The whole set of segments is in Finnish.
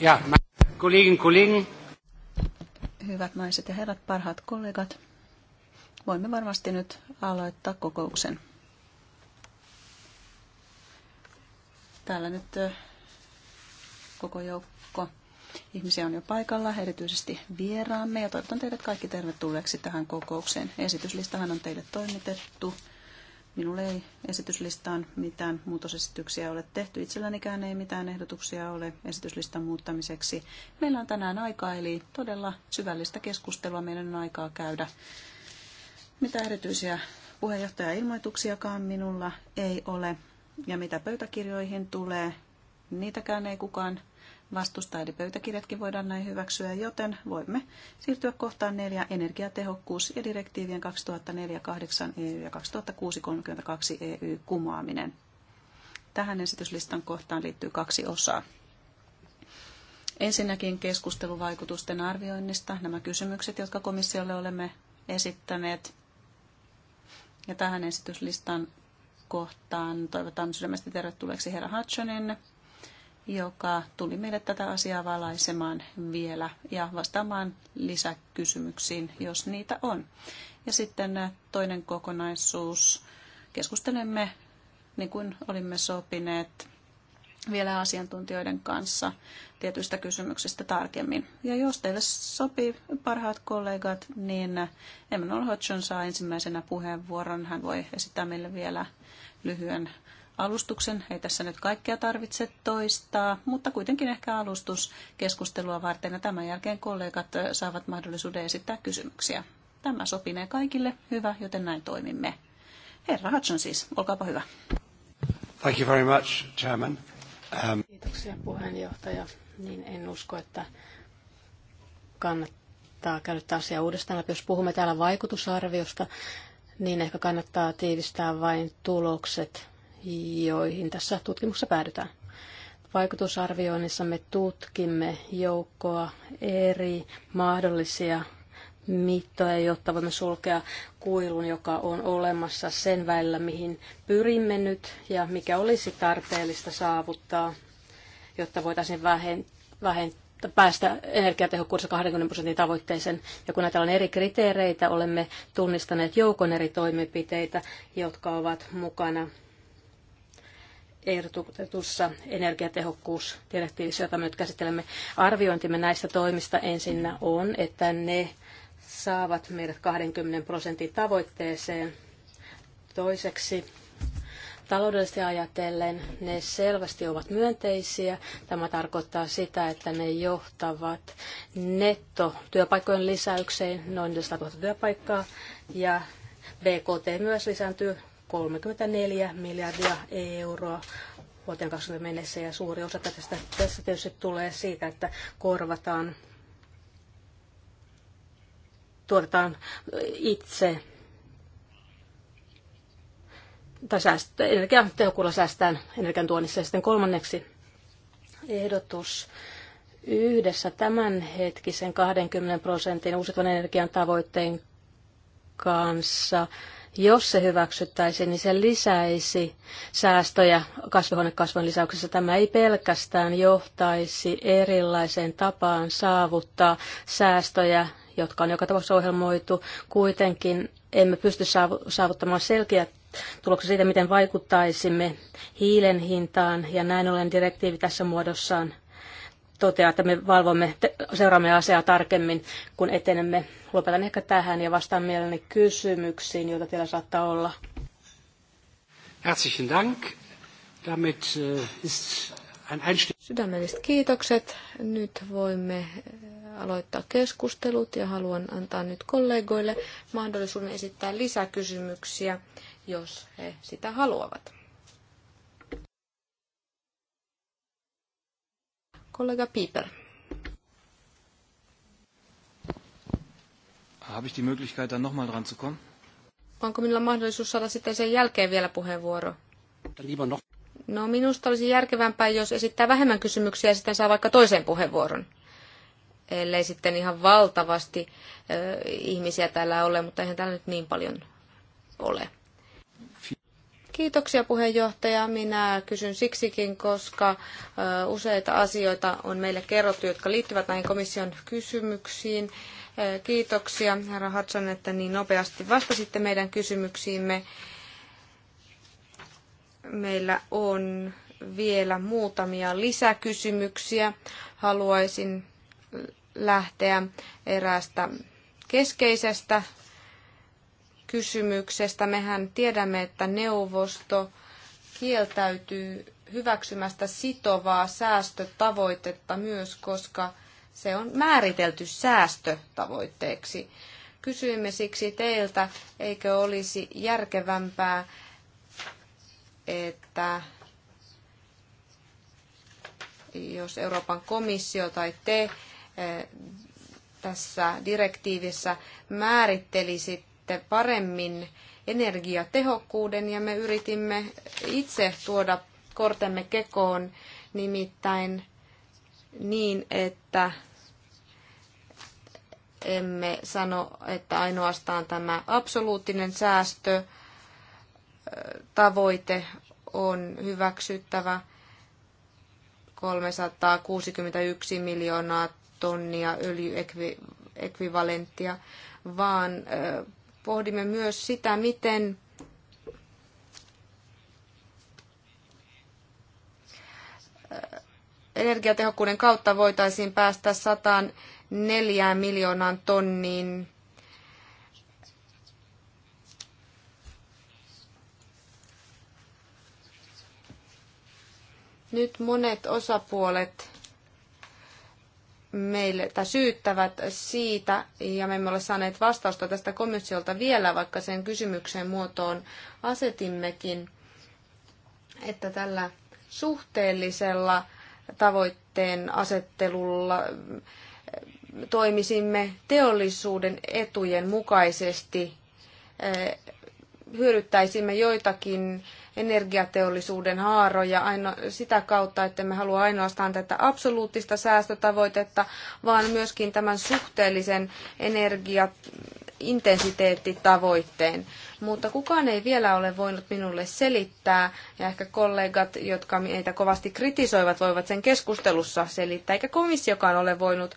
Ja, kollegin, kollegin. Hyvät naiset ja herrat, parhaat kollegat, voimme varmasti nyt aloittaa kokouksen. Täällä nyt koko joukko ihmisiä on jo paikalla, erityisesti vieraamme, ja toivotan teidät kaikki tervetulleeksi tähän kokoukseen. Esityslistahan on teille toimitettu. Minulle ei esityslistaan mitään muutosesityksiä ole tehty. Itsellänikään ei mitään ehdotuksia ole esityslistan muuttamiseksi. Meillä on tänään aikaa, eli todella syvällistä keskustelua meidän on aikaa käydä. Mitä erityisiä puheenjohtaja-ilmoituksiakaan minulla ei ole. Ja mitä pöytäkirjoihin tulee, niitäkään ei kukaan vastusta, eli pöytäkirjatkin voidaan näin hyväksyä, joten voimme siirtyä kohtaan neljä energiatehokkuus ja direktiivien 2004-8 EU ja 2006-32 EU kumoaminen. Tähän esityslistan kohtaan liittyy kaksi osaa. Ensinnäkin keskusteluvaikutusten arvioinnista, nämä kysymykset, jotka komissiolle olemme esittäneet. Ja tähän esityslistan kohtaan toivotan sydämestä tervetulleeksi herra Hutchonin, joka tuli meille tätä asiaa valaisemaan vielä ja vastaamaan lisäkysymyksiin, jos niitä on. Ja sitten toinen kokonaisuus. Keskustelemme, niin kuin olimme sopineet, vielä asiantuntijoiden kanssa tietyistä kysymyksistä tarkemmin. Ja jos teille sopii parhaat kollegat, niin Emmanuel Hodgson saa ensimmäisenä puheenvuoron. Hän voi esittää meille vielä lyhyen alustuksen. Ei tässä nyt kaikkea tarvitse toistaa, mutta kuitenkin ehkä alustuskeskustelua varten ja tämän jälkeen kollegat saavat mahdollisuuden esittää kysymyksiä. Tämä sopinee kaikille. Hyvä, joten näin toimimme. Herra Hudson siis, olkaapa hyvä. Thank you very much, Chairman. Um... Kiitoksia puheenjohtaja. Niin en usko, että kannattaa käydä asiaa uudestaan Jos puhumme täällä vaikutusarviosta, niin ehkä kannattaa tiivistää vain tulokset joihin tässä tutkimuksessa päädytään. Vaikutusarvioinnissa me tutkimme joukkoa eri mahdollisia mittoja, jotta voimme sulkea kuilun, joka on olemassa sen välillä, mihin pyrimme nyt ja mikä olisi tarpeellista saavuttaa, jotta voitaisiin vähentää päästä energiatehokkuudessa 20 prosentin tavoitteeseen. Ja kun näitä on eri kriteereitä, olemme tunnistaneet joukon eri toimenpiteitä, jotka ovat mukana ehdotetussa energiatehokkuusdirektiivissä, jota me nyt käsittelemme. Arviointimme näistä toimista ensinnä on, että ne saavat meidät 20 prosentin tavoitteeseen. Toiseksi taloudellisesti ajatellen ne selvästi ovat myönteisiä. Tämä tarkoittaa sitä, että ne johtavat netto työpaikkojen lisäykseen noin 100 000 työpaikkaa ja BKT myös lisääntyy 34 miljardia euroa vuoteen 20 mennessä ja suuri osa tästä tässä tietysti tulee siitä, että korvataan, tuotetaan itse tai säästä, energiatehokkuudella säästään energian tuonnissa. Ja sitten kolmanneksi ehdotus yhdessä tämänhetkisen 20 prosentin uusiutuvan energian tavoitteen kanssa – jos se hyväksyttäisiin, niin se lisäisi säästöjä kasvihuonekasvojen lisäyksessä. Tämä ei pelkästään johtaisi erilaiseen tapaan saavuttaa säästöjä, jotka on joka tapauksessa ohjelmoitu. Kuitenkin emme pysty saavuttamaan selkeä tuloksia siitä, miten vaikuttaisimme hiilen hintaan, ja näin ollen direktiivi tässä muodossaan toteaa, että me valvomme, seuraamme asiaa tarkemmin, kun etenemme. Lopetan ehkä tähän ja vastaan mielelläni kysymyksiin, joita teillä saattaa olla. Herzlichen Dank. Damit äh, ist ein Sydämelliset kiitokset. Nyt voimme äh, aloittaa keskustelut ja haluan antaa nyt kollegoille mahdollisuuden esittää lisäkysymyksiä, jos he sitä haluavat. Kollega Pieper. Habe ich die Möglichkeit, dann nochmal dran zu kommen? Onko minulla mahdollisuus saada sitten sen jälkeen vielä puheenvuoro? No minusta olisi järkevämpää, jos esittää vähemmän kysymyksiä ja sitten saa vaikka toisen puheenvuoron. Ellei sitten ihan valtavasti ö, ihmisiä täällä ole, mutta eihän täällä nyt niin paljon ole. Kiitoksia puheenjohtaja. Minä kysyn siksikin, koska useita asioita on meille kerrottu, jotka liittyvät näihin komission kysymyksiin. Kiitoksia, herra Hudson, että niin nopeasti vastasitte meidän kysymyksiimme. Meillä on vielä muutamia lisäkysymyksiä. Haluaisin lähteä eräästä keskeisestä kysymyksestä. Mehän tiedämme, että neuvosto kieltäytyy hyväksymästä sitovaa säästötavoitetta myös, koska se on määritelty säästötavoitteeksi. Kysyimme siksi teiltä, eikö olisi järkevämpää, että jos Euroopan komissio tai te eh, tässä direktiivissä määrittelisitte sitten paremmin energiatehokkuuden ja me yritimme itse tuoda kortemme kekoon nimittäin niin, että emme sano, että ainoastaan tämä absoluuttinen säästö tavoite on hyväksyttävä 361 miljoonaa tonnia öljyekvivalenttia, vaan Pohdimme myös sitä, miten energiatehokkuuden kautta voitaisiin päästä 104 miljoonaan tonniin nyt monet osapuolet meille tai syyttävät siitä, ja me emme ole saaneet vastausta tästä komissiolta vielä, vaikka sen kysymyksen muotoon asetimmekin, että tällä suhteellisella tavoitteen asettelulla eh, toimisimme teollisuuden etujen mukaisesti, eh, hyödyttäisimme joitakin energiateollisuuden haaroja aino, sitä kautta, että me halua ainoastaan tätä absoluuttista säästötavoitetta, vaan myöskin tämän suhteellisen energiaintensiteettitavoitteen. Mutta kukaan ei vielä ole voinut minulle selittää, ja ehkä kollegat, jotka meitä kovasti kritisoivat, voivat sen keskustelussa selittää, eikä komissiokaan ole voinut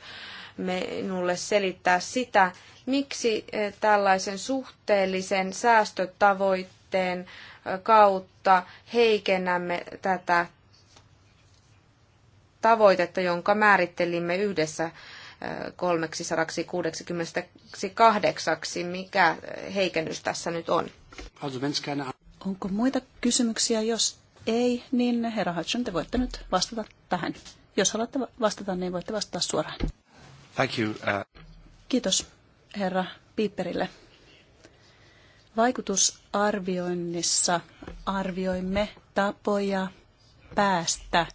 minulle selittää sitä, miksi eh, tällaisen suhteellisen säästötavoitteen kautta heikennämme tätä tavoitetta, jonka määrittelimme yhdessä 368, mikä heikennys tässä nyt on. Onko muita kysymyksiä? Jos ei, niin herra Hudson, te voitte nyt vastata tähän. Jos haluatte vastata, niin voitte vastata suoraan. Thank you. Uh... Kiitos herra Piipperille Vaikutusarvioinnissa arvioimme tapoja päästä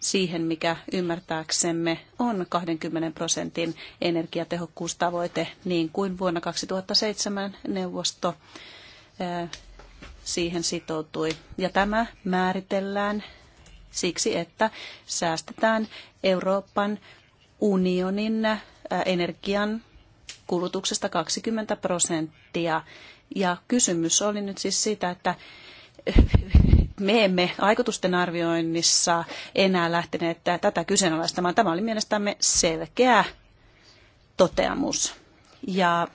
siihen, mikä ymmärtääksemme on 20 prosentin energiatehokkuustavoite, niin kuin vuonna 2007 neuvosto siihen sitoutui. Ja tämä määritellään siksi, että säästetään Euroopan unionin energian kulutuksesta 20 prosenttia. Ja kysymys oli nyt siis siitä, että me emme aikotusten arvioinnissa enää lähteneet tätä kyseenalaistamaan. Tämä oli mielestämme selkeä toteamus. Ja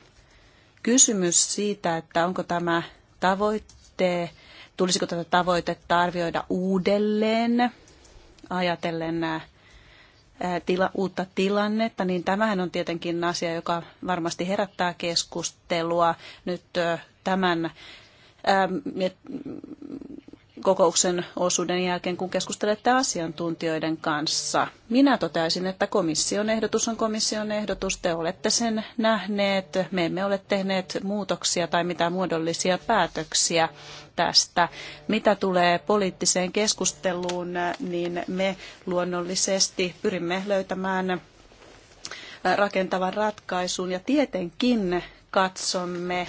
kysymys siitä, että onko tämä tavoitte, tulisiko tätä tavoitetta arvioida uudelleen, ajatellen tila, uutta tilannetta, niin tämähän on tietenkin asia, joka varmasti herättää keskustelua nyt tämän kokouksen osuuden jälkeen, kun keskustelette asiantuntijoiden kanssa. Minä toteaisin, että komission ehdotus on komission ehdotus. Te olette sen nähneet. Me emme ole tehneet muutoksia tai mitään muodollisia päätöksiä tästä. Mitä tulee poliittiseen keskusteluun, niin me luonnollisesti pyrimme löytämään rakentavan ratkaisun ja tietenkin katsomme, eh,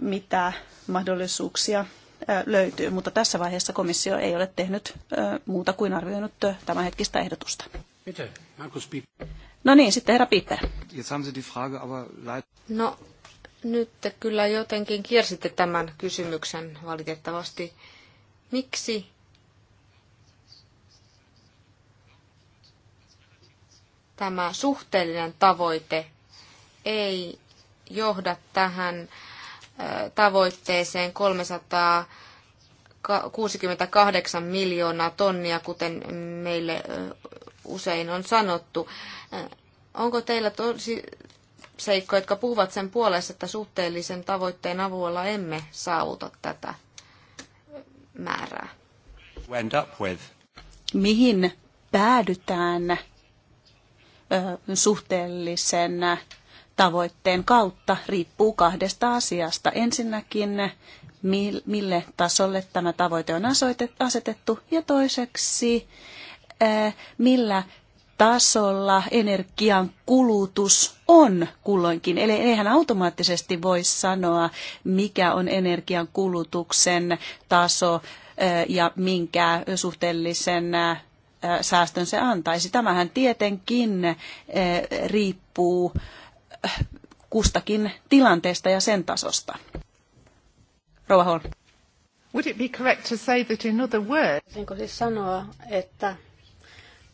mitä mahdollisuuksia löytyy, mutta tässä vaiheessa komissio ei ole tehnyt muuta kuin arvioinut hetkistä ehdotusta. Markus No niin, sitten herra Piper. No, nyt te kyllä jotenkin kiersitte tämän kysymyksen valitettavasti. Miksi tämä suhteellinen tavoite ei johda tähän tavoitteeseen 368 miljoonaa tonnia, kuten meille usein on sanottu. Onko teillä tosi seikkoja, jotka puhuvat sen puolesta, että suhteellisen tavoitteen avulla emme saavuta tätä määrää? Mihin päädytään suhteellisen tavoitteen kautta riippuu kahdesta asiasta. Ensinnäkin, mille tasolle tämä tavoite on asetettu ja toiseksi, millä tasolla energian kulutus on kulloinkin. Eli eihän automaattisesti voi sanoa, mikä on energian kulutuksen taso ja minkä suhteellisen säästön se antaisi. Tämähän tietenkin riippuu kustakin tilanteesta ja sen tasosta. Rouva Holm. Would it be correct to say that in other words? Voisinko siis sanoa, että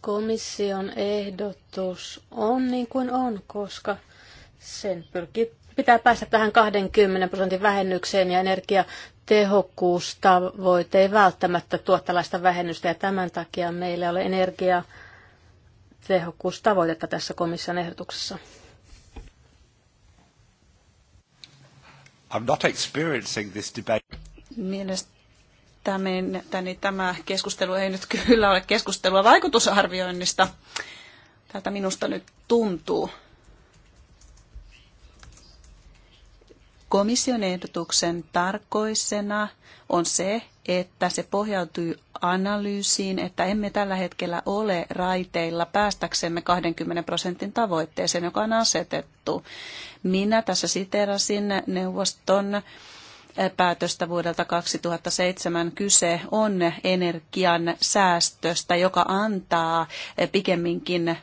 komission ehdotus on niin kuin on, koska sen pyrkii, pitää päästä tähän 20 prosentin vähennykseen ja energiatehokkuustavoite ei välttämättä tuo tällaista vähennystä ja tämän takia meillä ei ole energiatehokkuustavoitetta tässä komission ehdotuksessa. I'm not experiencing this debate. Mielestäni tämä keskustelu ei nyt kyllä ole keskustelua vaikutusarvioinnista. Tältä minusta nyt tuntuu. Komission ehdotuksen tarkoisena on se, että se pohjautuu analyysiin, että emme tällä hetkellä ole raiteilla päästäksemme 20 prosentin tavoitteeseen, joka on asetettu. Minä tässä siterasin neuvoston päätöstä vuodelta 2007. Kyse on energian säästöstä, joka antaa pikemminkin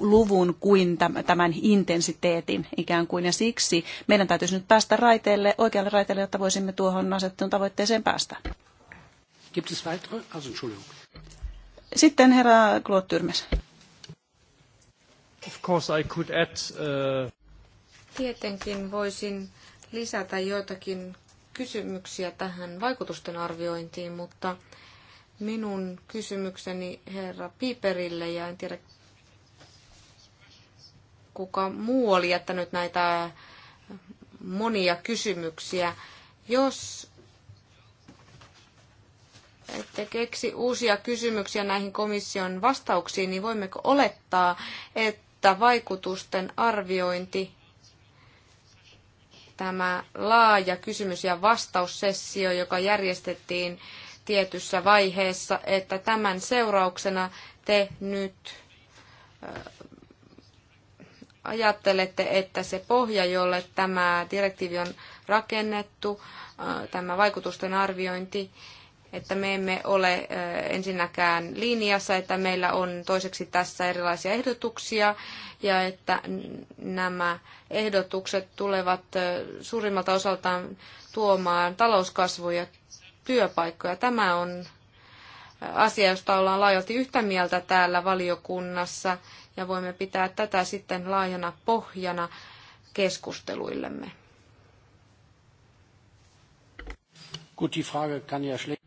luvun kuin tämän intensiteetin ikään kuin. Ja siksi meidän täytyisi nyt päästä raiteelle oikealle raiteelle, jotta voisimme tuohon asettuun tavoitteeseen päästä. Gibt es Sitten herra Claude Tyrmes. Of course I could add, uh... Tietenkin voisin lisätä joitakin kysymyksiä tähän vaikutusten arviointiin, mutta minun kysymykseni herra Piperille, ja en tiedä kuka muu oli jättänyt näitä monia kysymyksiä. Jos ette keksi uusia kysymyksiä näihin komission vastauksiin, niin voimmeko olettaa, että vaikutusten arviointi tämä laaja kysymys- ja vastaussessio, joka järjestettiin tietyssä vaiheessa, että tämän seurauksena te nyt äh, ajattelette, että se pohja, jolle tämä direktiivi on rakennettu, äh, tämä vaikutusten arviointi, että me emme ole ensinnäkään linjassa, että meillä on toiseksi tässä erilaisia ehdotuksia ja että nämä ehdotukset tulevat suurimmalta osaltaan tuomaan talouskasvua ja työpaikkoja. Tämä on asia, josta ollaan laajalti yhtä mieltä täällä valiokunnassa ja voimme pitää tätä sitten laajana pohjana keskusteluillemme. Gut, die Frage kann ja schlecht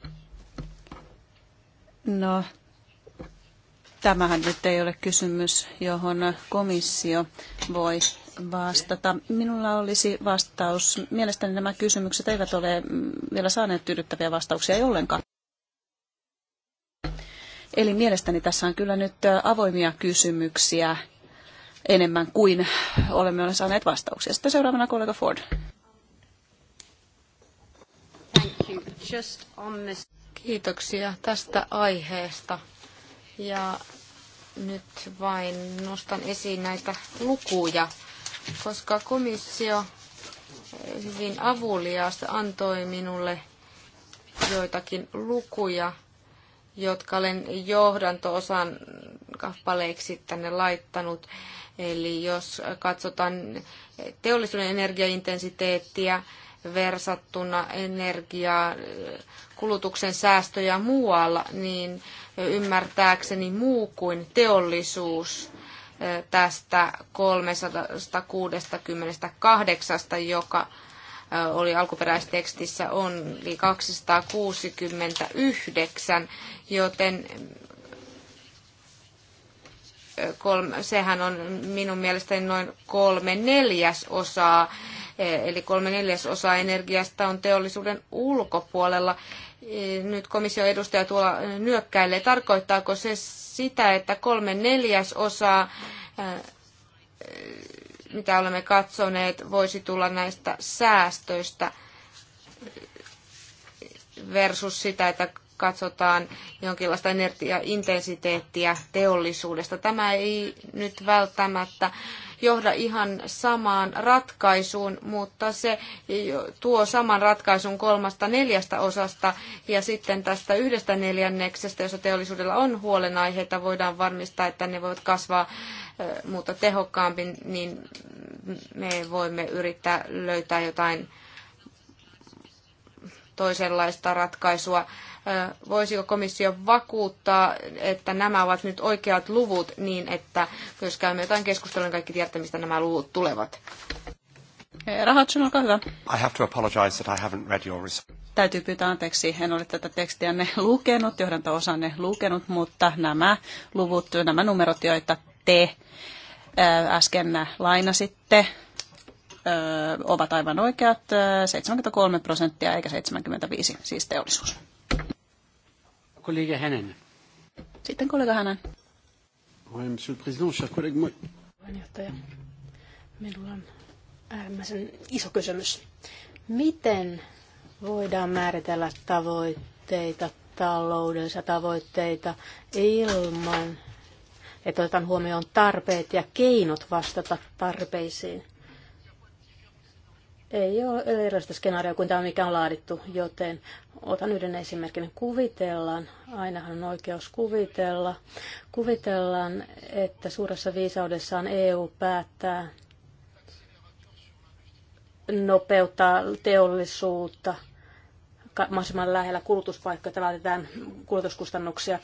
No, tämähän nyt ei ole kysymys, johon komissio voi vastata. Minulla olisi vastaus. Mielestäni nämä kysymykset eivät ole vielä saaneet tyydyttäviä vastauksia ei ollenkaan. Eli mielestäni tässä on kyllä nyt avoimia kysymyksiä enemmän kuin olemme olleet saaneet vastauksia. Sitten seuraavana kollega Ford. Thank you. Just on this... Kiitoksia tästä aiheesta. Ja nyt vain nostan esiin näitä lukuja, koska komissio hyvin avuliaasti antoi minulle joitakin lukuja, jotka olen johdanto-osan kappaleiksi tänne laittanut. Eli jos katsotaan teollisuuden energiaintensiteettiä, versattuna energiaa, kulutuksen säästöjä muualla, niin ymmärtääkseni muu kuin teollisuus tästä 368, joka oli alkuperäistekstissä, on 269, joten sehän on minun mielestäni noin kolme neljäsosaa E, eli kolme neljäsosaa energiasta on teollisuuden ulkopuolella. E, nyt komission edustaja tuolla nyökkäilee. Tarkoittaako se sitä, että kolme neljäsosaa, e, mitä olemme katsoneet, voisi tulla näistä säästöistä versus sitä, että katsotaan jonkinlaista energiaintensiteettiä teollisuudesta. Tämä ei nyt välttämättä johda ihan samaan ratkaisuun, mutta se tuo saman ratkaisun kolmasta neljästä osasta ja sitten tästä yhdestä neljänneksestä, jossa teollisuudella on huolenaiheita, voidaan varmistaa, että ne voivat kasvaa mutta tehokkaampi, niin me voimme yrittää löytää jotain toisenlaista ratkaisua Voisiko komissio vakuuttaa, että nämä ovat nyt oikeat luvut niin, että jos käymme jotain keskustelua, niin kaikki tietävät, mistä nämä luvut tulevat? Rahatsun, olkaa hyvä. I have to apologize that I haven't read your result. Täytyy pyytää anteeksi, en ole tätä ne lukenut, johdanto-osanne lukenut, mutta nämä luvut, nämä numerot, joita te äsken lainasitte, ovat aivan oikeat, 73 prosenttia eikä 75, siis teollisuus. Kollega Hänen. Sitten kollega Hänen. monsieur le président, cher collègue, moi... Puheenjohtaja, minulla on äärimmäisen iso kysymys. Miten voidaan määritellä tavoitteita, taloudellisia tavoitteita ilman, että otetaan huomioon tarpeet ja keinot vastata tarpeisiin? ei ole erilaista skenaarioa kuin tämä, mikä on laadittu, joten otan yhden esimerkin. Kuvitellaan, ainahan on oikeus kuvitella, kuvitellaan, että suuressa viisaudessaan EU päättää nopeuttaa teollisuutta – mahdollisimman lähellä kulutuspaikkoja että vältetään kulutuskustannuksia.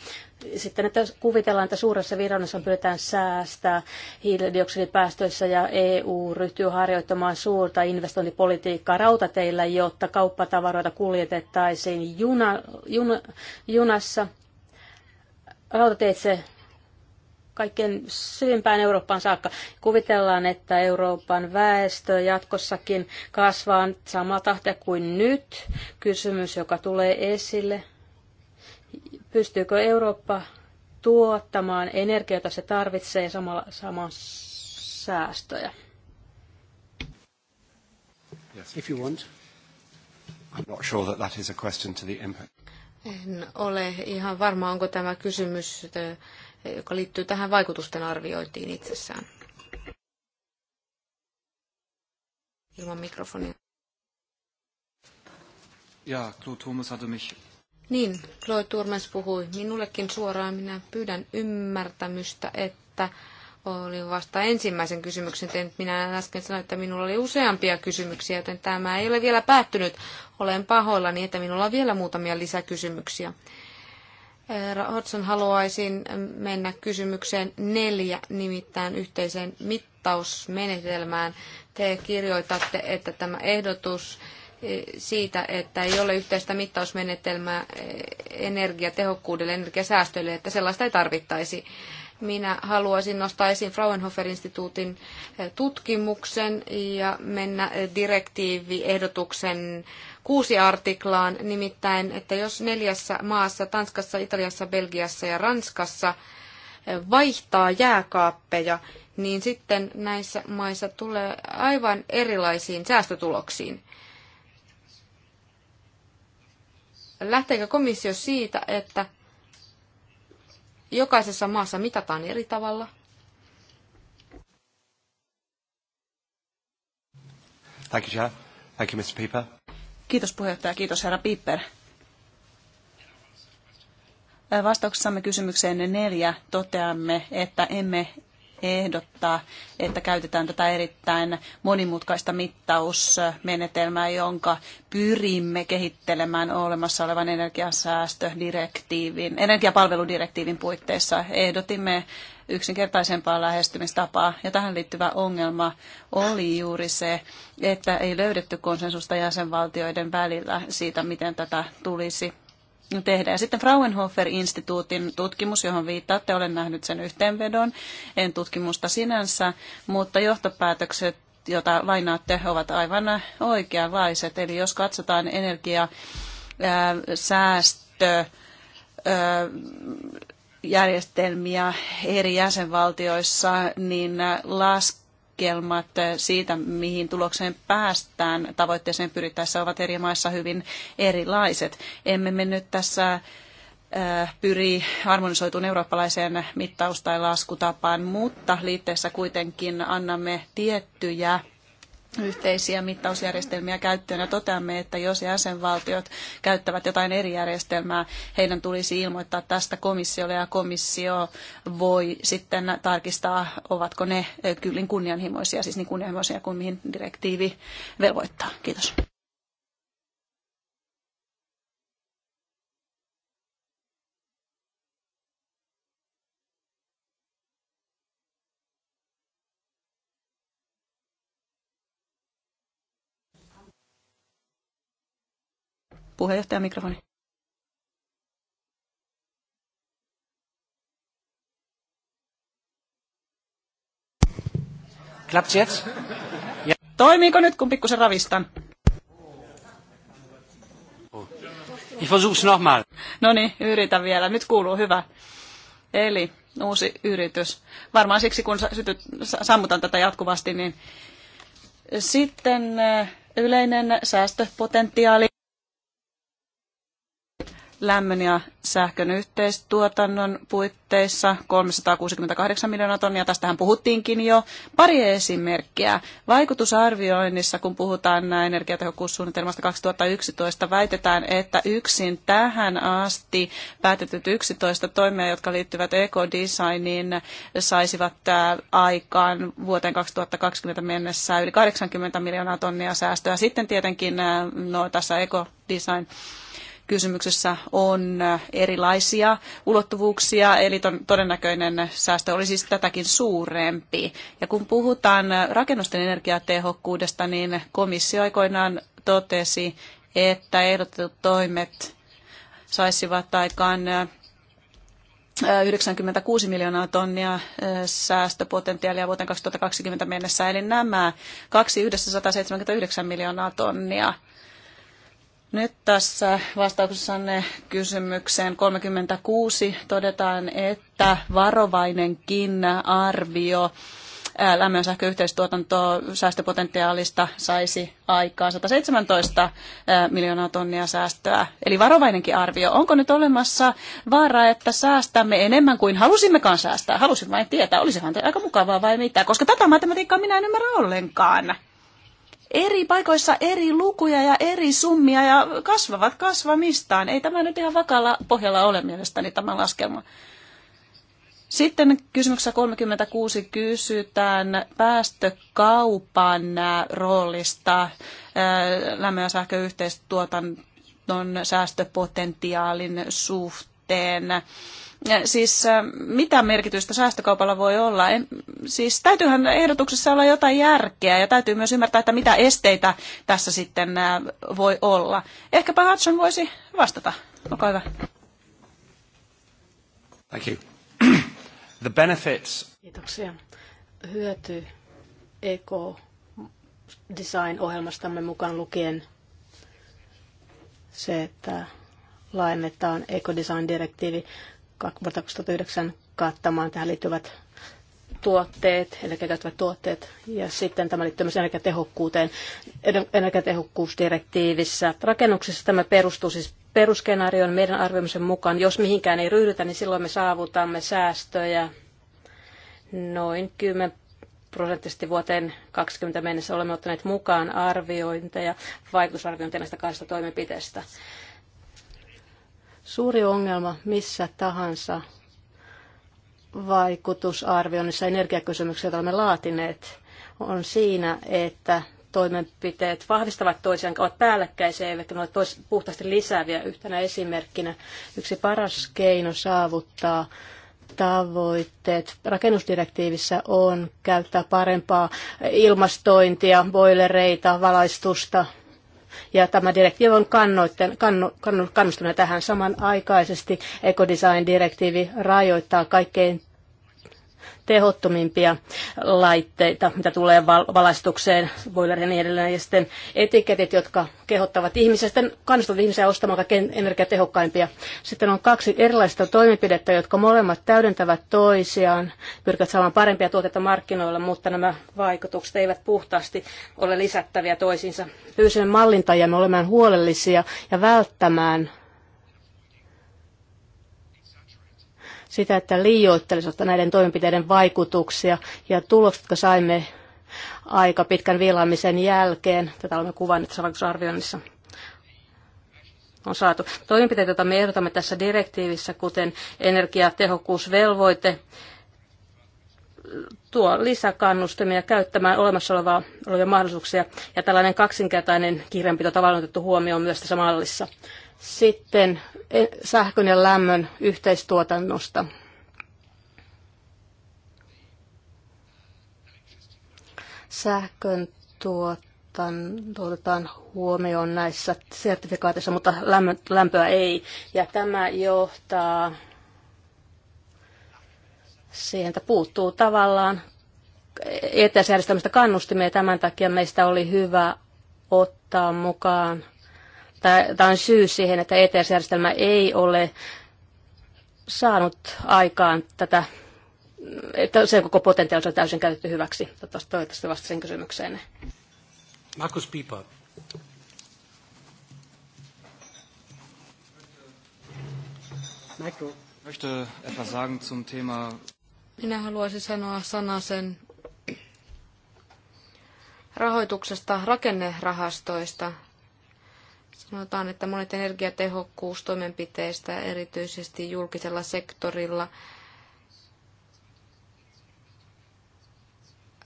Sitten, että kuvitellaan, että suuressa viranossa pyritään säästää hiilidioksidipäästöissä ja EU ryhtyy harjoittamaan suurta investointipolitiikkaa rautateillä, jotta kauppatavaroita kuljetettaisiin juna, juna, junassa rautateitse kaikkien syvimpään Eurooppaan saakka. Kuvitellaan, että Euroopan väestö jatkossakin kasvaa samaa tahtia kuin nyt. Kysymys, joka tulee esille. Pystyykö Eurooppa tuottamaan energiota se tarvitsee ja samalla, samaan säästöjä? If you want. I'm not sure that that is a question to the impact. En ole ihan varma, onko tämä kysymys joka liittyy tähän vaikutusten arviointiin itsessään. Ilman mikrofonia. Ja, Claude Thomas hatte mich. Niin, Claude Turmes puhui minullekin suoraan. Minä pyydän ymmärtämystä, että oli vasta ensimmäisen kysymyksen tehnyt. Minä äsken sanoin, että minulla oli useampia kysymyksiä, joten tämä ei ole vielä päättynyt. Olen pahoillani, että minulla on vielä muutamia lisäkysymyksiä. Herra haluaisin mennä kysymykseen neljä, nimittäin yhteiseen mittausmenetelmään. Te kirjoitatte, että tämä ehdotus e, siitä, että ei ole yhteistä mittausmenetelmää e, energiatehokkuudelle, energiasäästölle, että sellaista ei tarvittaisi. Minä haluaisin nostaa esiin Fraunhofer-instituutin e, tutkimuksen ja mennä direktiiviehdotuksen kuusi artiklaan, nimittäin, että jos neljässä maassa, Tanskassa, Italiassa, Belgiassa ja Ranskassa, eh, vaihtaa jääkaappeja, niin sitten näissä maissa tulee aivan erilaisiin säästötuloksiin. Lähteekö komissio siitä, että jokaisessa maassa mitataan eri tavalla? Thank you, Chair. Thank you, Mr. Pieper. Kiitos puheenjohtaja, kiitos herra Piper. Vastauksessamme kysymykseen neljä toteamme, että emme ehdottaa, että käytetään tätä erittäin monimutkaista mittausmenetelmää, jonka pyrimme kehittelemään olemassa olevan energiasäästödirektiivin, energiapalveludirektiivin puitteissa. Ehdotimme yksinkertaisempaa lähestymistapaa. Ja tähän liittyvä ongelma oli juuri se, että ei löydetty konsensusta jäsenvaltioiden välillä siitä, miten tätä tulisi tehdä. Ja sitten Fraunhofer-instituutin tutkimus, johon viittaatte, olen nähnyt sen yhteenvedon, en tutkimusta sinänsä, mutta johtopäätökset jota lainaatte, ovat aivan oikeanlaiset. Eli jos katsotaan energiasäästöjärjestelmiä eri jäsenvaltioissa, niin las, laskelmat siitä, mihin tulokseen päästään tavoitteeseen pyrittäessä, ovat eri maissa hyvin erilaiset. Emme me nyt tässä äh, pyri harmonisoituun eurooppalaiseen mittaus- tai laskutapaan, mutta liitteessä kuitenkin annamme tiettyjä yhteisiä mittausjärjestelmiä käyttöön ja toteamme, että jos jäsenvaltiot käyttävät jotain eri järjestelmää, heidän tulisi ilmoittaa tästä komissiolle ja komissio voi sitten tarkistaa, ovatko ne eh, kyllin kunnianhimoisia, siis niin kunnianhimoisia kuin mihin direktiivi velvoittaa. Kiitos. Puheenjohtaja mikrofoni. Klappt's Toimiiko nyt, kun pikkusen ravistan? Oh. Ich No niin, yritän vielä. Nyt kuuluu hyvä. Eli uusi yritys. Varmaan siksi, kun sytyt, sammutan tätä jatkuvasti, niin sitten eh, yleinen säästöpotentiaali lämmön ja sähkön yhteistuotannon puitteissa 368 miljoonaa tonnia. Tästähän puhuttiinkin jo. Pari esimerkkiä. Vaikutusarvioinnissa, kun puhutaan näin energiatehokkuussuunnitelmasta 2011, väitetään, että yksin tähän asti päätetyt 11 toimia, jotka liittyvät ekodesigniin, saisivat äh, aikaan vuoteen 2020 mennessä yli 80 miljoonaa tonnia säästöä. Sitten tietenkin äh, no, tässä ekodesign kysymyksessä on äh, erilaisia ulottuvuuksia, eli todennäköinen säästö oli siis tätäkin suurempi. Ja kun puhutaan äh, rakennusten energiatehokkuudesta, niin komissio aikoinaan totesi, että ehdotetut toimet saisivat aikaan 96 äh, miljoonaa tonnia säästöpotentiaalia vuoteen 2020 mennessä, eli nämä kaksi yhdessä 179 miljoonaa tonnia – nyt tässä vastauksessanne kysymykseen 36 todetaan, että varovainenkin arvio lämmön sähköyhteistuotantoa säästöpotentiaalista saisi aikaan 117 miljoonaa tonnia säästöä. Eli varovainenkin arvio. Onko nyt olemassa vaara, että säästämme enemmän kuin halusimmekaan säästää? Halusin vain tietää, olisihan te aika mukavaa vai mitä? Koska tätä matematiikkaa minä en ymmärrä ollenkaan eri paikoissa eri lukuja ja eri summia ja kasvavat kasvamistaan. Ei tämä nyt ihan vakalla pohjalla ole mielestäni tämä laskelma. Sitten kysymyksessä 36 kysytään päästökaupan roolista lämmö- ja sähköyhteistuotannon säästöpotentiaalin suhteen. Siis äh, mitä merkitystä säästökaupalla voi olla? En, siis täytyyhän ehdotuksessa olla jotain järkeä ja täytyy myös ymmärtää, että mitä esteitä tässä sitten äh, voi olla. Ehkäpä Hudson voisi vastata. Olkaa hyvä. Thank you. The benefits. Kiitoksia. Hyöty Eco Design-ohjelmastamme mukaan lukien se, että laajennetaan ekodesign-direktiivi vuotta 2009 kattamaan tähän liittyvät tuotteet, energiakäyttävät tuotteet, ja sitten tämä liittyy myös energiatehokkuuteen, energiatehokkuusdirektiivissä. Rakennuksissa tämä perustuu siis perusskenaarioon meidän arvioimisen mukaan. Jos mihinkään ei ryhdytä, niin silloin me saavutamme säästöjä noin 10 prosenttisesti vuoteen 2020 mennessä olemme ottaneet mukaan arviointeja, vaikutusarviointeja näistä kahdesta toimenpiteestä. Suuri ongelma missä tahansa vaikutusarvioinnissa energiakysymyksiä, joita olemme laatineet, on siinä, että toimenpiteet vahvistavat toisiaan, ovat päällekkäisiä, eivätkä ne ole tois, puhtaasti lisääviä. Yhtenä esimerkkinä yksi paras keino saavuttaa tavoitteet rakennusdirektiivissä on käyttää parempaa ilmastointia, boilereita, valaistusta, ja tämä direktiivi on kannoitten, kannu, kannustunut tähän samanaikaisesti. Ecodesign-direktiivi rajoittaa kaikkein tehottomimpia laitteita, mitä tulee val- valaistukseen, boilerin ja niin edelleen. Ja sitten etiketit, jotka kehottavat ihmisiä, sitten kannustavat ihmisiä ostamaan kaikkein energiatehokkaimpia. Sitten on kaksi erilaista toimenpidettä, jotka molemmat täydentävät toisiaan, pyrkivät saamaan parempia tuotteita markkinoilla, mutta nämä vaikutukset eivät puhtaasti ole lisättäviä toisiinsa. Fyysinen mallintaja me olemaan huolellisia ja välttämään sitä, että liioittelisivat näiden toimenpiteiden vaikutuksia ja tulokset, jotka saimme aika pitkän viilaamisen jälkeen. Tätä olemme kuvanneet tässä vaikutusarvioinnissa on saatu. Toimenpiteitä, joita me ehdotamme tässä direktiivissä, kuten energiatehokkuusvelvoite, tuo lisäkannustimia käyttämään olemassa olevaa, olevia mahdollisuuksia. Ja tällainen kaksinkertainen kirjanpito tavallaan otettu huomioon myös tässä mallissa. Sitten eh, sähkön ja lämmön yhteistuotannosta. Sähkön tuotan otetaan huomioon näissä sertifikaateissa, mutta lämpöä ei. Ja tämä johtaa siihen, että puuttuu tavallaan etäisjärjestelmästä kannustimia. Tämän takia meistä oli hyvä ottaa mukaan tämä on syy siihen, että ETS-järjestelmä ei ole saanut aikaan tätä, että sen koko potentiaali on täysin käytetty hyväksi. Toivottavasti vastasin kysymykseen. Markus Pieper. Minä haluaisin sanoa sen rahoituksesta, rakennerahastoista. Sanotaan, että monet energiatehokkuustoimenpiteistä, erityisesti julkisella sektorilla,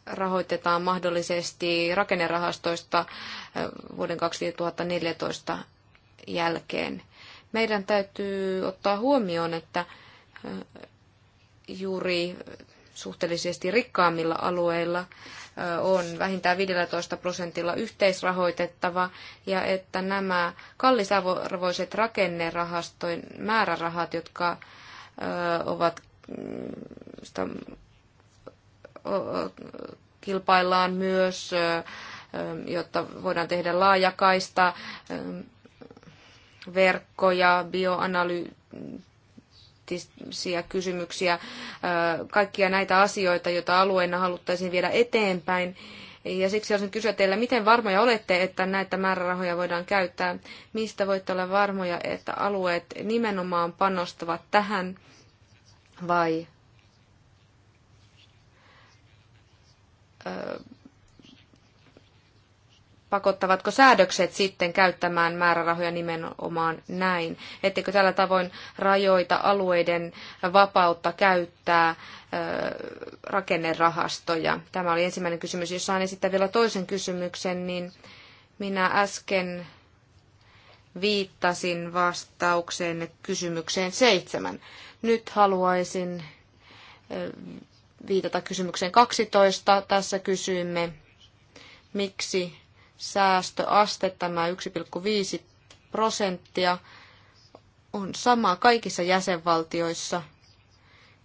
rahoitetaan mahdollisesti rakennerahastoista vuoden 2014 jälkeen. Meidän täytyy ottaa huomioon, että juuri suhteellisesti rikkaammilla alueilla on vähintään 15 prosentilla yhteisrahoitettava ja että nämä kallisarvoiset rakennerahastojen määrärahat, jotka ovat mm, kilpaillaan myös, jotta voidaan tehdä laajakaista verkkoja, bioanalyysiä, poliittisia kysymyksiä, kaikkia näitä asioita, joita alueena haluttaisiin viedä eteenpäin. Ja siksi olisin kysyä teillä, miten varmoja olette, että näitä määrärahoja voidaan käyttää? Mistä voitte olla varmoja, että alueet nimenomaan panostavat tähän vai pakottavatko säädökset sitten käyttämään määrärahoja nimenomaan näin? Ettekö tällä tavoin rajoita alueiden vapautta käyttää rakennerahastoja? Tämä oli ensimmäinen kysymys. Jos saan esittää vielä toisen kysymyksen, niin minä äsken viittasin vastaukseenne kysymykseen seitsemän. Nyt haluaisin viitata kysymykseen 12. Tässä kysyimme, miksi säästöaste, tämä 1,5 prosenttia, on sama kaikissa jäsenvaltioissa,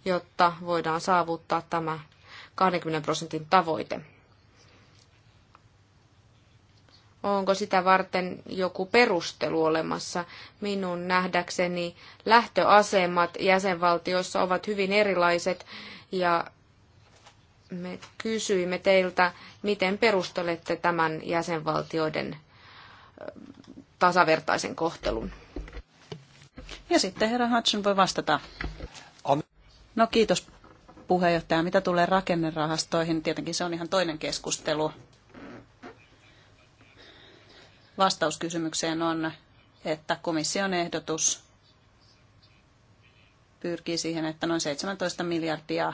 jotta voidaan saavuttaa tämä 20 prosentin tavoite. Onko sitä varten joku perustelu olemassa? Minun nähdäkseni lähtöasemat jäsenvaltioissa ovat hyvin erilaiset ja me kysyimme teiltä, miten perustelette tämän jäsenvaltioiden tasavertaisen kohtelun. Ja sitten herra Hudson voi vastata. No kiitos puheenjohtaja. Mitä tulee rakennerahastoihin, tietenkin se on ihan toinen keskustelu. Vastaus kysymykseen on, että komission ehdotus pyrkii siihen, että noin 17 miljardia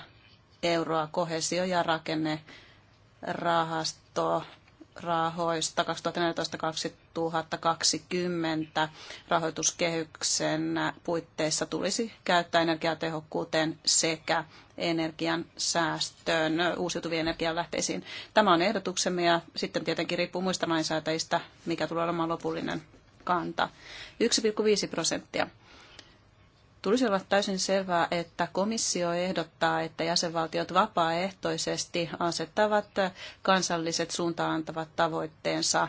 euroa kohesio- ja rakennerahasto rahoista 2014-2020 rahoituskehyksen puitteissa tulisi käyttää energiatehokkuuteen sekä energian säästöön, uusiutuviin energianlähteisiin. Tämä on ehdotuksemme ja sitten tietenkin riippuu muista lainsäätäjistä, mikä tulee olemaan lopullinen kanta. 1,5 prosenttia. Tulisi olla täysin selvää, että komissio ehdottaa, että jäsenvaltiot vapaaehtoisesti asettavat kansalliset suuntaantavat tavoitteensa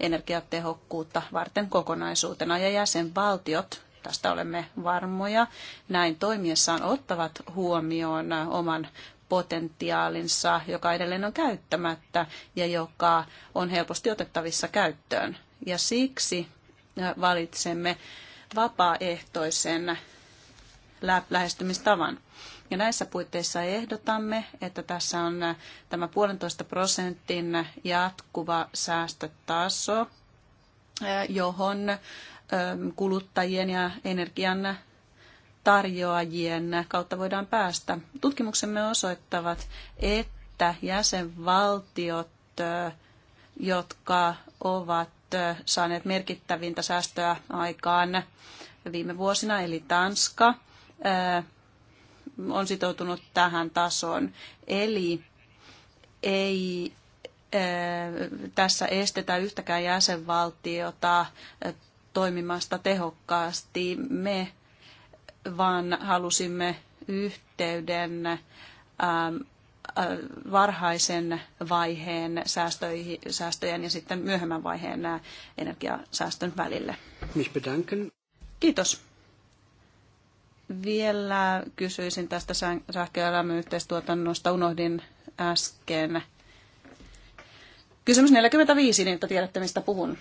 energiatehokkuutta varten kokonaisuutena ja jäsenvaltiot tästä olemme varmoja. Näin toimiessaan ottavat huomioon oman potentiaalinsa, joka edelleen on käyttämättä ja joka on helposti otettavissa käyttöön. Ja siksi valitsemme vapaaehtoisen lähestymistavan. Ja näissä puitteissa ehdotamme, että tässä on tämä puolentoista prosentin jatkuva säästötaso, eh, johon eh, kuluttajien ja energian tarjoajien kautta voidaan päästä. Tutkimuksemme osoittavat, että jäsenvaltiot, eh, jotka ovat saaneet merkittävintä säästöä aikaan viime vuosina, eli Tanska, on sitoutunut tähän tasoon. Eli ei tässä estetä yhtäkään jäsenvaltiota toimimasta tehokkaasti. Me vaan halusimme yhteyden varhaisen vaiheen säästöihin, säästöjen ja sitten myöhemmän vaiheen energiasäästön välille. Kiitos. Vielä kysyisin tästä sähkö- ja lämmöyhteistuotannosta. Unohdin äsken. Kysymys 45, niin että tiedätte mistä puhun.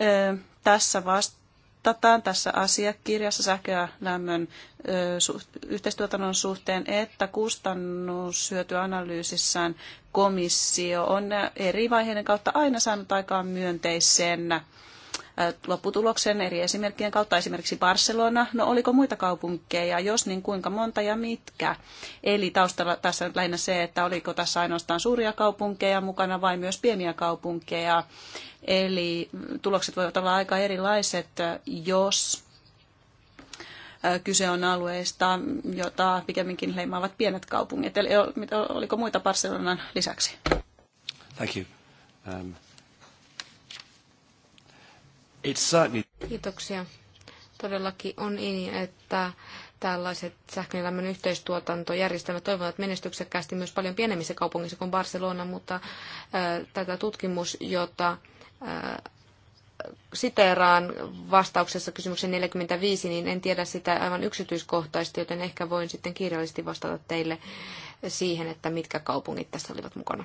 Ö, tässä vastataan tässä asiakirjassa sähkö- ja lämmön ö, suht, yhteistuotannon suhteen, että kustannushyötyanalyysissään komissio on eri vaiheiden kautta aina saanut aikaan myönteisen lopputuloksen eri esimerkkien kautta, esimerkiksi Barcelona. No oliko muita kaupunkeja, jos niin kuinka monta ja mitkä? Eli taustalla tässä on lähinnä se, että oliko tässä ainoastaan suuria kaupunkeja mukana vai myös pieniä kaupunkeja. Eli mm, tulokset voivat olla aika erilaiset, jos kyse on alueista, jota pikemminkin leimaavat pienet kaupungit. Eli oliko muita Barcelonan lisäksi? Thank you. Um... Kiitoksia. Todellakin on niin, että tällaiset sähkön elämän yhteistuotantojärjestelmät toimivat menestyksekkäästi myös paljon pienemmissä kaupungeissa kuin Barcelona, mutta ää, tätä tutkimus, jota ää, siteeraan vastauksessa kysymykseen 45, niin en tiedä sitä aivan yksityiskohtaisesti, joten ehkä voin sitten kirjallisesti vastata teille siihen, että mitkä kaupungit tässä olivat mukana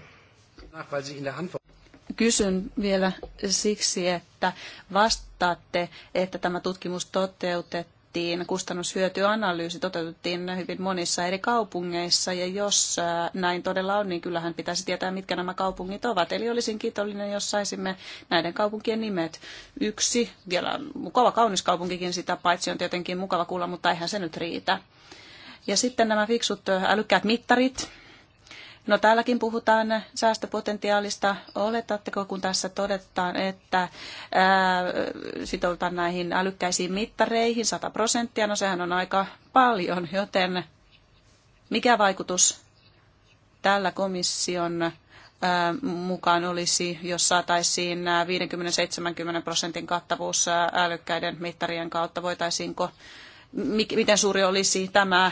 kysyn vielä siksi, että vastaatte, että tämä tutkimus toteutettiin, kustannushyötyanalyysi toteutettiin hyvin monissa eri kaupungeissa, ja jos äh, näin todella on, niin kyllähän pitäisi tietää, mitkä nämä kaupungit ovat. Eli olisin kiitollinen, jos saisimme näiden kaupunkien nimet. Yksi, vielä mukava kaunis kaupunkikin sitä, paitsi on tietenkin mukava kuulla, mutta eihän se nyt riitä. Ja sitten nämä fiksut äh, älykkäät mittarit, No täälläkin puhutaan säästöpotentiaalista. Oletatteko, kun tässä todetaan, että ää, sitoutaan näihin älykkäisiin mittareihin 100 prosenttia? No sehän on aika paljon, joten mikä vaikutus tällä komission mukaan olisi, jos saataisiin 50-70 prosentin kattavuus älykkäiden mittarien kautta, voitaisiinko, miten suuri olisi tämä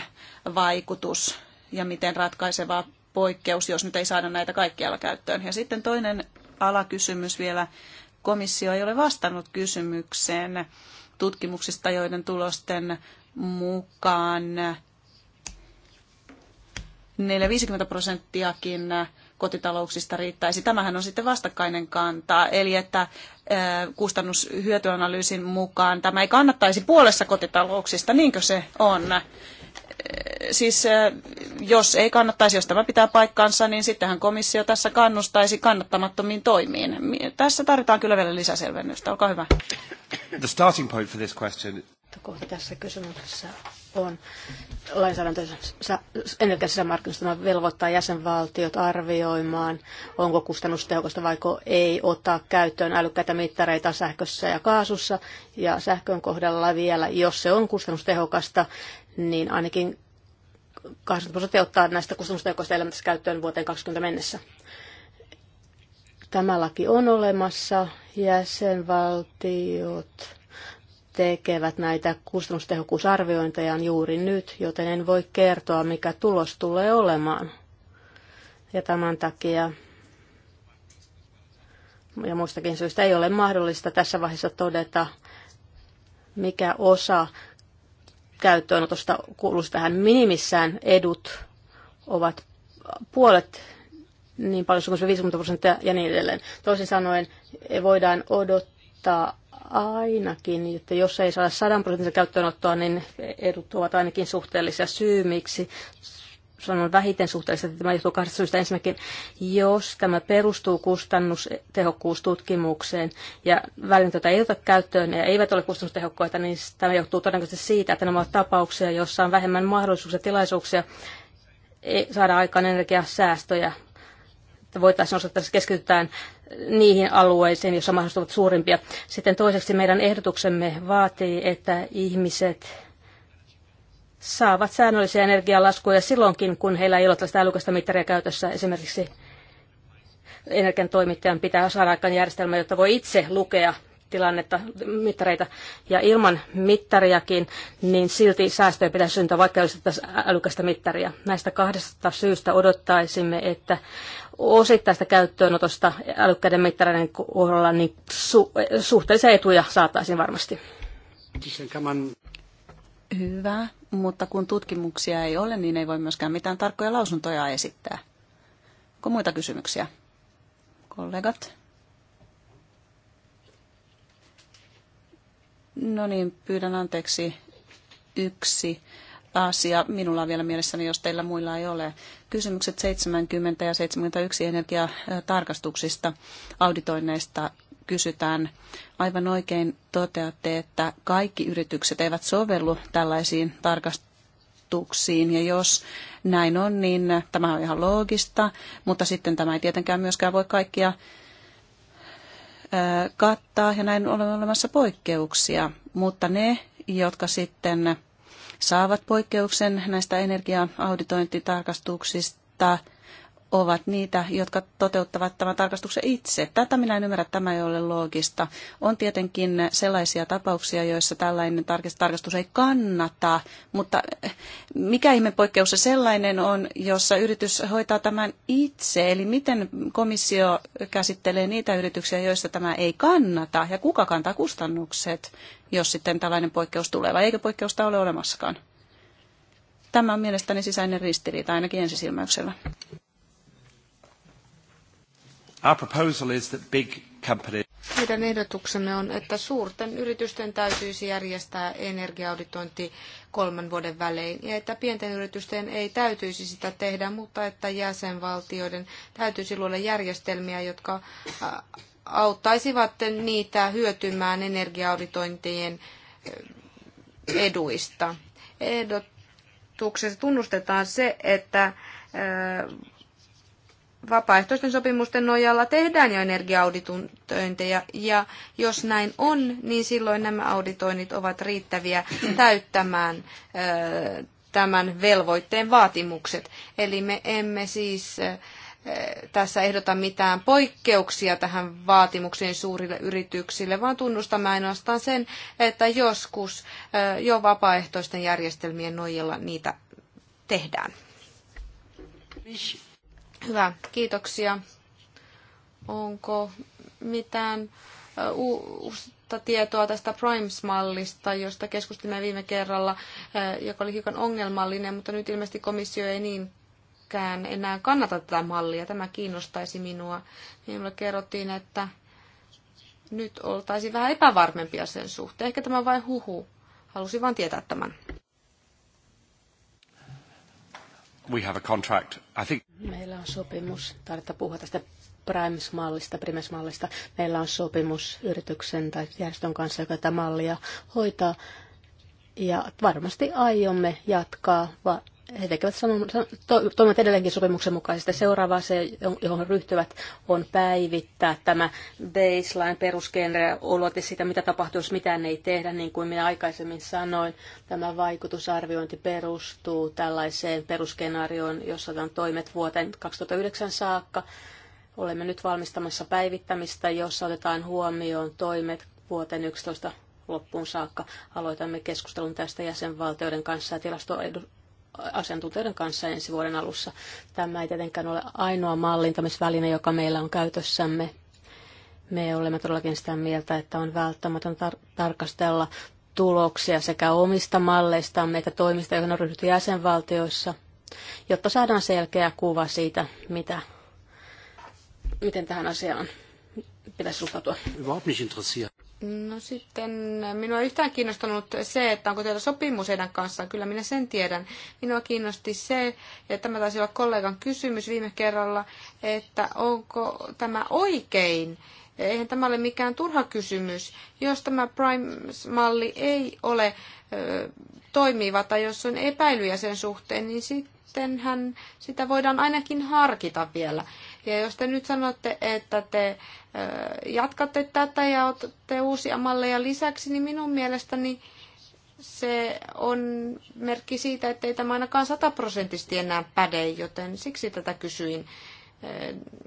vaikutus ja miten ratkaisevaa poikkeus, jos nyt ei saada näitä kaikkialla käyttöön. Ja sitten toinen alakysymys vielä. Komissio ei ole vastannut kysymykseen tutkimuksista, joiden tulosten mukaan 4-50 prosenttiakin kotitalouksista riittäisi. Tämähän on sitten vastakkainen kanta, eli että kustannushyötyanalyysin mukaan tämä ei kannattaisi puolessa kotitalouksista, niinkö se on? siis jos ei kannattaisi, jos tämä pitää paikkansa, niin sittenhän komissio tässä kannustaisi kannattamattomiin toimiin. Tässä tarvitaan kyllä vielä lisäselvennystä. Olkaa hyvä. The starting point for this question. Kohta tässä kysymyksessä on lainsäädäntö markkinoista velvoittaa jäsenvaltiot arvioimaan, onko kustannustehokasta vaiko ei ottaa käyttöön älykkäitä mittareita sähkössä ja kaasussa ja sähkön kohdalla vielä, jos se on kustannustehokasta, niin ainakin 80 prosenttia ottaa näistä kustannustekoista elämässä käyttöön vuoteen 2020 mennessä. Tämä laki on olemassa. Jäsenvaltiot tekevät näitä kustannustehokkuusarviointeja juuri nyt, joten en voi kertoa, mikä tulos tulee olemaan. Ja tämän takia ja muistakin syistä ei ole mahdollista tässä vaiheessa todeta, mikä osa käyttöönotosta kuuluisi tähän minimissään edut ovat puolet niin paljon kuin se 50 prosenttia ja niin edelleen. Toisin sanoen eh, voidaan odottaa ainakin, että jos ei saada 100 prosentin käyttöönottoa, niin edut ovat ainakin suhteellisia syy, miksi sanon vähiten suhteellisesti, tämä johtuu kahdesta syystä. Ensinnäkin, jos tämä perustuu kustannustehokkuustutkimukseen ja välineitä ei ota käyttöön ja eivät ole kustannustehokkaita, niin tämä johtuu todennäköisesti siitä, että nämä ovat tapauksia, joissa on vähemmän mahdollisuuksia ja tilaisuuksia e, saada aikaan energiasäästöjä. Että voitaisiin osata, että keskitytään niihin alueisiin, joissa mahdollisuudet ovat suurimpia. Sitten toiseksi meidän ehdotuksemme vaatii, että ihmiset saavat säännöllisiä energialaskuja silloinkin, kun heillä ei ole tällaista älykästä mittaria käytössä. Esimerkiksi energian toimittajan pitää saada aikaan järjestelmä, jotta voi itse lukea tilannetta, mittareita ja ilman mittariakin, niin silti säästöjä pitäisi syntyä, vaikka olisi älykästä mittaria. Näistä kahdesta syystä odottaisimme, että osittaista käyttöönotosta älykkäiden mittareiden kohdalla niin su- suhteellisia etuja saataisiin varmasti hyvä, mutta kun tutkimuksia ei ole, niin ei voi myöskään mitään tarkkoja lausuntoja esittää. Onko muita kysymyksiä? Kollegat? No niin, pyydän anteeksi. Yksi asia minulla on vielä mielessäni, jos teillä muilla ei ole. Kysymykset 70 ja 71 energiatarkastuksista, auditoinneista kysytään. Aivan oikein toteatte, että kaikki yritykset eivät sovellu tällaisiin tarkastuksiin, ja jos näin on, niin tämä on ihan loogista, mutta sitten tämä ei tietenkään myöskään voi kaikkia kattaa, ja näin on olemassa poikkeuksia, mutta ne, jotka sitten saavat poikkeuksen näistä energia-auditointitarkastuksista, ovat niitä, jotka toteuttavat tämän tarkastuksen itse. Tätä minä en ymmärrä, tämä ei ole loogista. On tietenkin sellaisia tapauksia, joissa tällainen tarkastus ei kannata, mutta mikä ihme poikkeus se sellainen on, jossa yritys hoitaa tämän itse? Eli miten komissio käsittelee niitä yrityksiä, joissa tämä ei kannata ja kuka kantaa kustannukset, jos sitten tällainen poikkeus tulee vai eikö poikkeusta ole olemassakaan? Tämä on mielestäni sisäinen ristiriita ainakin ensisilmäyksellä. Our proposal is that big companies meidän ehdotuksemme on, että suurten yritysten täytyisi järjestää energiaauditointi kolmen vuoden välein ja että pienten yritysten ei täytyisi sitä tehdä, mutta että jäsenvaltioiden täytyisi luoda järjestelmiä, jotka auttaisivat niitä hyötymään energiaauditointien eduista. Ehdotuksessa tunnustetaan se, että vapaaehtoisten sopimusten nojalla tehdään jo energiaauditointeja, ja jos näin on, niin silloin nämä auditoinnit ovat riittäviä täyttämään tämän velvoitteen vaatimukset. Eli me emme siis tässä ehdota mitään poikkeuksia tähän vaatimukseen suurille yrityksille, vaan tunnustamme ainoastaan sen, että joskus jo vapaaehtoisten järjestelmien nojalla niitä tehdään. Hyvä, kiitoksia. Onko mitään äh, uutta tietoa tästä Primes-mallista, josta keskustimme viime kerralla, äh, joka oli hiukan ongelmallinen, mutta nyt ilmeisesti komissio ei niin enää kannata tätä mallia. Tämä kiinnostaisi minua. Minulle kerrottiin, että nyt oltaisiin vähän epävarmempia sen suhteen. Ehkä tämä vain huhu. Halusin vain tietää tämän. we have a contract. I think... Meillä on sopimus, tarvitaan puhua tästä Primes-mallista, Primes-mallista. Meillä on sopimus yrityksen tai järjestön kanssa, joka tätä mallia hoitaa. Ja varmasti aiomme jatkaa va- he tekevät sanon, to, toimivat edelleenkin sopimuksen mukaisesti. Seuraava se, johon ryhtyvät, on päivittää tämä baseline perusgenre olote sitä, mitä tapahtuu, jos mitään ei tehdä. Niin kuin minä aikaisemmin sanoin, tämä vaikutusarviointi perustuu tällaiseen perusskenaarioon, jossa on toimet vuoteen 2009 saakka. Olemme nyt valmistamassa päivittämistä, jossa otetaan huomioon toimet vuoteen 11 loppuun saakka. Aloitamme keskustelun tästä jäsenvaltioiden kanssa ja tilasto asiantuntijoiden kanssa ensi vuoden alussa. Tämä ei tietenkään ole ainoa mallintamisväline, joka meillä on käytössämme. Me olemme todellakin sitä mieltä, että on välttämätön tar- tarkastella tuloksia sekä omista malleistamme että toimista, joihin on ryhdytty jäsenvaltioissa, jotta saadaan selkeä kuva siitä, mitä, miten tähän asiaan pitäisi suhtautua. No sitten minua ei yhtään kiinnostanut se, että onko teillä sopimus heidän kanssaan. Kyllä minä sen tiedän. Minua kiinnosti se, ja tämä taisi olla kollegan kysymys viime kerralla, että onko tämä oikein. Eihän tämä ole mikään turha kysymys. Jos tämä Prime-malli ei ole ö, toimiva tai jos on epäilyjä sen suhteen, niin sittenhän sitä voidaan ainakin harkita vielä. Ja jos te nyt sanotte, että te jatkatte tätä ja otatte uusia malleja lisäksi, niin minun mielestäni se on merkki siitä, että ei tämä ainakaan sataprosenttisesti enää päde, joten siksi tätä kysyin.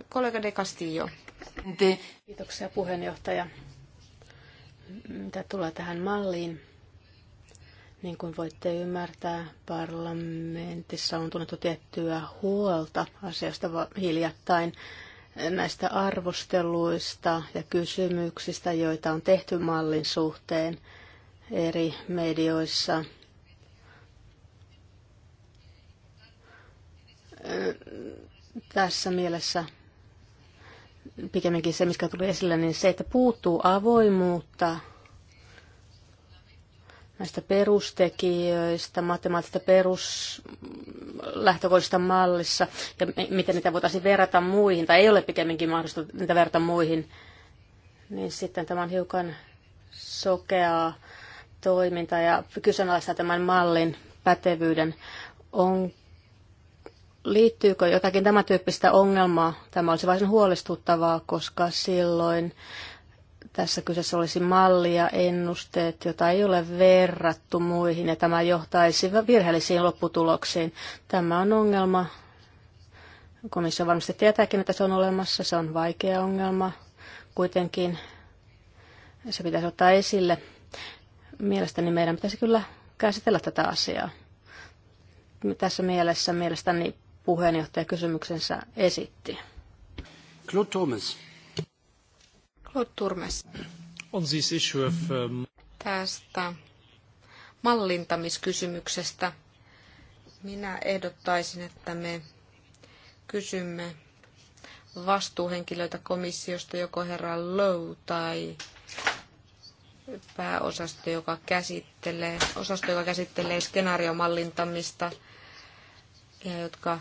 Kollega De Castillo. Kiitoksia puheenjohtaja. Mitä tulee tähän malliin? Niin kuin voitte ymmärtää, parlamentissa on tunnettu tiettyä huolta asiasta hiljattain näistä arvosteluista ja kysymyksistä, joita on tehty mallin suhteen eri medioissa. Tässä mielessä pikemminkin se, mikä tuli esille, niin se, että puuttuu avoimuutta näistä perustekijöistä, matemaattisista peruslähtökohdista mallissa ja miten niitä voitaisiin verrata muihin, tai ei ole pikemminkin mahdollista niitä verrata muihin, niin sitten tämä on hiukan sokeaa toimintaa ja kyseenalaistaa tämän mallin pätevyyden. On, liittyykö jotakin tämän tyyppistä ongelmaa? Tämä olisi varsin huolestuttavaa, koska silloin tässä kyseessä olisi malli ja ennusteet, jota ei ole verrattu muihin, ja tämä johtaisi virheellisiin lopputuloksiin. Tämä on ongelma. Komissio varmasti tietääkin, että se on olemassa. Se on vaikea ongelma. Kuitenkin se pitäisi ottaa esille. Mielestäni meidän pitäisi kyllä käsitellä tätä asiaa. Tässä mielessä mielestäni puheenjohtaja kysymyksensä esitti. Claude Thomas. Turmes. On siis issue of, um... Tästä mallintamiskysymyksestä. Minä ehdottaisin, että me kysymme vastuuhenkilöitä komissiosta, joko herra Low tai pääosasto, joka käsittelee, osasto, joka käsittelee skenaariomallintamista ja jotka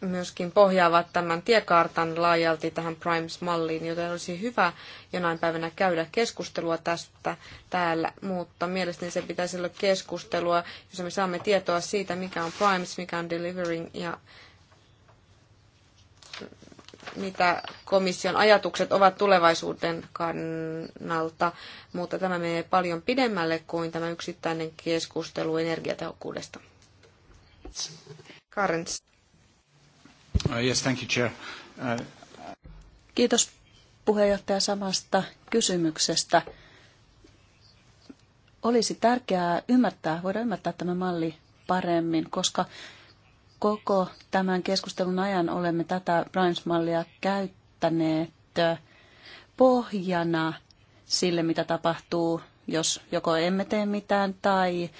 myöskin pohjaavat tämän tiekartan laajalti tähän Primes-malliin, joten olisi hyvä jonain päivänä käydä keskustelua tästä täällä, mutta mielestäni se pitäisi olla keskustelua, jossa me saamme tietoa siitä, mikä on Primes, mikä on Delivering ja mitä komission ajatukset ovat tulevaisuuden kannalta, mutta tämä menee paljon pidemmälle kuin tämä yksittäinen keskustelu energiatehokkuudesta. Karens. Uh, uh, Kiitos puheenjohtaja samasta kysymyksestä. Olisi tärkeää ymmärtää, voida ymmärtää tämä malli paremmin, koska koko tämän keskustelun ajan olemme tätä Brands-mallia käyttäneet pohjana sille, mitä tapahtuu, jos joko emme tee mitään tai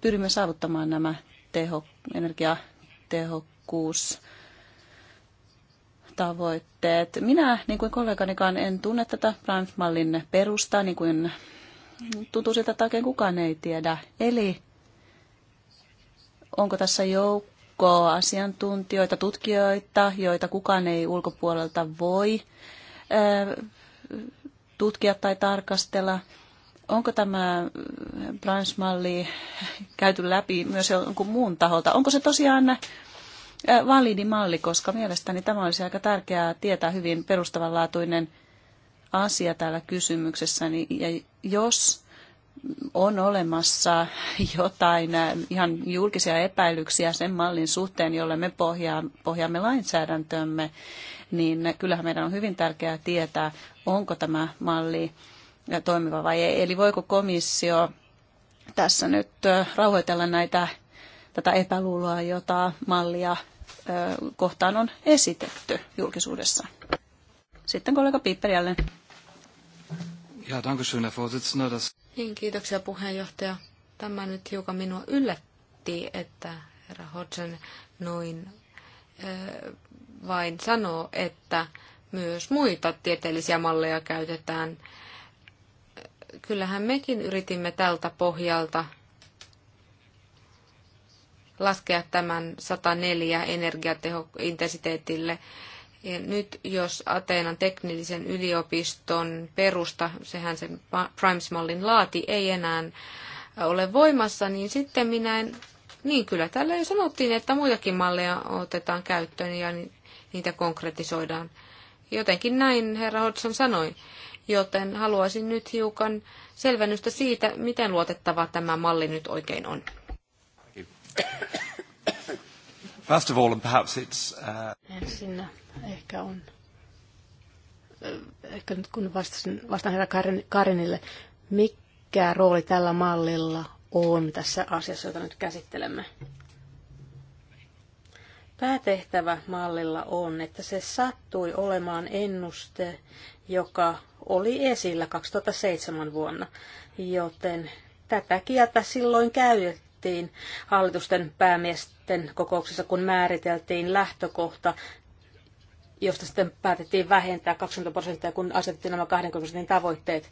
pyrimme saavuttamaan nämä teho, energiatehokkuus tehokkuus tavoitteet. Minä, niin kuin kolleganikaan, en tunne tätä Brandt-mallin perustaa, niin kuin tuntuu siltä, että oikein kukaan ei tiedä. Eli onko tässä joukko asiantuntijoita, tutkijoita, joita kukaan ei ulkopuolelta voi tutkia tai tarkastella? Onko tämä brandt malli käyty läpi myös jonkun muun taholta? Onko se tosiaan validi malli, koska mielestäni tämä olisi aika tärkeää tietää hyvin perustavanlaatuinen asia täällä kysymyksessä. Ja jos on olemassa jotain ihan julkisia epäilyksiä sen mallin suhteen, jolle me pohjaamme lainsäädäntömme, niin kyllähän meidän on hyvin tärkeää tietää, onko tämä malli toimiva vai ei. Eli voiko komissio tässä nyt rauhoitella näitä tätä epäluuloa, jota mallia kohtaan on esitetty julkisuudessa. Sitten kollega Piipper jälleen. Ja, dankeschön, Herr Vorsitzender. Das... Niin, kiitoksia puheenjohtaja. Tämä nyt hiukan minua yllätti, että herra Hodgson noin ö, vain sanoo, että myös muita tieteellisiä malleja käytetään. Kyllähän mekin yritimme tältä pohjalta laskea tämän 104 energiatehointensiteetille. Ja nyt jos Ateenan teknillisen yliopiston perusta, sehän sen Primes-mallin laati, ei enää ole voimassa, niin sitten minä en... Niin kyllä, täällä jo sanottiin, että muitakin malleja otetaan käyttöön ja niitä konkretisoidaan. Jotenkin näin herra Hodgson sanoi, joten haluaisin nyt hiukan selvennystä siitä, miten luotettava tämä malli nyt oikein on. First of all, and perhaps it's... Uh... ehkä on... Äh, ehkä nyt kun vastasin, vastaan herra Karin, Karinille, mikä rooli tällä mallilla on tässä asiassa, jota nyt käsittelemme? Päätehtävä mallilla on, että se sattui olemaan ennuste, joka oli esillä 2007 vuonna, joten tätä kieltä silloin tehtiin hallitusten päämiesten kokouksessa, kun määriteltiin lähtökohta, josta sitten päätettiin vähentää 20 prosenttia, kun asetettiin nämä 20 prosentin tavoitteet.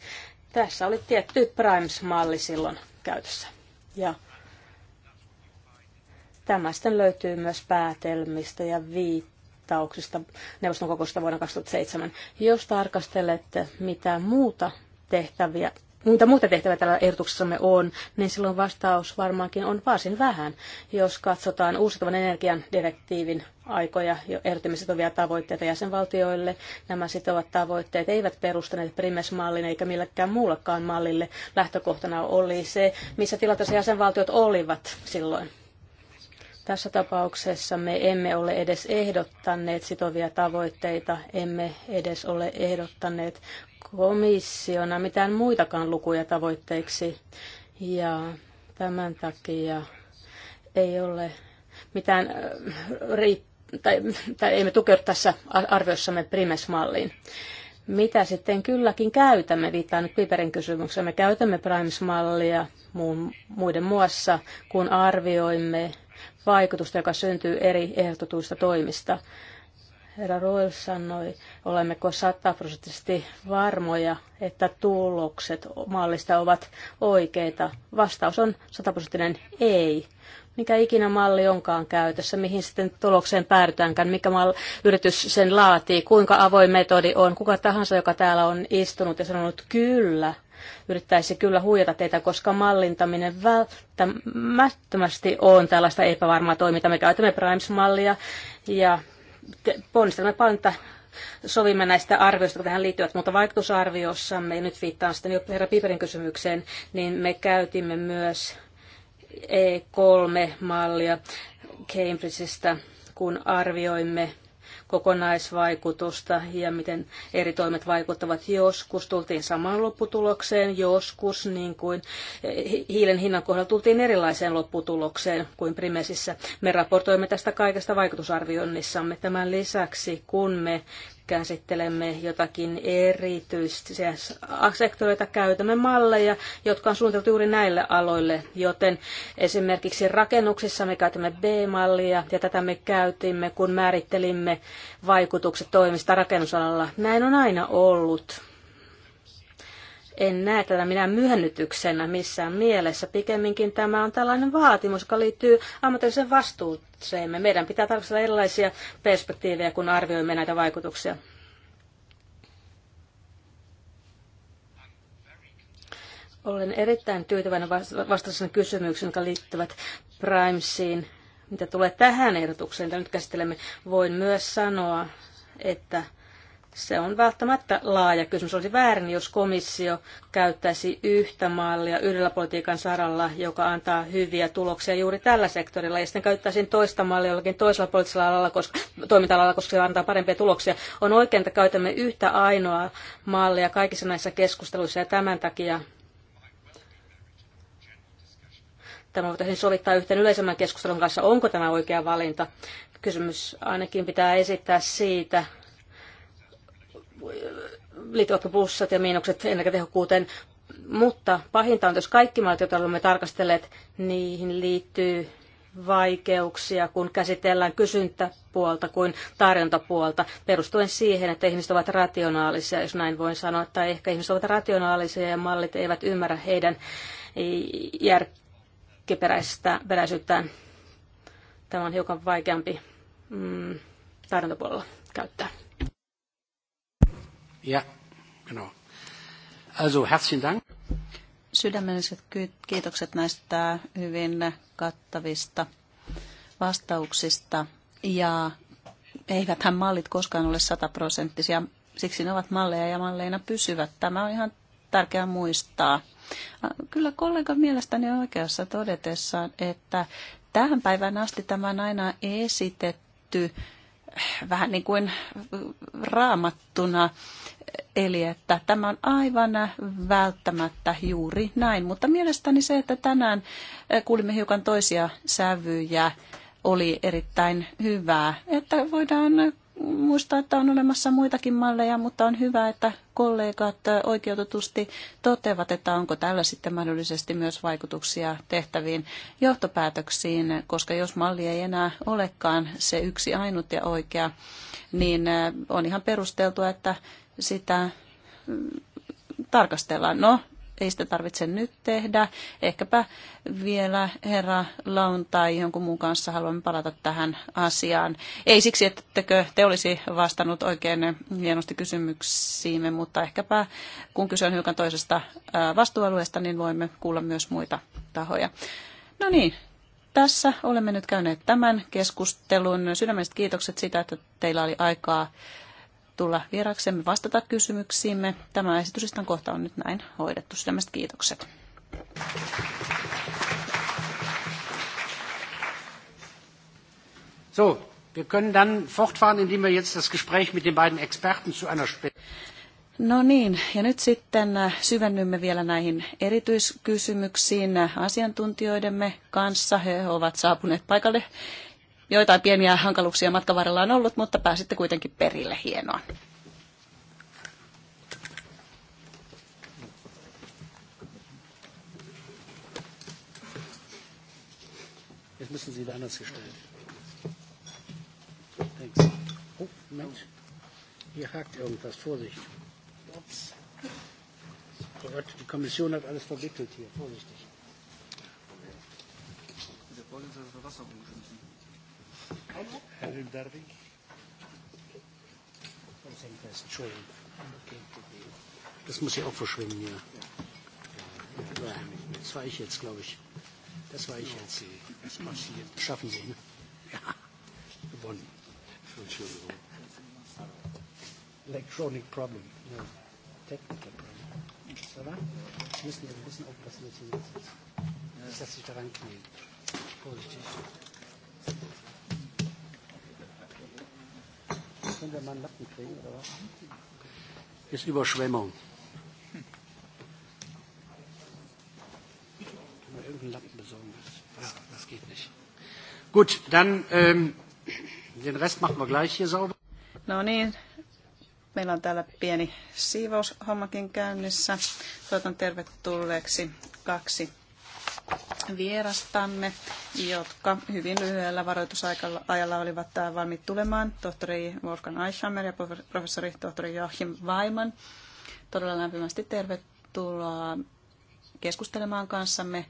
Tässä oli tietty Primes-malli silloin käytössä. Ja tämä sitten löytyy myös päätelmistä ja viittauksista neuvoston kokousta vuonna 2007. Jos tarkastelette mitä muuta tehtäviä muita muuta tehtävää tällä ehdotuksessamme on, niin silloin vastaus varmaankin on varsin vähän, jos katsotaan uusiutuvan energian direktiivin aikoja ja ehdottomia tavoitteita jäsenvaltioille. Nämä sitovat tavoitteet eivät perustaneet Primes-mallin eikä millekään muullakaan mallille. Lähtökohtana oli se, missä tilanteessa jäsenvaltiot olivat silloin. Tässä tapauksessa me emme ole edes ehdottaneet sitovia tavoitteita, emme edes ole ehdottaneet komissiona mitään muitakaan lukuja tavoitteiksi ja tämän takia ei ole mitään äh, riitt- tai, tai me tukeudu tässä arviossamme Primes-malliin. Mitä sitten kylläkin käytämme, viittaan nyt Piperin kysymykseen, me käytämme Primes-mallia muun, muiden muassa, kun arvioimme vaikutusta, joka syntyy eri ehdotetuista toimista herra Roel sanoi, olemmeko sataprosenttisesti varmoja, että tulokset mallista ovat oikeita. Vastaus on sataprosenttinen ei. Mikä ikinä malli onkaan käytössä, mihin sitten tulokseen päädytäänkään, mikä mal- yritys sen laatii, kuinka avoin metodi on, kuka tahansa, joka täällä on istunut ja sanonut kyllä, yrittäisi kyllä huijata teitä, koska mallintaminen välttämättömästi on tällaista epävarmaa toimintaa. Me käytämme Primes-mallia ja ponnistelemme paljon, että sovimme näistä arvioista, jotka tähän liittyvät, mutta vaikutusarviossamme, ja nyt viittaan sitten jo herra Piperin kysymykseen, niin me käytimme myös E3-mallia Cambridgeista, kun arvioimme kokonaisvaikutusta ja miten eri toimet vaikuttavat. Joskus tultiin samaan lopputulokseen, joskus niin kuin eh, hiilen hinnan kohdalla tultiin erilaiseen lopputulokseen kuin Primesissä. Me raportoimme tästä kaikesta vaikutusarvioinnissamme. Tämän lisäksi, kun me käsittelemme jotakin erityistä sektoreita, käytämme malleja, jotka on suunniteltu juuri näille aloille, joten esimerkiksi rakennuksissa me käytämme B-mallia ja tätä me käytimme, kun määrittelimme vaikutukset toimista rakennusalalla. Näin on aina ollut en näe tätä minä myönnytyksenä missään mielessä. Pikemminkin tämä on tällainen vaatimus, joka liittyy ammatilliseen vastuuseemme. Meidän pitää tarkastella erilaisia perspektiivejä, kun arvioimme näitä vaikutuksia. Olen erittäin tyytyväinen vastaisen kysymyksen, jotka liittyvät Primesiin. Mitä tulee tähän ehdotukseen, mitä nyt käsittelemme, voin myös sanoa, että se on välttämättä laaja kysymys. Olisi väärin, jos komissio käyttäisi yhtä mallia yhdellä politiikan saralla, joka antaa hyviä tuloksia juuri tällä sektorilla, ja sitten käyttäisiin toista mallia jollakin toisella poliittisella alalla, koska, toiminta-alalla, koska se antaa parempia tuloksia. On oikein, että käytämme yhtä ainoa mallia kaikissa näissä keskusteluissa, ja tämän takia tämä voitaisiin sovittaa yhteen yleisemmän keskustelun kanssa, onko tämä oikea valinta. Kysymys ainakin pitää esittää siitä, liittyvätkö plussat ja miinukset energiatehokkuuteen, mutta pahinta on, jos kaikki maat, joita olemme tarkastelleet, niihin liittyy vaikeuksia, kun käsitellään kysyntäpuolta kuin tarjontapuolta, perustuen siihen, että ihmiset ovat rationaalisia, jos näin voin sanoa, tai ehkä ihmiset ovat rationaalisia ja mallit eivät ymmärrä heidän järkiperäisyyttään. Tämä on hiukan vaikeampi mm, tarjontapuolella käyttää. Ja, genau. Also, herzlichen Dank. Sydämelliset kiitokset näistä hyvin kattavista vastauksista. Ja eiväthän mallit koskaan ole sataprosenttisia, siksi ne ovat malleja ja malleina pysyvät. Tämä on ihan tärkeää muistaa. Kyllä kollega mielestäni on oikeassa todetessaan, että tähän päivään asti tämä on aina esitetty vähän niin kuin raamattuna. Eli että tämä on aivan välttämättä juuri näin. Mutta mielestäni se, että tänään kuulimme hiukan toisia sävyjä, oli erittäin hyvää, että voidaan muistaa, että on olemassa muitakin malleja, mutta on hyvä, että kollegat oikeutetusti toteavat, että onko tällä sitten mahdollisesti myös vaikutuksia tehtäviin johtopäätöksiin, koska jos malli ei enää olekaan se yksi ainut ja oikea, niin äh, on ihan perusteltua, että sitä mm, tarkastellaan. No, ei sitä tarvitse nyt tehdä. Ehkäpä vielä herra Laun tai jonkun muun kanssa haluamme palata tähän asiaan. Ei siksi, että te olisi vastannut oikein hienosti kysymyksiimme, mutta ehkäpä kun kyse on hiukan toisesta vastuualueesta, niin voimme kuulla myös muita tahoja. No niin, tässä olemme nyt käyneet tämän keskustelun. Sydämelliset kiitokset siitä, että teillä oli aikaa tulla vieraksemme vastata kysymyksiimme. Tämä esityslistan kohta on nyt näin hoidettu. Sydämestä kiitokset. So, wir können dann fortfahren, indem wir jetzt das Gespräch mit den beiden Experten zu einer No niin, ja nyt sitten äh, syvennymme vielä näihin erityiskysymyksiin äh, asiantuntijoidemme kanssa. He ovat saapuneet paikalle joitain pieniä hankaluuksia matkan varrella on ollut, mutta pääsitte kuitenkin perille hienoa. Jetzt müssen Sie wieder anders gestellt. Thanks. Oh, Moment. Hier hakt irgendwas. Vorsicht. Ups. Oh Gott, die Kommission hat alles verwickelt hier. Vorsichtig. Der Vorsitzende der Verfassung Das muss ja auch verschwinden hier. Das war ich jetzt, glaube ich. Das war ich jetzt. Das passiert. Schaffen Sie, ne? Ja, gewonnen. Entschuldigung. Electronic problem. No. Technical problem. Ça va? Sie müssen jetzt ein bisschen aufpassen, dass Sie sitzen. Nicht, dass Sie daran knien. Vorsichtig. Können wir Lappen kriegen, oder was? Ist Überschwemmung. Können wir irgendeinen Lappen besorgen? Ja, das geht nicht. Gut, dann ähm, den Rest machen wir gleich hier sauber. No niin, Meillä on täällä pieni siivoushommakin käynnissä. Toivotan tervetulleeksi kaksi vierastamme, jotka hyvin lyhyellä varoitusajalla olivat valmiit tulemaan, tohtori Wolfgang Eichhammer ja professori tohtori Joachim Weiman. Todella lämpimästi tervetuloa keskustelemaan kanssamme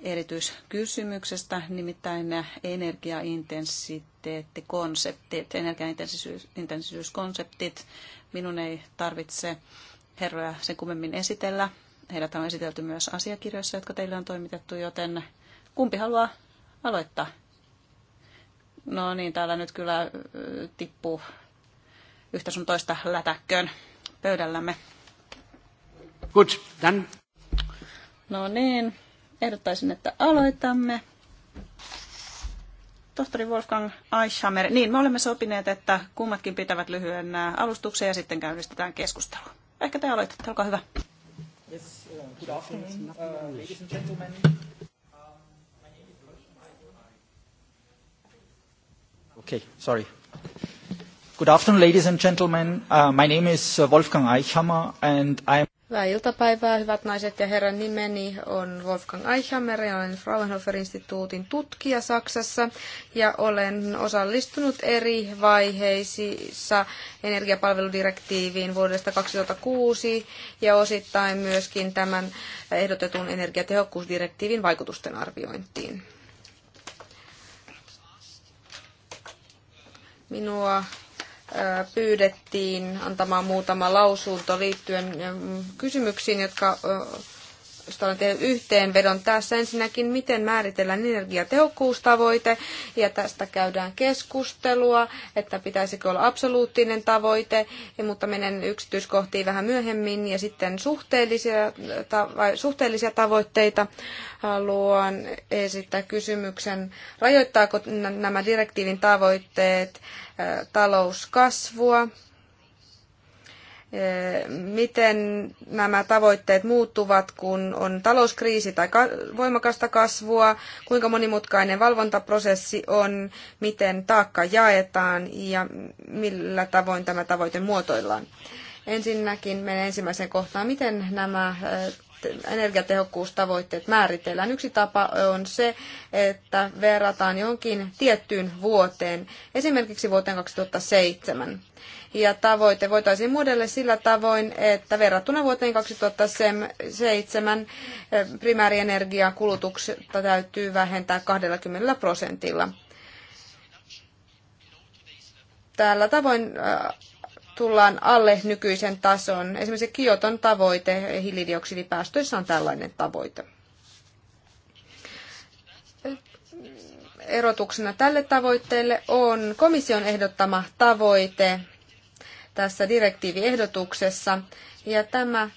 erityiskysymyksestä, nimittäin energiaintensiteettikonseptit, energiaintensiivyyskonseptit. Minun ei tarvitse herroja sen kummemmin esitellä. Heidät on esitelty myös asiakirjoissa, jotka teille on toimitettu, joten kumpi haluaa aloittaa? No niin, täällä nyt kyllä tippuu yhtä sun toista lätäkköön pöydällämme. Good, done. No niin, ehdottaisin, että aloitamme. Tohtori Wolfgang Eichhammer. Niin, me olemme sopineet, että kummatkin pitävät lyhyen alustuksen ja sitten käynnistetään keskustelua. Ehkä te aloitatte, olkaa hyvä. Yes, uh, good afternoon, uh, ladies and gentlemen. Okay, sorry. Good afternoon, ladies and gentlemen. Uh, my name is Wolfgang Eichhammer, and I'm Hyvää iltapäivää, hyvät naiset ja herran. Nimeni on Wolfgang Eichhammer ja olen Fraunhofer-instituutin tutkija Saksassa ja olen osallistunut eri vaiheisissa energiapalveludirektiiviin vuodesta 2006 ja osittain myöskin tämän ehdotetun energiatehokkuusdirektiivin vaikutusten arviointiin. Minua pyydettiin antamaan muutama lausunto liittyen kysymyksiin, jotka josta olen tehnyt yhteenvedon tässä. Ensinnäkin, miten määritellään energiatehokkuustavoite, ja tästä käydään keskustelua, että pitäisikö olla absoluuttinen tavoite, mutta menen yksityiskohtiin vähän myöhemmin, ja sitten suhteellisia, vai suhteellisia tavoitteita. Haluan esittää kysymyksen, rajoittaako nämä direktiivin tavoitteet talouskasvua, miten nämä tavoitteet muuttuvat, kun on talouskriisi tai voimakasta kasvua, kuinka monimutkainen valvontaprosessi on, miten taakka jaetaan ja millä tavoin tämä tavoite muotoillaan. Ensinnäkin menen ensimmäiseen kohtaan, miten nämä energiatehokkuustavoitteet määritellään. Yksi tapa on se, että verrataan jonkin tiettyyn vuoteen, esimerkiksi vuoteen 2007. Ja tavoite voitaisiin muodelle sillä tavoin, että verrattuna vuoteen 2007 eh, primäärienergiakulutuksesta täytyy vähentää 20 prosentilla. Tällä tavoin eh, tullaan alle nykyisen tason. Esimerkiksi Kioton tavoite hiilidioksidipäästöissä on tällainen tavoite. Erotuksena tälle tavoitteelle on komission ehdottama tavoite tässä direktiiviehdotuksessa, ja tämä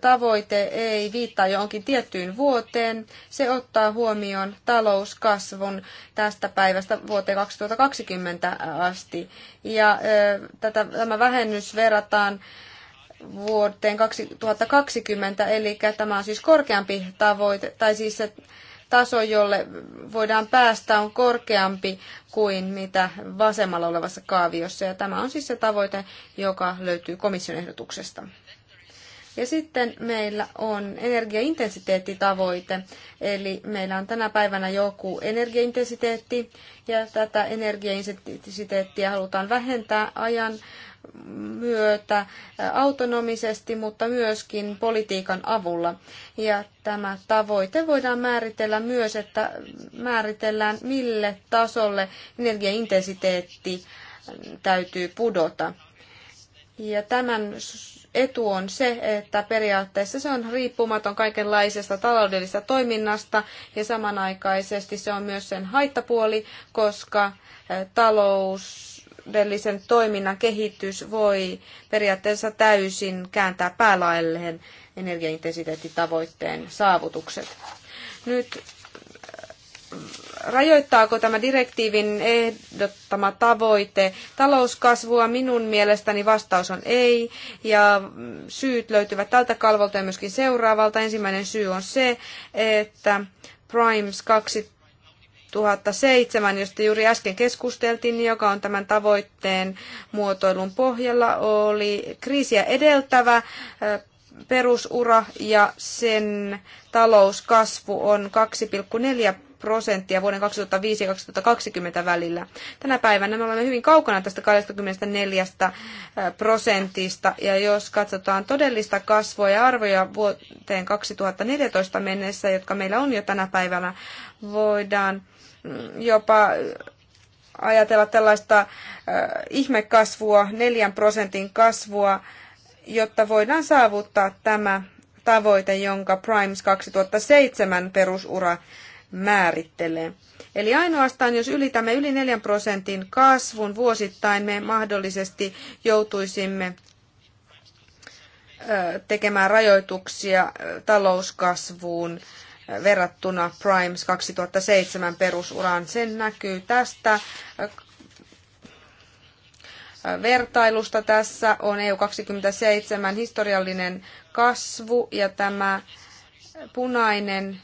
tavoite ei viittaa johonkin tiettyyn vuoteen. Se ottaa huomioon talouskasvun tästä päivästä vuoteen 2020 asti. Ja tätä, tämä vähennys verrataan vuoteen 2020, eli tämä on siis korkeampi tavoite, tai siis se taso, jolle voidaan päästä, on korkeampi kuin mitä vasemmalla olevassa kaaviossa. Ja tämä on siis se tavoite, joka löytyy komission ehdotuksesta. Ja sitten meillä on energiaintensiteettitavoite, eli meillä on tänä päivänä joku energiaintensiteetti, ja tätä energiaintensiteettiä halutaan vähentää ajan myötä autonomisesti, mutta myöskin politiikan avulla. Ja tämä tavoite voidaan määritellä myös, että määritellään mille tasolle energiaintensiteetti täytyy pudota. Ja tämän etu on se, että periaatteessa se on riippumaton kaikenlaisesta taloudellisesta toiminnasta ja samanaikaisesti se on myös sen haittapuoli, koska eh, taloudellisen toiminnan kehitys voi periaatteessa täysin kääntää päälaelleen energiaintensiteettitavoitteen saavutukset. Nyt rajoittaako tämä direktiivin ehdottama tavoite talouskasvua? Minun mielestäni vastaus on ei, ja syyt löytyvät tältä kalvolta ja myöskin seuraavalta. Ensimmäinen syy on se, että Primes 2007, josta juuri äsken keskusteltiin, joka on tämän tavoitteen muotoilun pohjalla, oli kriisiä edeltävä perusura ja sen talouskasvu on 2,4 prosenttia vuoden 2005 ja 2020 välillä. Tänä päivänä me olemme hyvin kaukana tästä 24 äh, prosentista, ja jos katsotaan todellista kasvua ja arvoja vuoteen 2014 mennessä, jotka meillä on jo tänä päivänä, voidaan mm, jopa ajatella tällaista äh, ihmekasvua, neljän prosentin kasvua, jotta voidaan saavuttaa tämä tavoite, jonka Primes 2007 perusura määrittelee. Eli ainoastaan jos ylitämme yli 4 prosentin kasvun vuosittain, me mahdollisesti joutuisimme tekemään rajoituksia talouskasvuun verrattuna Primes 2007 perusuraan. Sen näkyy tästä vertailusta. Tässä on EU27 historiallinen kasvu ja tämä punainen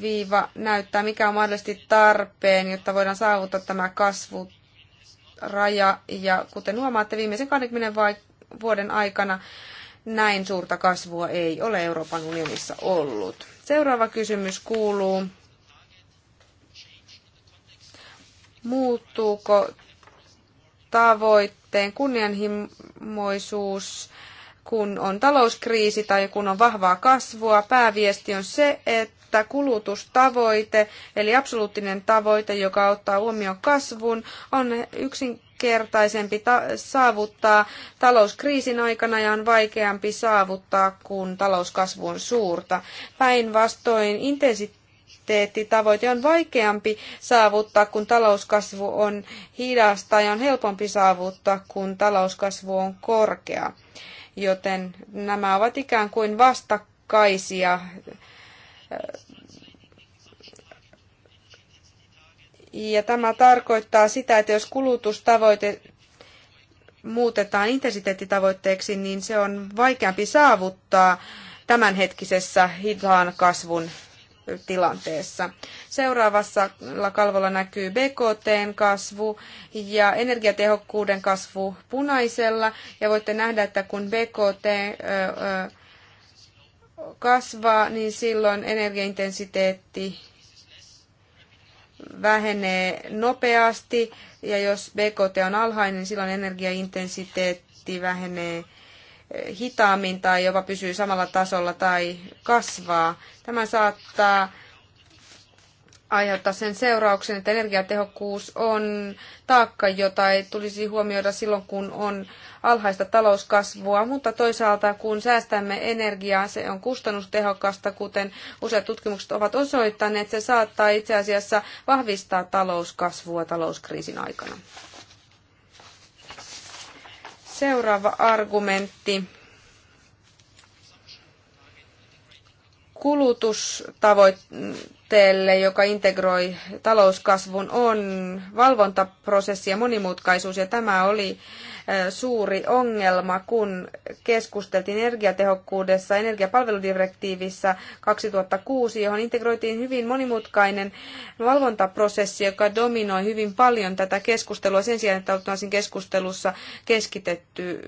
viiva näyttää, mikä on mahdollisesti tarpeen, jotta voidaan saavuttaa tämä kasvuraja. Ja kuten huomaatte, viimeisen 20 vuoden aikana näin suurta kasvua ei ole Euroopan unionissa ollut. Seuraava kysymys kuuluu, muuttuuko tavoitteen kunnianhimoisuus kun on talouskriisi tai kun on vahvaa kasvua, pääviesti on se, että kulutustavoite, eli absoluuttinen tavoite, joka ottaa huomioon kasvun, on yksinkertaisempi saavuttaa talouskriisin aikana ja on vaikeampi saavuttaa, kun talouskasvu on suurta. Päinvastoin intensiteettitavoite on vaikeampi saavuttaa, kun talouskasvu on hidasta ja on helpompi saavuttaa, kun talouskasvu on korkea joten nämä ovat ikään kuin vastakkaisia ja tämä tarkoittaa sitä, että jos kulutustavoite muutetaan intensiteettitavoitteeksi, niin se on vaikeampi saavuttaa tämänhetkisessä hitaan kasvun tilanteessa. Seuraavassa kalvolla näkyy BKTn kasvu ja energiatehokkuuden kasvu punaisella. Ja voitte nähdä, että kun BKT kasvaa, niin silloin energiaintensiteetti vähenee nopeasti. Ja jos BKT on alhainen, niin silloin energiaintensiteetti vähenee hitaammin tai jopa pysyy samalla tasolla tai kasvaa. Tämä saattaa aiheuttaa sen seurauksen, että energiatehokkuus on taakka, jota ei tulisi huomioida silloin, kun on alhaista talouskasvua, mutta toisaalta kun säästämme energiaa, se on kustannustehokasta, kuten useat tutkimukset ovat osoittaneet, se saattaa itse asiassa vahvistaa talouskasvua talouskriisin aikana. Seuraava argumentti. Kulutustavoitteelle, joka integroi talouskasvun, on valvontaprosessi ja monimutkaisuus, ja tämä oli suuri ongelma, kun keskusteltiin energiatehokkuudessa energiapalveludirektiivissä 2006, johon integroitiin hyvin monimutkainen valvontaprosessi, joka dominoi hyvin paljon tätä keskustelua sen sijaan, että oltaisiin keskustelussa keskitetty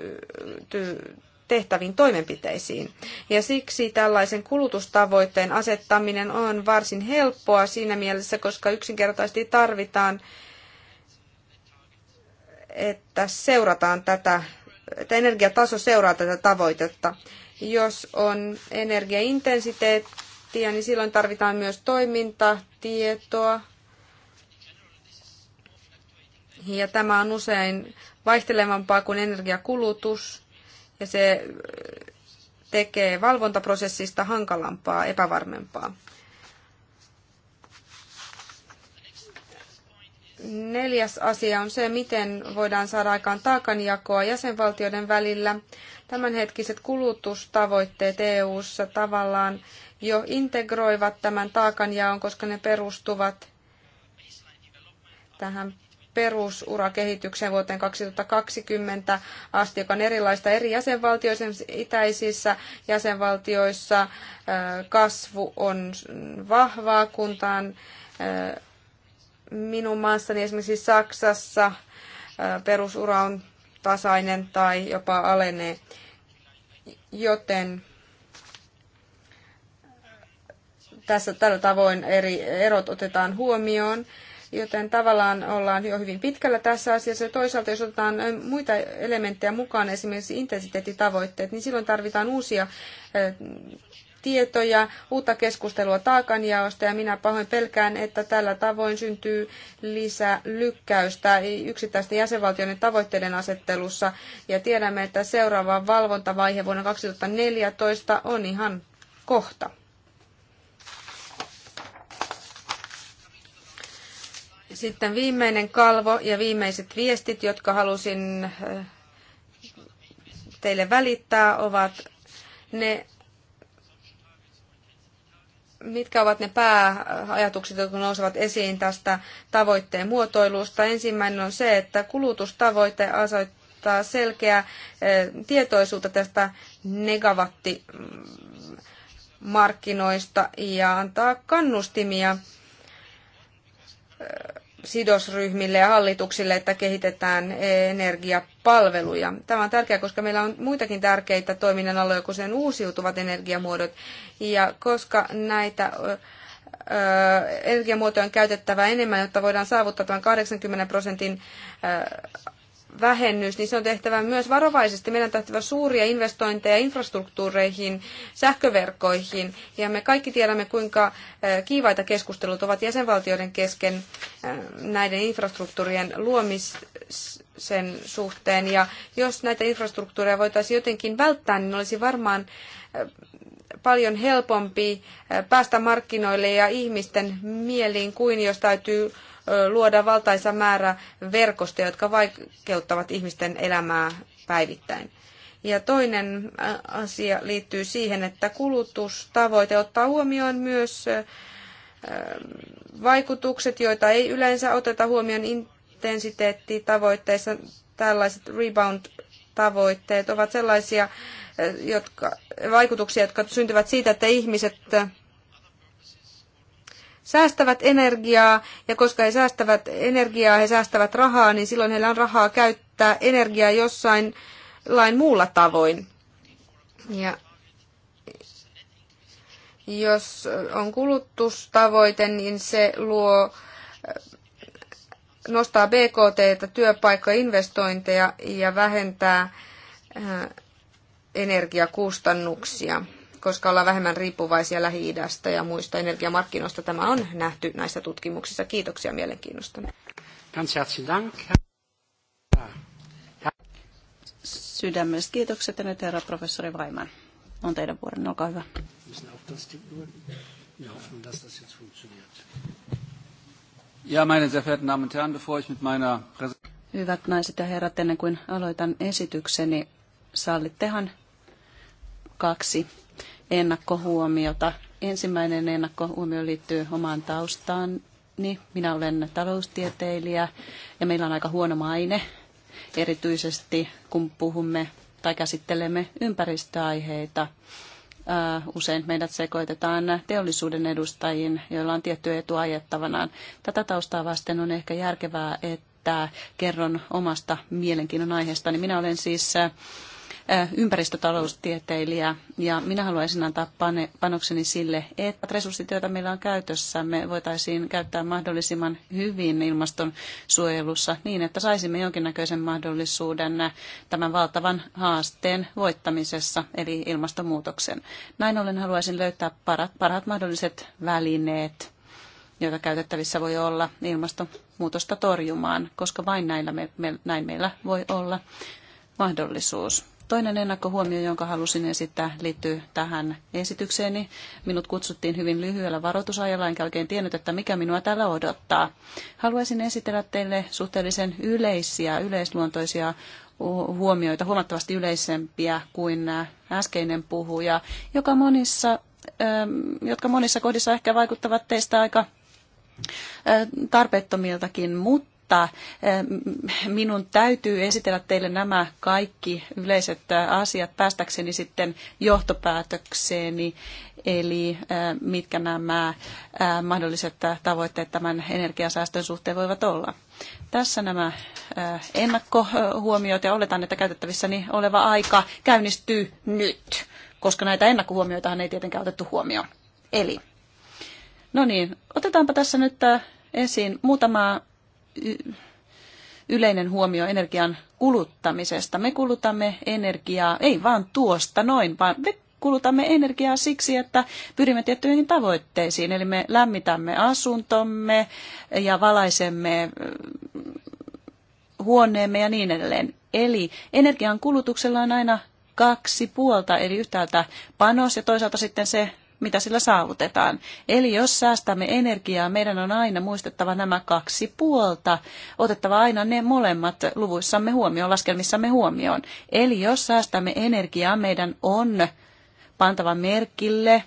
tehtäviin toimenpiteisiin. Ja siksi tällaisen kulutustavoitteen asettaminen on varsin helppoa siinä mielessä, koska yksinkertaisesti tarvitaan että seurataan tätä, että energiataso seuraa tätä tavoitetta. Jos on energiaintensiteettiä, niin silloin tarvitaan myös toimintatietoa. Ja tämä on usein vaihtelevampaa kuin energiakulutus, ja se tekee valvontaprosessista hankalampaa, epävarmempaa. Neljäs asia on se, miten voidaan saada aikaan taakanjakoa jäsenvaltioiden välillä. Tämänhetkiset kulutustavoitteet EU-ssa tavallaan jo integroivat tämän taakanjaon, koska ne perustuvat tähän perusurakehitykseen vuoteen 2020 asti, joka on erilaista eri jäsenvaltioissa, itäisissä jäsenvaltioissa kasvu on vahvaa, kun minun maassani esimerkiksi Saksassa perusura on tasainen tai jopa alenee. Joten tässä tällä tavoin eri erot otetaan huomioon, joten tavallaan ollaan jo hyvin pitkällä tässä asiassa. toisaalta jos otetaan muita elementtejä mukaan, esimerkiksi intensiteettitavoitteet, niin silloin tarvitaan uusia tietoja, uutta keskustelua taakanjaosta ja minä pahoin pelkään, että tällä tavoin syntyy lisää lykkäystä yksittäisten jäsenvaltioiden tavoitteiden asettelussa ja tiedämme, että seuraava valvontavaihe vuonna 2014 on ihan kohta. Sitten viimeinen kalvo ja viimeiset viestit, jotka halusin eh, teille välittää, ovat ne mitkä ovat ne pääajatukset, jotka nousevat esiin tästä tavoitteen muotoilusta? Ensimmäinen on se, että kulutustavoite asettaa selkeää eh, tietoisuutta tästä megawattimarkkinoista ja antaa kannustimia eh, sidosryhmille ja hallituksille, että kehitetään energiapalveluja. Tämä on tärkeää, koska meillä on muitakin tärkeitä toiminnan aloja, kuten uusiutuvat energiamuodot. Ja koska näitä energiamuotoja on käytettävä enemmän, jotta voidaan saavuttaa tämän 80 prosentin vähennys, niin se on tehtävä myös varovaisesti. Meidän on tehtävä suuria investointeja infrastruktuureihin, sähköverkkoihin, ja me kaikki tiedämme, kuinka kiivaita keskustelut ovat jäsenvaltioiden kesken näiden infrastruktuurien luomisen suhteen, ja jos näitä infrastruktuureja voitaisiin jotenkin välttää, niin olisi varmaan paljon helpompi päästä markkinoille ja ihmisten mieliin kuin jos täytyy luoda valtaisa määrä verkostoja, jotka vaikeuttavat ihmisten elämää päivittäin. Ja toinen asia liittyy siihen, että kulutustavoite ottaa huomioon myös vaikutukset, joita ei yleensä oteta huomioon intensiteettitavoitteissa. Tällaiset rebound-tavoitteet ovat sellaisia jotka, vaikutuksia, jotka syntyvät siitä, että ihmiset säästävät energiaa, ja koska he säästävät energiaa, he säästävät rahaa, niin silloin heillä on rahaa käyttää energiaa jossain lain muulla tavoin. Ja jos on kulutustavoite, niin se luo, nostaa BKT, työpaikkoja, investointeja ja vähentää energiakustannuksia koska ollaan vähemmän riippuvaisia Lähi-idästä ja muista energiamarkkinoista. Tämä on nähty näissä tutkimuksissa. Kiitoksia mielenkiinnosta. Ganz herzlichen Sydämelliset kiitokset ja nyt herra professori Vaiman. On teidän vuoronne, olkaa hyvä. Ja, meine sehr verehrten Damen und Herren, bevor ich mit meiner Hyvät naiset ja herrat, ennen kuin aloitan esitykseni, sallittehan kaksi ennakkohuomiota. Ensimmäinen ennakkohuomio liittyy omaan taustaan. Niin, minä olen taloustieteilijä ja meillä on aika huono maine, erityisesti kun puhumme tai käsittelemme ympäristöaiheita äh, usein meidät sekoitetaan teollisuuden edustajiin, joilla on tietty etu ajettavanaan. Tätä taustaa vasten on ehkä järkevää, että kerron omasta mielenkiinnon aiheestani. Minä olen siis äh, ympäristötaloustieteilijä ja minä haluaisin antaa panokseni sille, että resurssit, joita meillä on käytössämme, voitaisiin käyttää mahdollisimman hyvin ilmastonsuojelussa niin, että saisimme jonkinnäköisen mahdollisuuden tämän valtavan haasteen voittamisessa, eli ilmastonmuutoksen. Näin ollen haluaisin löytää parat, parhaat mahdolliset välineet joita käytettävissä voi olla ilmastonmuutosta torjumaan, koska vain näillä me, me, näin meillä voi olla mahdollisuus. Toinen ennakkohuomio, jonka halusin esittää, liittyy tähän esitykseeni. Minut kutsuttiin hyvin lyhyellä varoitusajalla, enkä oikein tiennyt, että mikä minua täällä odottaa. Haluaisin esitellä teille suhteellisen yleisiä, yleisluontoisia huomioita, huomattavasti yleisempiä kuin äskeinen puhuja, joka monissa, ähm, jotka monissa kohdissa ehkä vaikuttavat teistä aika äh, tarpeettomiltakin, mutta mutta eh, minun täytyy esitellä teille nämä kaikki yleiset eh, asiat päästäkseni sitten johtopäätökseeni, eli eh, mitkä nämä mahdolliset tavoitteet tämän energiasäästön suhteen voivat olla. Tässä nämä ennakkohuomiot ja oletan, että käytettävissäni oleva aika käynnistyy nyt, koska näitä ennakkohuomioitahan ei tietenkään otettu huomioon. Eli, no niin, otetaanpa tässä nyt esiin muutama yleinen huomio energian kuluttamisesta. Me kulutamme energiaa ei vaan tuosta noin, vaan me kulutamme energiaa siksi, että pyrimme tiettyihin tavoitteisiin. Eli me lämmitämme asuntomme ja valaisemme huoneemme ja niin edelleen. Eli energian kulutuksella on aina kaksi puolta, eli yhtäältä panos ja toisaalta sitten se mitä sillä saavutetaan. Eli jos säästämme energiaa, meidän on aina muistettava nämä kaksi puolta, otettava aina ne molemmat luvuissamme huomioon, laskelmissamme huomioon. Eli jos säästämme energiaa, meidän on pantava merkille,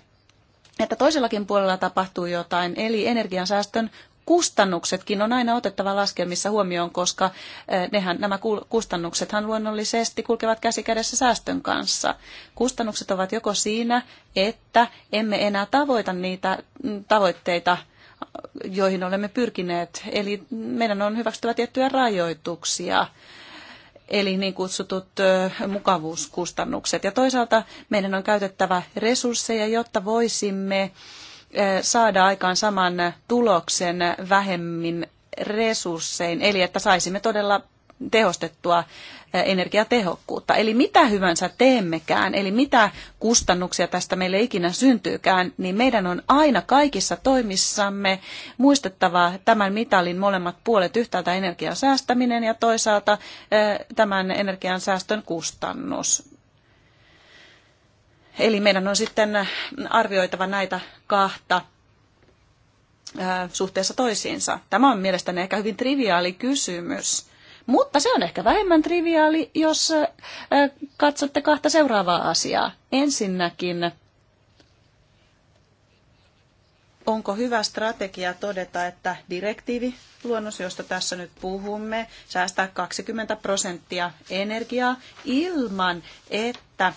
että toisellakin puolella tapahtuu jotain, eli energiansäästön kustannuksetkin on aina otettava laskelmissa huomioon, koska eh, nehän, nämä kustannuksethan luonnollisesti kulkevat käsi kädessä säästön kanssa. Kustannukset ovat joko siinä, että emme enää tavoita niitä mm, tavoitteita, joihin olemme pyrkineet. Eli meidän on hyväksyttävä tiettyjä rajoituksia eli niin kutsutut eh, mukavuuskustannukset. Ja toisaalta meidän on käytettävä resursseja, jotta voisimme Eh, saada aikaan saman tuloksen vähemmin resurssein, eli että saisimme todella tehostettua eh, energiatehokkuutta. Eli mitä hyvänsä teemmekään, eli mitä kustannuksia tästä meille ikinä syntyykään, niin meidän on aina kaikissa toimissamme muistettava tämän mitalin molemmat puolet, yhtäältä energian säästäminen ja toisaalta eh, tämän energian säästön kustannus. Eli meidän on sitten arvioitava näitä kahta suhteessa toisiinsa. Tämä on mielestäni ehkä hyvin triviaali kysymys, mutta se on ehkä vähemmän triviaali, jos katsotte kahta seuraavaa asiaa. Ensinnäkin, onko hyvä strategia todeta, että direktiivi luonnos, josta tässä nyt puhumme, säästää 20 prosenttia energiaa ilman, että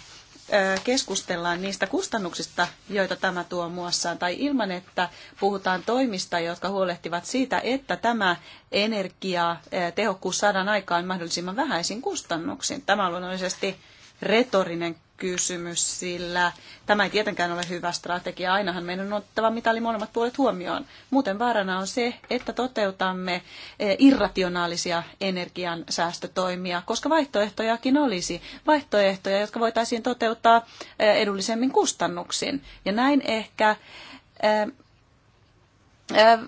keskustellaan niistä kustannuksista, joita tämä tuo muassaan, tai ilman, että puhutaan toimista, jotka huolehtivat siitä, että tämä energia tehokkuus saadaan aikaan mahdollisimman vähäisin kustannuksin. Tämä on luonnollisesti retorinen kysymys, sillä tämä ei tietenkään ole hyvä strategia. Ainahan meidän on otettava mitali molemmat puolet huomioon. Muuten vaarana on se, että toteutamme e, irrationaalisia energian säästötoimia, koska vaihtoehtojakin olisi. Vaihtoehtoja, jotka voitaisiin toteuttaa e, edullisemmin kustannuksin. Ja näin ehkä ää, e, ää,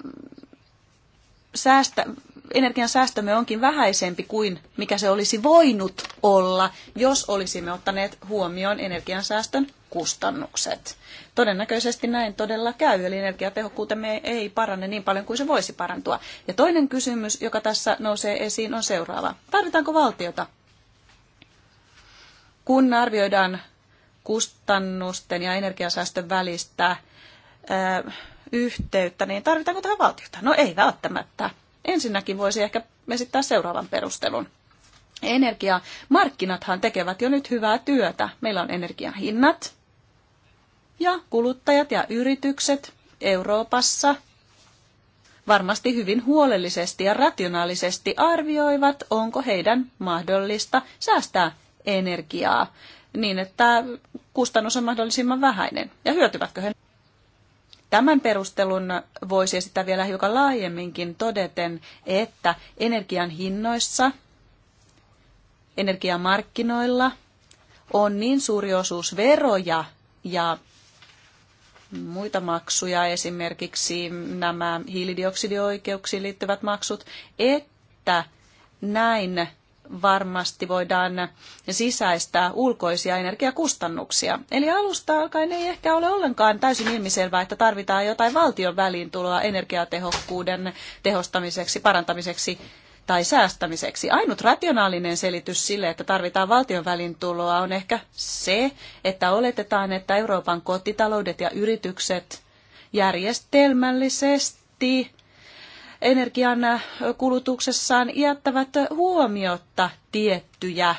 säästä, Energian säästömme onkin vähäisempi kuin mikä se olisi voinut olla, jos olisimme ottaneet huomioon energiansäästön kustannukset. Todennäköisesti näin todella käy, eli energiatehokkuutemme ei parane niin paljon kuin se voisi parantua. Ja toinen kysymys, joka tässä nousee esiin, on seuraava. Tarvitaanko valtiota? Kun arvioidaan kustannusten ja energiansäästön välistä yhteyttä, niin tarvitaanko tähän valtiota? No ei välttämättä ensinnäkin voisi ehkä esittää seuraavan perustelun. Energiamarkkinathan tekevät jo nyt hyvää työtä. Meillä on energian hinnat ja kuluttajat ja yritykset Euroopassa varmasti hyvin huolellisesti ja rationaalisesti arvioivat, onko heidän mahdollista säästää energiaa niin, että kustannus on mahdollisimman vähäinen ja hyötyvätkö he Tämän perustelun voisi esittää vielä hiukan laajemminkin todeten, että energian hinnoissa, energiamarkkinoilla on niin suuri osuus veroja ja muita maksuja, esimerkiksi nämä hiilidioksidioikeuksiin liittyvät maksut, että näin varmasti voidaan sisäistää ulkoisia energiakustannuksia. Eli alusta alkaen ei ehkä ole ollenkaan täysin ilmiselvää, että tarvitaan jotain valtion väliintuloa energiatehokkuuden tehostamiseksi, parantamiseksi tai säästämiseksi. Ainut rationaalinen selitys sille, että tarvitaan valtion tuloa, on ehkä se, että oletetaan, että Euroopan kotitaloudet ja yritykset järjestelmällisesti energian äh, kulutuksessaan jättävät huomiotta tiettyjä äh,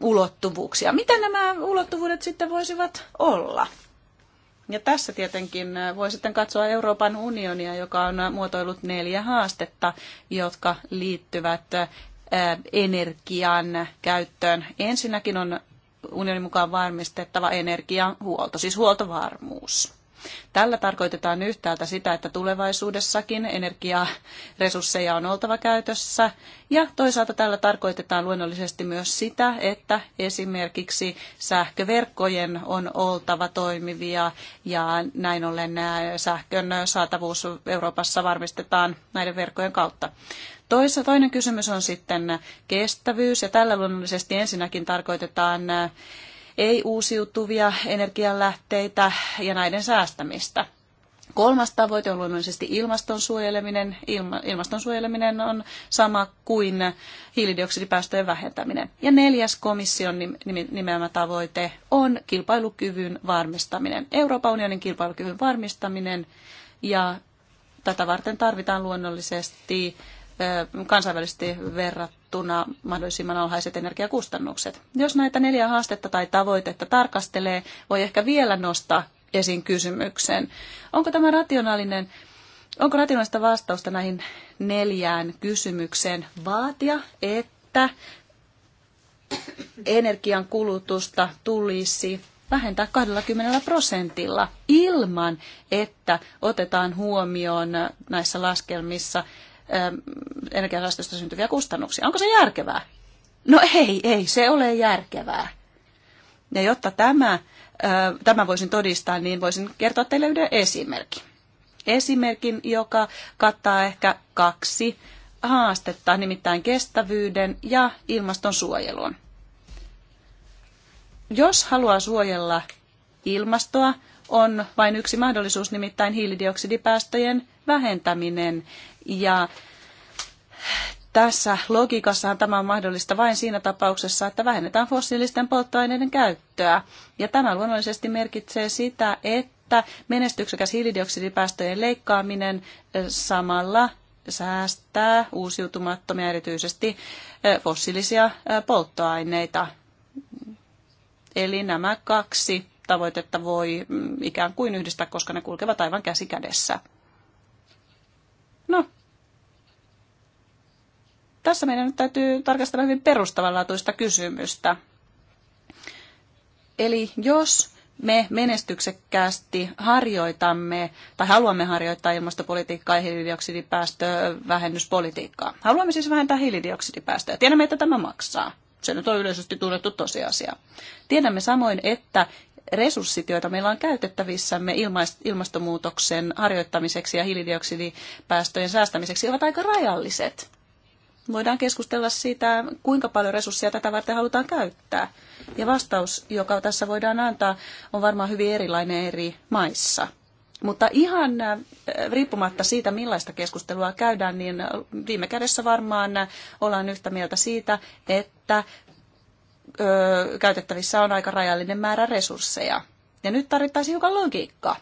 ulottuvuuksia. Mitä nämä ulottuvuudet sitten voisivat olla? Ja tässä tietenkin äh, voi sitten katsoa Euroopan unionia, joka on muotoillut neljä haastetta, jotka liittyvät energian käyttöön. Ensinnäkin on unionin mukaan varmistettava energiahuolto, siis huoltovarmuus. Tällä tarkoitetaan yhtäältä sitä, että tulevaisuudessakin energiaresursseja on oltava käytössä, ja toisaalta tällä tarkoitetaan luonnollisesti myös sitä, että esimerkiksi sähköverkkojen on oltava toimivia, ja näin ollen sähkön saatavuus Euroopassa varmistetaan näiden verkkojen kautta. Toisa, toinen kysymys on sitten kestävyys, ja tällä luonnollisesti ensinnäkin tarkoitetaan ei uusiutuvia energianlähteitä ja näiden säästämistä. Kolmas tavoite on luonnollisesti ilmaston suojeleminen. Ilma, ilmaston suojeleminen on sama kuin hiilidioksidipäästöjen vähentäminen. Ja neljäs komission nimeämä tavoite on kilpailukyvyn varmistaminen. Euroopan unionin kilpailukyvyn varmistaminen ja tätä varten tarvitaan luonnollisesti kansainvälisesti verrattuna verrattuna mahdollisimman alhaiset energiakustannukset. Jos näitä neljä haastetta tai tavoitetta tarkastelee, voi ehkä vielä nostaa esiin kysymyksen, onko tämä rationaalinen Onko rationaalista vastausta näihin neljään kysymykseen vaatia, että energian kulutusta tulisi vähentää 20 prosentilla ilman, että otetaan huomioon näissä laskelmissa energiasäästöstä syntyviä kustannuksia. Onko se järkevää? No ei, ei se ole järkevää. Ja jotta tämä, tämä voisin todistaa, niin voisin kertoa teille yhden esimerkin. Esimerkin, joka kattaa ehkä kaksi haastetta, nimittäin kestävyyden ja ilmaston suojelun. Jos haluaa suojella ilmastoa, on vain yksi mahdollisuus, nimittäin hiilidioksidipäästöjen vähentäminen. Ja tässä logiikassahan tämä on mahdollista vain siinä tapauksessa, että vähennetään fossiilisten polttoaineiden käyttöä. Ja tämä luonnollisesti merkitsee sitä, että menestyksekäs hiilidioksidipäästöjen leikkaaminen samalla säästää uusiutumattomia, erityisesti fossiilisia polttoaineita. Eli nämä kaksi tavoitetta voi mm, ikään kuin yhdistää, koska ne kulkevat aivan käsi kädessä. No, tässä meidän nyt täytyy tarkastella hyvin perustavanlaatuista kysymystä. Eli jos me menestyksekkäästi harjoitamme tai haluamme harjoittaa ilmastopolitiikkaa ja hiilidioksidipäästövähennyspolitiikkaa. Haluamme siis vähentää hiilidioksidipäästöjä. Tiedämme, että tämä maksaa. Se nyt on yleisesti tunnettu tosiasia. Tiedämme samoin, että resurssit, joita meillä on käytettävissämme ilmastonmuutoksen harjoittamiseksi ja hiilidioksidipäästöjen säästämiseksi, ovat aika rajalliset. Voidaan keskustella siitä, kuinka paljon resursseja tätä varten halutaan käyttää. Ja vastaus, joka tässä voidaan antaa, on varmaan hyvin erilainen eri maissa. Mutta ihan äh, riippumatta siitä, millaista keskustelua käydään, niin viime kädessä varmaan ollaan yhtä mieltä siitä, että käytettävissä on aika rajallinen määrä resursseja. Ja nyt tarvittaisiin hiukan logiikkaa.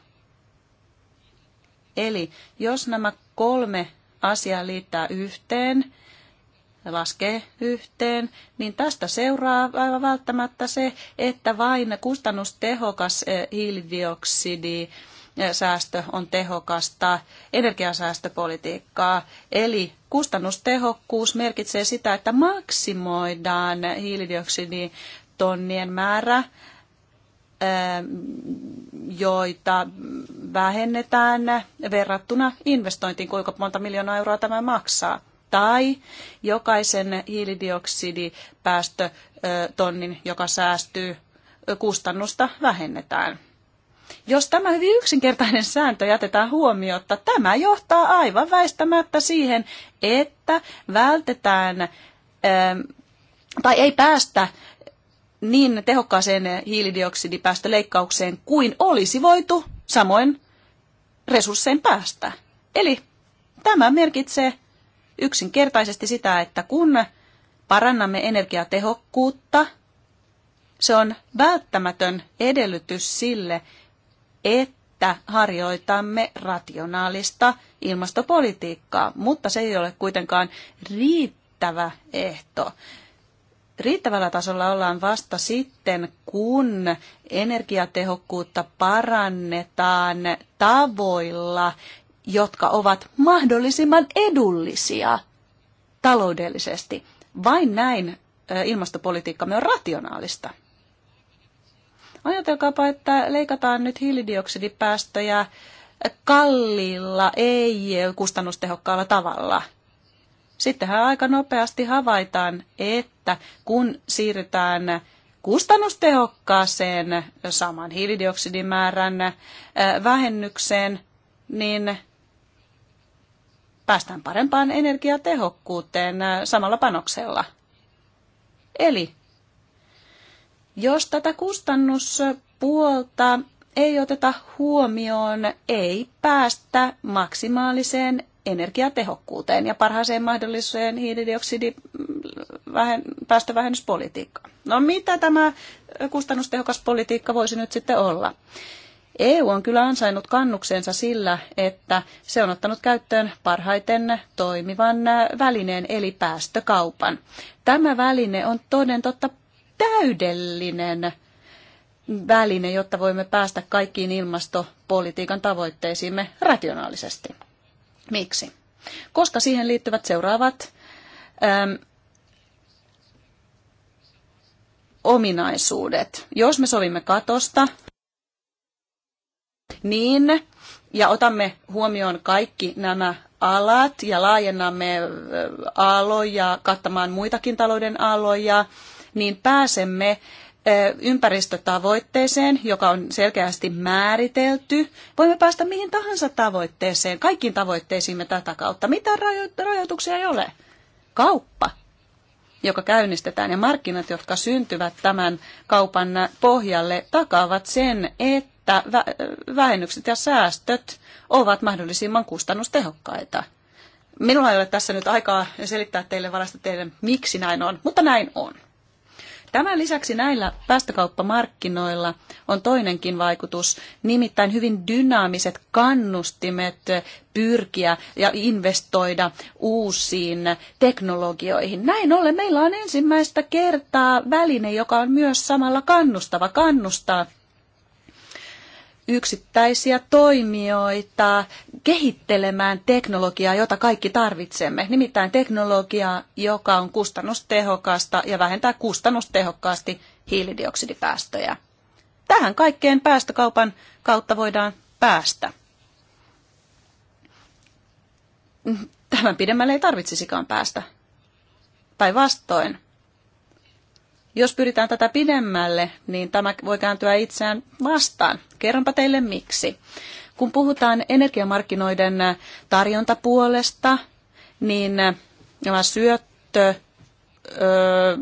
Eli jos nämä kolme asiaa liittää yhteen, laskee yhteen, niin tästä seuraa aivan välttämättä se, että vain kustannustehokas hiilidioksidi säästö on tehokasta energiasäästöpolitiikkaa. Eli kustannustehokkuus merkitsee sitä, että maksimoidaan hiilidioksiditonnien määrä, ähm, joita vähennetään verrattuna investointiin, kuinka monta miljoonaa euroa tämä maksaa. Tai jokaisen hiilidioksidipäästötonnin, joka säästyy, kustannusta vähennetään. Jos tämä hyvin yksinkertainen sääntö jätetään huomiotta, tämä johtaa aivan väistämättä siihen, että vältetään ähm, tai ei päästä niin tehokkaaseen hiilidioksidipäästöleikkaukseen kuin olisi voitu samoin resurssein päästä. Eli tämä merkitsee yksinkertaisesti sitä, että kun parannamme energiatehokkuutta, se on välttämätön edellytys sille, että harjoitamme rationaalista ilmastopolitiikkaa, mutta se ei ole kuitenkaan riittävä ehto. Riittävällä tasolla ollaan vasta sitten, kun energiatehokkuutta parannetaan tavoilla, jotka ovat mahdollisimman edullisia taloudellisesti. Vain näin ilmastopolitiikkamme on rationaalista. Ajatelkaapa, että leikataan nyt hiilidioksidipäästöjä kalliilla, ei kustannustehokkaalla tavalla. Sittenhän aika nopeasti havaitaan, että kun siirrytään kustannustehokkaaseen saman hiilidioksidimäärän vähennykseen, niin päästään parempaan energiatehokkuuteen samalla panoksella. Eli jos tätä kustannuspuolta ei oteta huomioon, ei päästä maksimaaliseen energiatehokkuuteen ja parhaaseen mahdolliseen hiilidioksidipäästövähennyspolitiikkaan. Mm, no mitä tämä kustannustehokas politiikka voisi nyt sitten olla? EU on kyllä ansainnut kannuksensa sillä, että se on ottanut käyttöön parhaiten toimivan välineen eli päästökaupan. Tämä väline on toden totta täydellinen väline, jotta voimme päästä kaikkiin ilmastopolitiikan tavoitteisiimme rationaalisesti. Miksi? Koska siihen liittyvät seuraavat ähm, ominaisuudet. Jos me sovimme katosta, niin, ja otamme huomioon kaikki nämä alat ja laajennamme äh, aloja kattamaan muitakin talouden aloja, niin pääsemme ympäristötavoitteeseen, joka on selkeästi määritelty. Voimme päästä mihin tahansa tavoitteeseen, kaikkiin tavoitteisiimme tätä kautta. mitä rajoituksia ei ole. Kauppa, joka käynnistetään ja markkinat, jotka syntyvät tämän kaupan pohjalle, takaavat sen, että vähennykset ja säästöt ovat mahdollisimman kustannustehokkaita. Minulla ei ole tässä nyt aikaa selittää teille varasta teille, miksi näin on, mutta näin on. Tämän lisäksi näillä päästökauppamarkkinoilla on toinenkin vaikutus, nimittäin hyvin dynaamiset kannustimet pyrkiä ja investoida uusiin teknologioihin. Näin ollen meillä on ensimmäistä kertaa väline, joka on myös samalla kannustava, kannustaa yksittäisiä toimijoita kehittelemään teknologiaa, jota kaikki tarvitsemme. Nimittäin teknologiaa, joka on kustannustehokasta ja vähentää kustannustehokkaasti hiilidioksidipäästöjä. Tähän kaikkeen päästökaupan kautta voidaan päästä. Tämän pidemmälle ei tarvitsisikaan päästä. Päinvastoin jos pyritään tätä pidemmälle, niin tämä voi kääntyä itseään vastaan. Kerronpa teille miksi. Kun puhutaan energiamarkkinoiden tarjontapuolesta, niin nämä äh, syöttö, öö,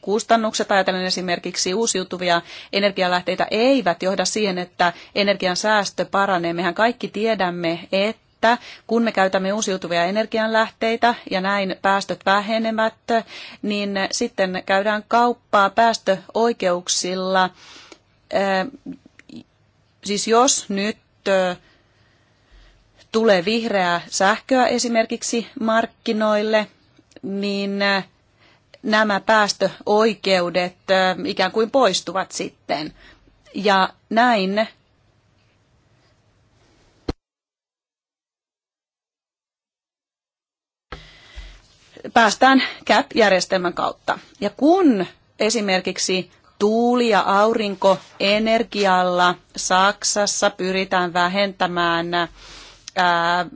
kustannukset, ajatellen esimerkiksi uusiutuvia energialähteitä, eivät johda siihen, että energian säästö paranee. Mehän kaikki tiedämme, että että kun me käytämme uusiutuvia energianlähteitä ja näin päästöt vähenevät, niin sitten käydään kauppaa päästöoikeuksilla. Äh, siis jos nyt äh, tulee vihreää sähköä esimerkiksi markkinoille, niin äh, nämä päästöoikeudet ikään kuin poistuvat sitten. Ja näin päästään CAP-järjestelmän kautta. Ja kun esimerkiksi tuuli- ja aurinkoenergialla Saksassa pyritään vähentämään ää,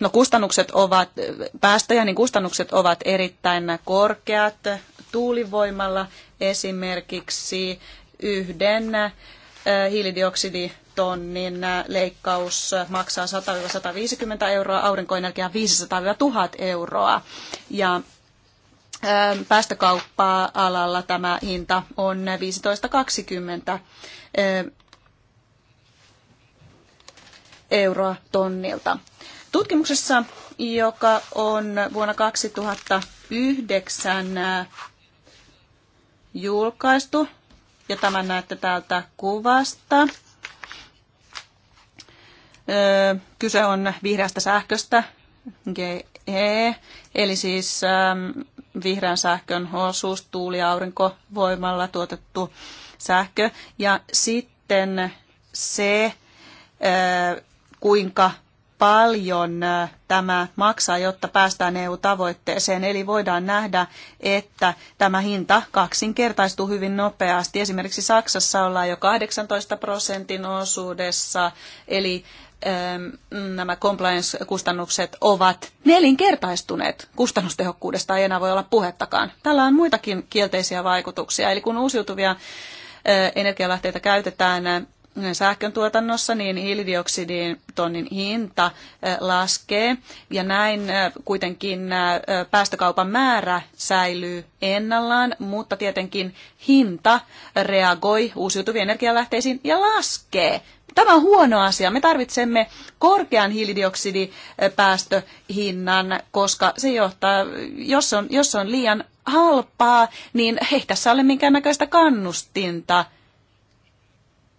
no kustannukset ovat, päästöjä, niin kustannukset ovat erittäin korkeat. Tuulivoimalla esimerkiksi yhden Äh, hiilidioksiditonnin äh, leikkaus maksaa 100-150 euroa, aurinkoenergia 500-1000 euroa. Ja ähm, päästökauppaa alalla tämä hinta on 15-20 äh, euroa tonnilta. Tutkimuksessa, joka on vuonna 2009 julkaistu, ja tämän näette täältä kuvasta. Kyse on vihreästä sähköstä, GE, eli siis vihreän sähkön osuus, tuuli- ja aurinkovoimalla tuotettu sähkö. Ja sitten se, kuinka paljon äh, tämä maksaa, jotta päästään EU-tavoitteeseen. Eli voidaan nähdä, että tämä hinta kaksinkertaistuu hyvin nopeasti. Esimerkiksi Saksassa ollaan jo 18 prosentin osuudessa, eli ähm, nämä compliance-kustannukset ovat nelinkertaistuneet. Kustannustehokkuudesta ei enää voi olla puhettakaan. Tällä on muitakin kielteisiä vaikutuksia. Eli kun uusiutuvia äh, energialähteitä käytetään, sähkön tuotannossa, niin hiilidioksidin tonnin hinta äh, laskee ja näin äh, kuitenkin äh, päästökaupan määrä säilyy ennallaan, mutta tietenkin hinta reagoi uusiutuviin energialähteisiin ja laskee. Tämä on huono asia. Me tarvitsemme korkean hiilidioksidipäästöhinnan, koska se johtaa, jos on, jos on liian halpaa, niin ei tässä ole minkäännäköistä kannustinta –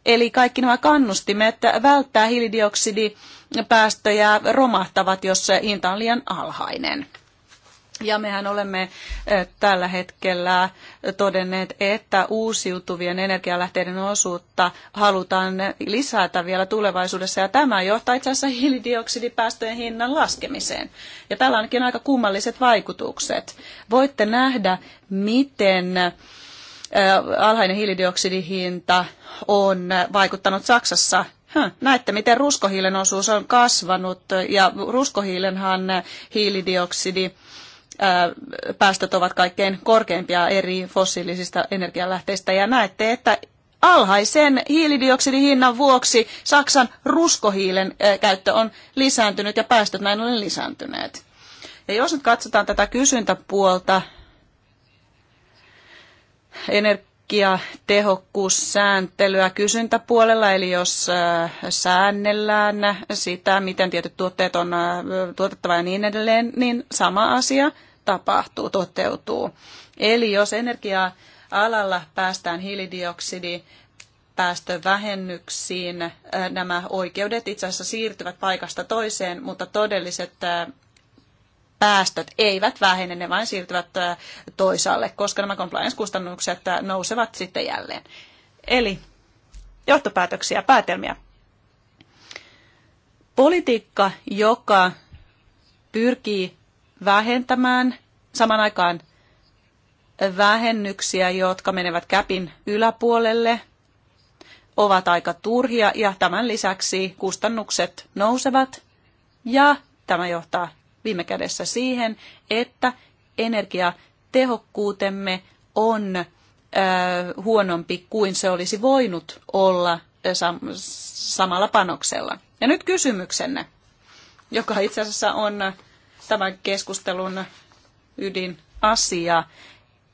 Eli kaikki nämä kannustimet välttää hiilidioksidipäästöjä romahtavat, jos hinta on liian alhainen. Ja mehän olemme eh, tällä hetkellä todenneet, että uusiutuvien energialähteiden osuutta halutaan lisätä vielä tulevaisuudessa. Ja tämä johtaa itse asiassa hiilidioksidipäästöjen hinnan laskemiseen. Ja tällä onkin aika kummalliset vaikutukset. Voitte nähdä, miten alhainen hiilidioksidihinta on vaikuttanut Saksassa. näette, miten ruskohiilen osuus on kasvanut ja ruskohiilenhan hiilidioksidi päästöt ovat kaikkein korkeimpia eri fossiilisista energialähteistä ja näette, että alhaisen hiilidioksidihinnan vuoksi Saksan ruskohiilen käyttö on lisääntynyt ja päästöt näin ollen lisääntyneet. Ja jos nyt katsotaan tätä kysyntäpuolta, energiatehokkuussääntelyä kysyntäpuolella, eli jos äh, säännellään sitä, miten tietyt tuotteet on äh, tuotettava ja niin edelleen, niin sama asia tapahtuu, toteutuu. Eli jos energia-alalla päästään hiilidioksidi päästövähennyksiin äh, nämä oikeudet itse asiassa siirtyvät paikasta toiseen, mutta todelliset päästöt eivät vähene, ne vain siirtyvät toisaalle, koska nämä compliance-kustannukset nousevat sitten jälleen. Eli johtopäätöksiä, päätelmiä. Politiikka, joka pyrkii vähentämään saman aikaan vähennyksiä, jotka menevät käpin yläpuolelle, ovat aika turhia ja tämän lisäksi kustannukset nousevat ja tämä johtaa viime kädessä siihen, että energiatehokkuutemme on huonompi kuin se olisi voinut olla samalla panoksella. Ja nyt kysymyksenne, joka itse asiassa on tämän keskustelun ydinasia,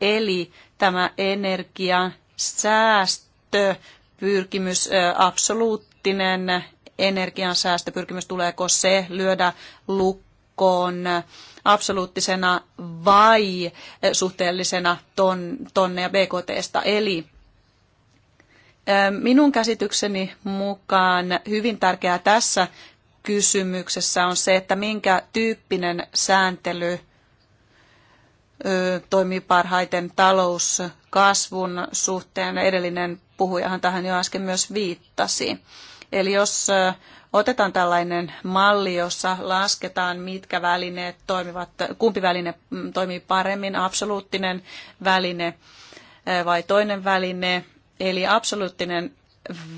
eli tämä energiansäästö, pyrkimys, absoluuttinen energiansäästöpyrkimys, tuleeko se lyödä lukkoon? joukkoon absoluuttisena vai suhteellisena ton, tonneja BKTstä. Eli minun käsitykseni mukaan hyvin tärkeää tässä kysymyksessä on se, että minkä tyyppinen sääntely toimii parhaiten talouskasvun suhteen. Edellinen puhujahan tähän jo äsken myös viittasi. Eli jos otetaan tällainen malli, jossa lasketaan, mitkä välineet toimivat, kumpi väline mm, toimii paremmin, absoluuttinen väline eh, vai toinen väline. Eli absoluuttinen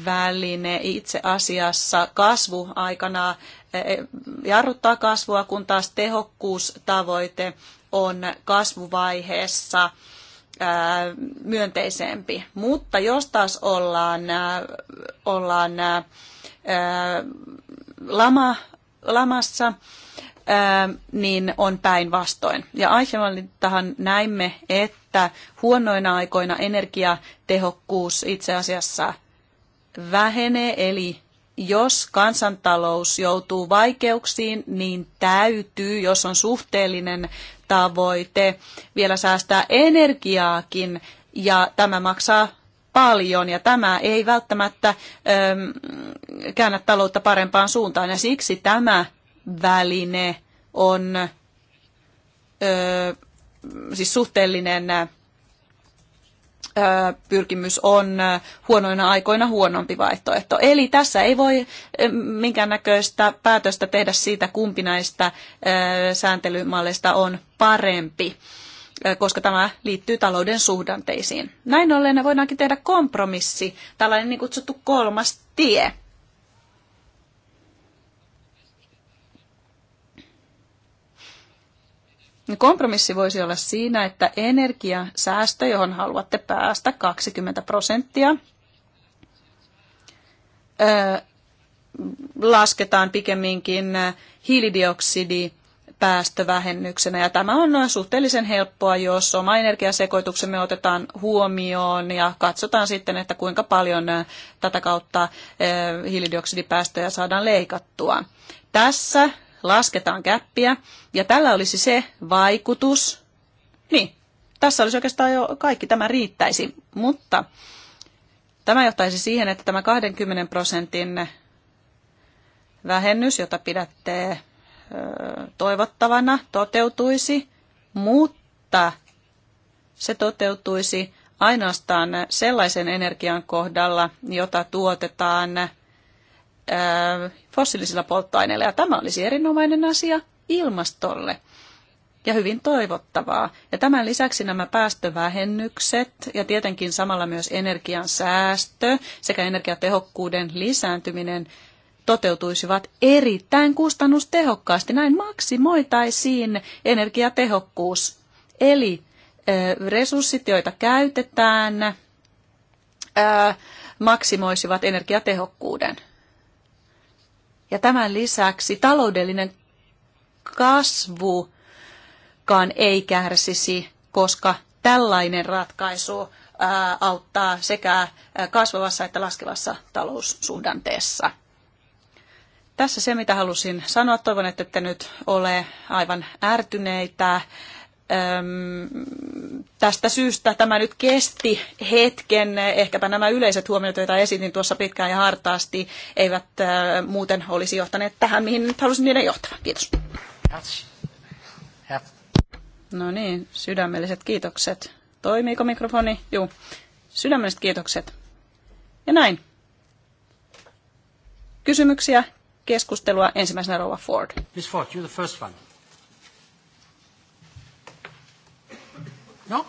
väline itse asiassa kasvu aikana eh, eh, jarruttaa kasvua, kun taas tehokkuustavoite on kasvuvaiheessa myönteisempi. Mutta jos taas ollaan, ollaan lama, lamassa, niin on päinvastoin. Ja Eichelmaniltahan näimme, että huonoina aikoina energiatehokkuus itse asiassa vähenee, eli jos kansantalous joutuu vaikeuksiin, niin täytyy, jos on suhteellinen tavoite, vielä säästää energiaakin, ja tämä maksaa paljon ja tämä ei välttämättä äm, käännä taloutta parempaan suuntaan ja siksi tämä väline on ö, äh, siis suhteellinen äh, pyrkimys on äh, huonoina aikoina huonompi vaihtoehto. Eli tässä ei voi minkäännäköistä päätöstä tehdä siitä, kumpi näistä sääntelymalleista on parempi koska tämä liittyy talouden suhdanteisiin. Näin ollen voidaankin tehdä kompromissi, tällainen niin kutsuttu kolmas tie. Kompromissi voisi olla siinä, että energiasäästö, johon haluatte päästä 20 prosenttia, lasketaan pikemminkin hiilidioksidi päästövähennyksenä. Ja tämä on noin suhteellisen helppoa, jos oma energiasekoituksemme otetaan huomioon ja katsotaan sitten, että kuinka paljon äh, tätä kautta äh, hiilidioksidipäästöjä saadaan leikattua. Tässä lasketaan käppiä ja tällä olisi se vaikutus, niin tässä olisi oikeastaan jo kaikki, tämä riittäisi, mutta tämä johtaisi siihen, että tämä 20 prosentin vähennys, jota pidätte toivottavana toteutuisi, mutta se toteutuisi ainoastaan sellaisen energian kohdalla, jota tuotetaan fossiilisilla polttoaineilla. Ja tämä olisi erinomainen asia ilmastolle ja hyvin toivottavaa. Ja tämän lisäksi nämä päästövähennykset ja tietenkin samalla myös energian säästö sekä energiatehokkuuden lisääntyminen toteutuisivat erittäin kustannustehokkaasti. Näin maksimoitaisiin energiatehokkuus. Eli resurssit, joita käytetään, maksimoisivat energiatehokkuuden. Ja tämän lisäksi taloudellinen kasvukaan ei kärsisi, koska tällainen ratkaisu auttaa sekä kasvavassa että laskevassa taloussuhdanteessa. Tässä se, mitä halusin sanoa. Toivon, että te nyt ole aivan ärtyneitä. Öm, tästä syystä tämä nyt kesti hetken. Ehkäpä nämä yleiset huomiot, joita esitin tuossa pitkään ja hartaasti, eivät ö, muuten olisi johtaneet tähän, mihin nyt halusin niiden johtaa. Kiitos. No niin, sydämelliset kiitokset. Toimiiko mikrofoni? Juu. Sydämelliset kiitokset. Ja näin. Kysymyksiä, keskustelua. Ensimmäisenä Rova Ford. Miss Ford, you're the first one. No?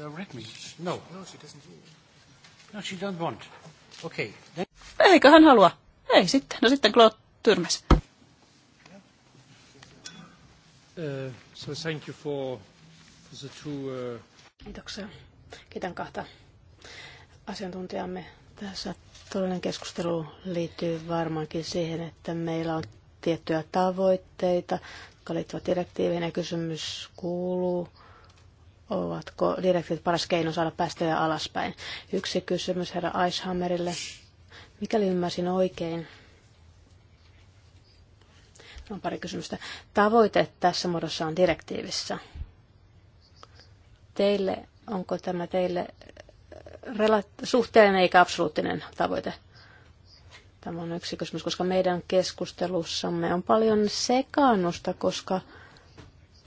You read me. No. No, she doesn't. No, she don't want. Okay. Then... Eikö hän halua? Ei sitten. No sitten Claude tyrmäs. Uh, so thank you for, for the two, uh... Kiitoksia. Kiitän kahta asiantuntijamme tässä Todellinen keskustelu liittyy varmaankin siihen, että meillä on tiettyjä tavoitteita, jotka liittyvät direktiiviin, ja kysymys kuuluu, ovatko direktiivit paras keino saada päästöjä alaspäin. Yksi kysymys herra Eishammerille. Mikäli ymmärsin oikein, on no, pari kysymystä. Tavoite tässä muodossa on direktiivissä. Teille, onko tämä teille suhteellinen eikä absoluuttinen tavoite. Tämä on yksi kysymys, koska meidän keskustelussamme on paljon sekaannusta, koska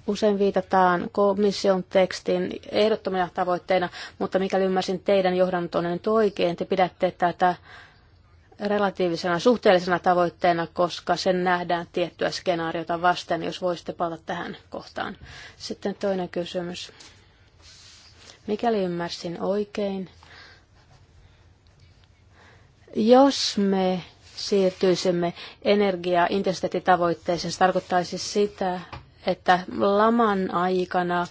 usein viitataan komission tekstin ehdottomina tavoitteina, mutta mikäli ymmärsin teidän johdantonne nyt oikein, te pidätte tätä relatiivisena suhteellisena tavoitteena, koska sen nähdään tiettyä skenaariota vasten, jos voisitte palata tähän kohtaan. Sitten toinen kysymys. Mikäli ymmärsin oikein, jos me siirtyisimme energiaintensiteettitavoitteeseen, se tarkoittaisi sitä, että laman aikana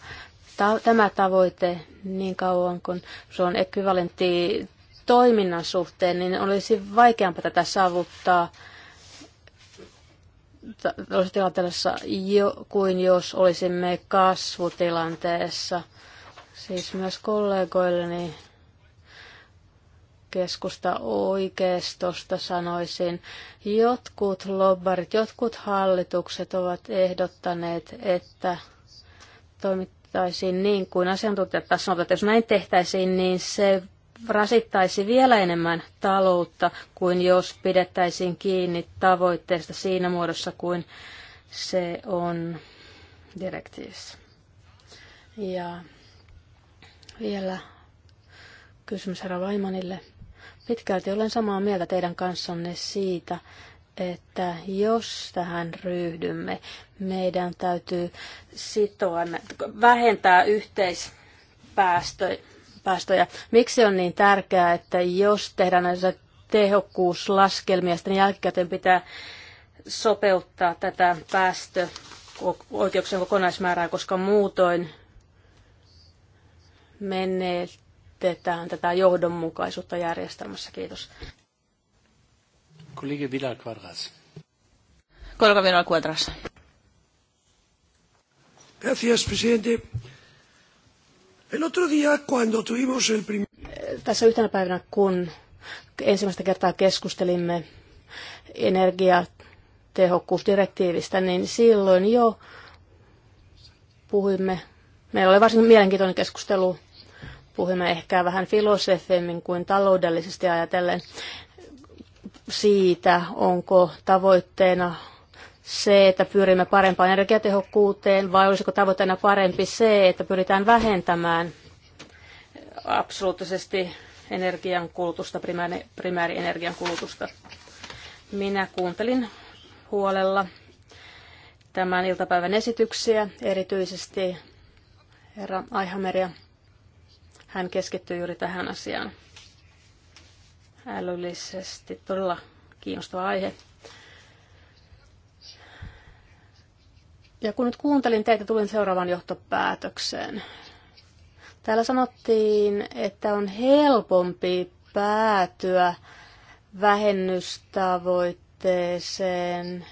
ta- tämä tavoite niin kauan kuin se on ekvivalentti toiminnan suhteen, niin olisi vaikeampaa tätä saavuttaa tilanteessa jo, kuin jos olisimme kasvutilanteessa. Siis myös kollegoilleni keskusta oikeistosta sanoisin. Jotkut lobbarit, jotkut hallitukset ovat ehdottaneet, että toimittaisiin niin kuin asiantuntijat taas sanovat, että jos näin tehtäisiin, niin se rasittaisi vielä enemmän taloutta kuin jos pidettäisiin kiinni tavoitteesta siinä muodossa kuin se on direktiivissä. Ja vielä kysymys herra Vaimanille. Pitkälti olen samaa mieltä teidän kanssanne siitä, että jos tähän ryhdymme, meidän täytyy sitoa, vähentää yhteispäästöjä. Miksi on niin tärkeää, että jos tehdään näitä tehokkuuslaskelmia, sitten jälkikäteen pitää sopeuttaa tätä päästöoikeuksien kokonaismäärää, koska muutoin menee edistetään tätä johdonmukaisuutta järjestelmässä. Kiitos. Kollega Vidal Quadras. Kollega Vidal Quadras. Gracias, presidente. El otro día, cuando tuvimos el primer... Eh, tässä yhtenä päivänä, kun ensimmäistä kertaa keskustelimme energiatehokkuusdirektiivistä, niin silloin jo puhuimme. Meillä oli varsin mielenkiintoinen keskustelu Puhumme ehkä vähän filosofeemmin kuin taloudellisesti ajatellen siitä, onko tavoitteena se, että pyrimme parempaan energiatehokkuuteen, vai olisiko tavoitteena parempi se, että pyritään vähentämään absoluuttisesti energiankulutusta, primääri, kulutusta. Minä kuuntelin huolella tämän iltapäivän esityksiä, erityisesti herra Aihameria. Hän keskittyy juuri tähän asiaan. Älyllisesti todella kiinnostava aihe. Ja kun nyt kuuntelin teitä, tulin seuraavan johtopäätökseen. Täällä sanottiin, että on helpompi päätyä vähennystavoitteeseen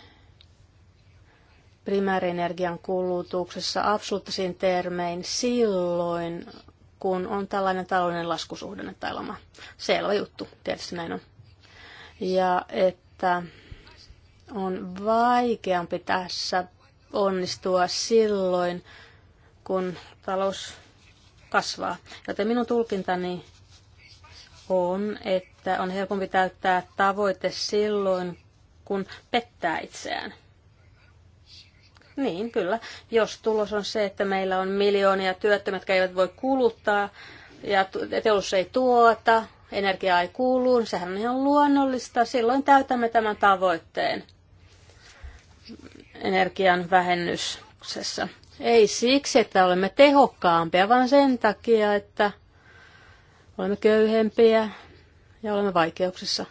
primäärienergian kulutuksessa absoluuttisiin termein silloin, kun on tällainen talouden laskusuhdanne tai loma. Selvä juttu, tietysti näin on. Ja että on vaikeampi tässä onnistua silloin, kun talous kasvaa. Joten minun tulkintani on, että on helpompi täyttää tavoite silloin, kun pettää itseään. Niin, kyllä. Jos tulos on se, että meillä on miljoonia työttömät, jotka eivät voi kuluttaa ja teollisuus ei tuota, energiaa ei kuulu, niin sehän on ihan luonnollista. Silloin täytämme tämän tavoitteen energian vähennyksessä. Ei siksi, että olemme tehokkaampia, vaan sen takia, että olemme köyhempiä ja olemme vaikeuksissa.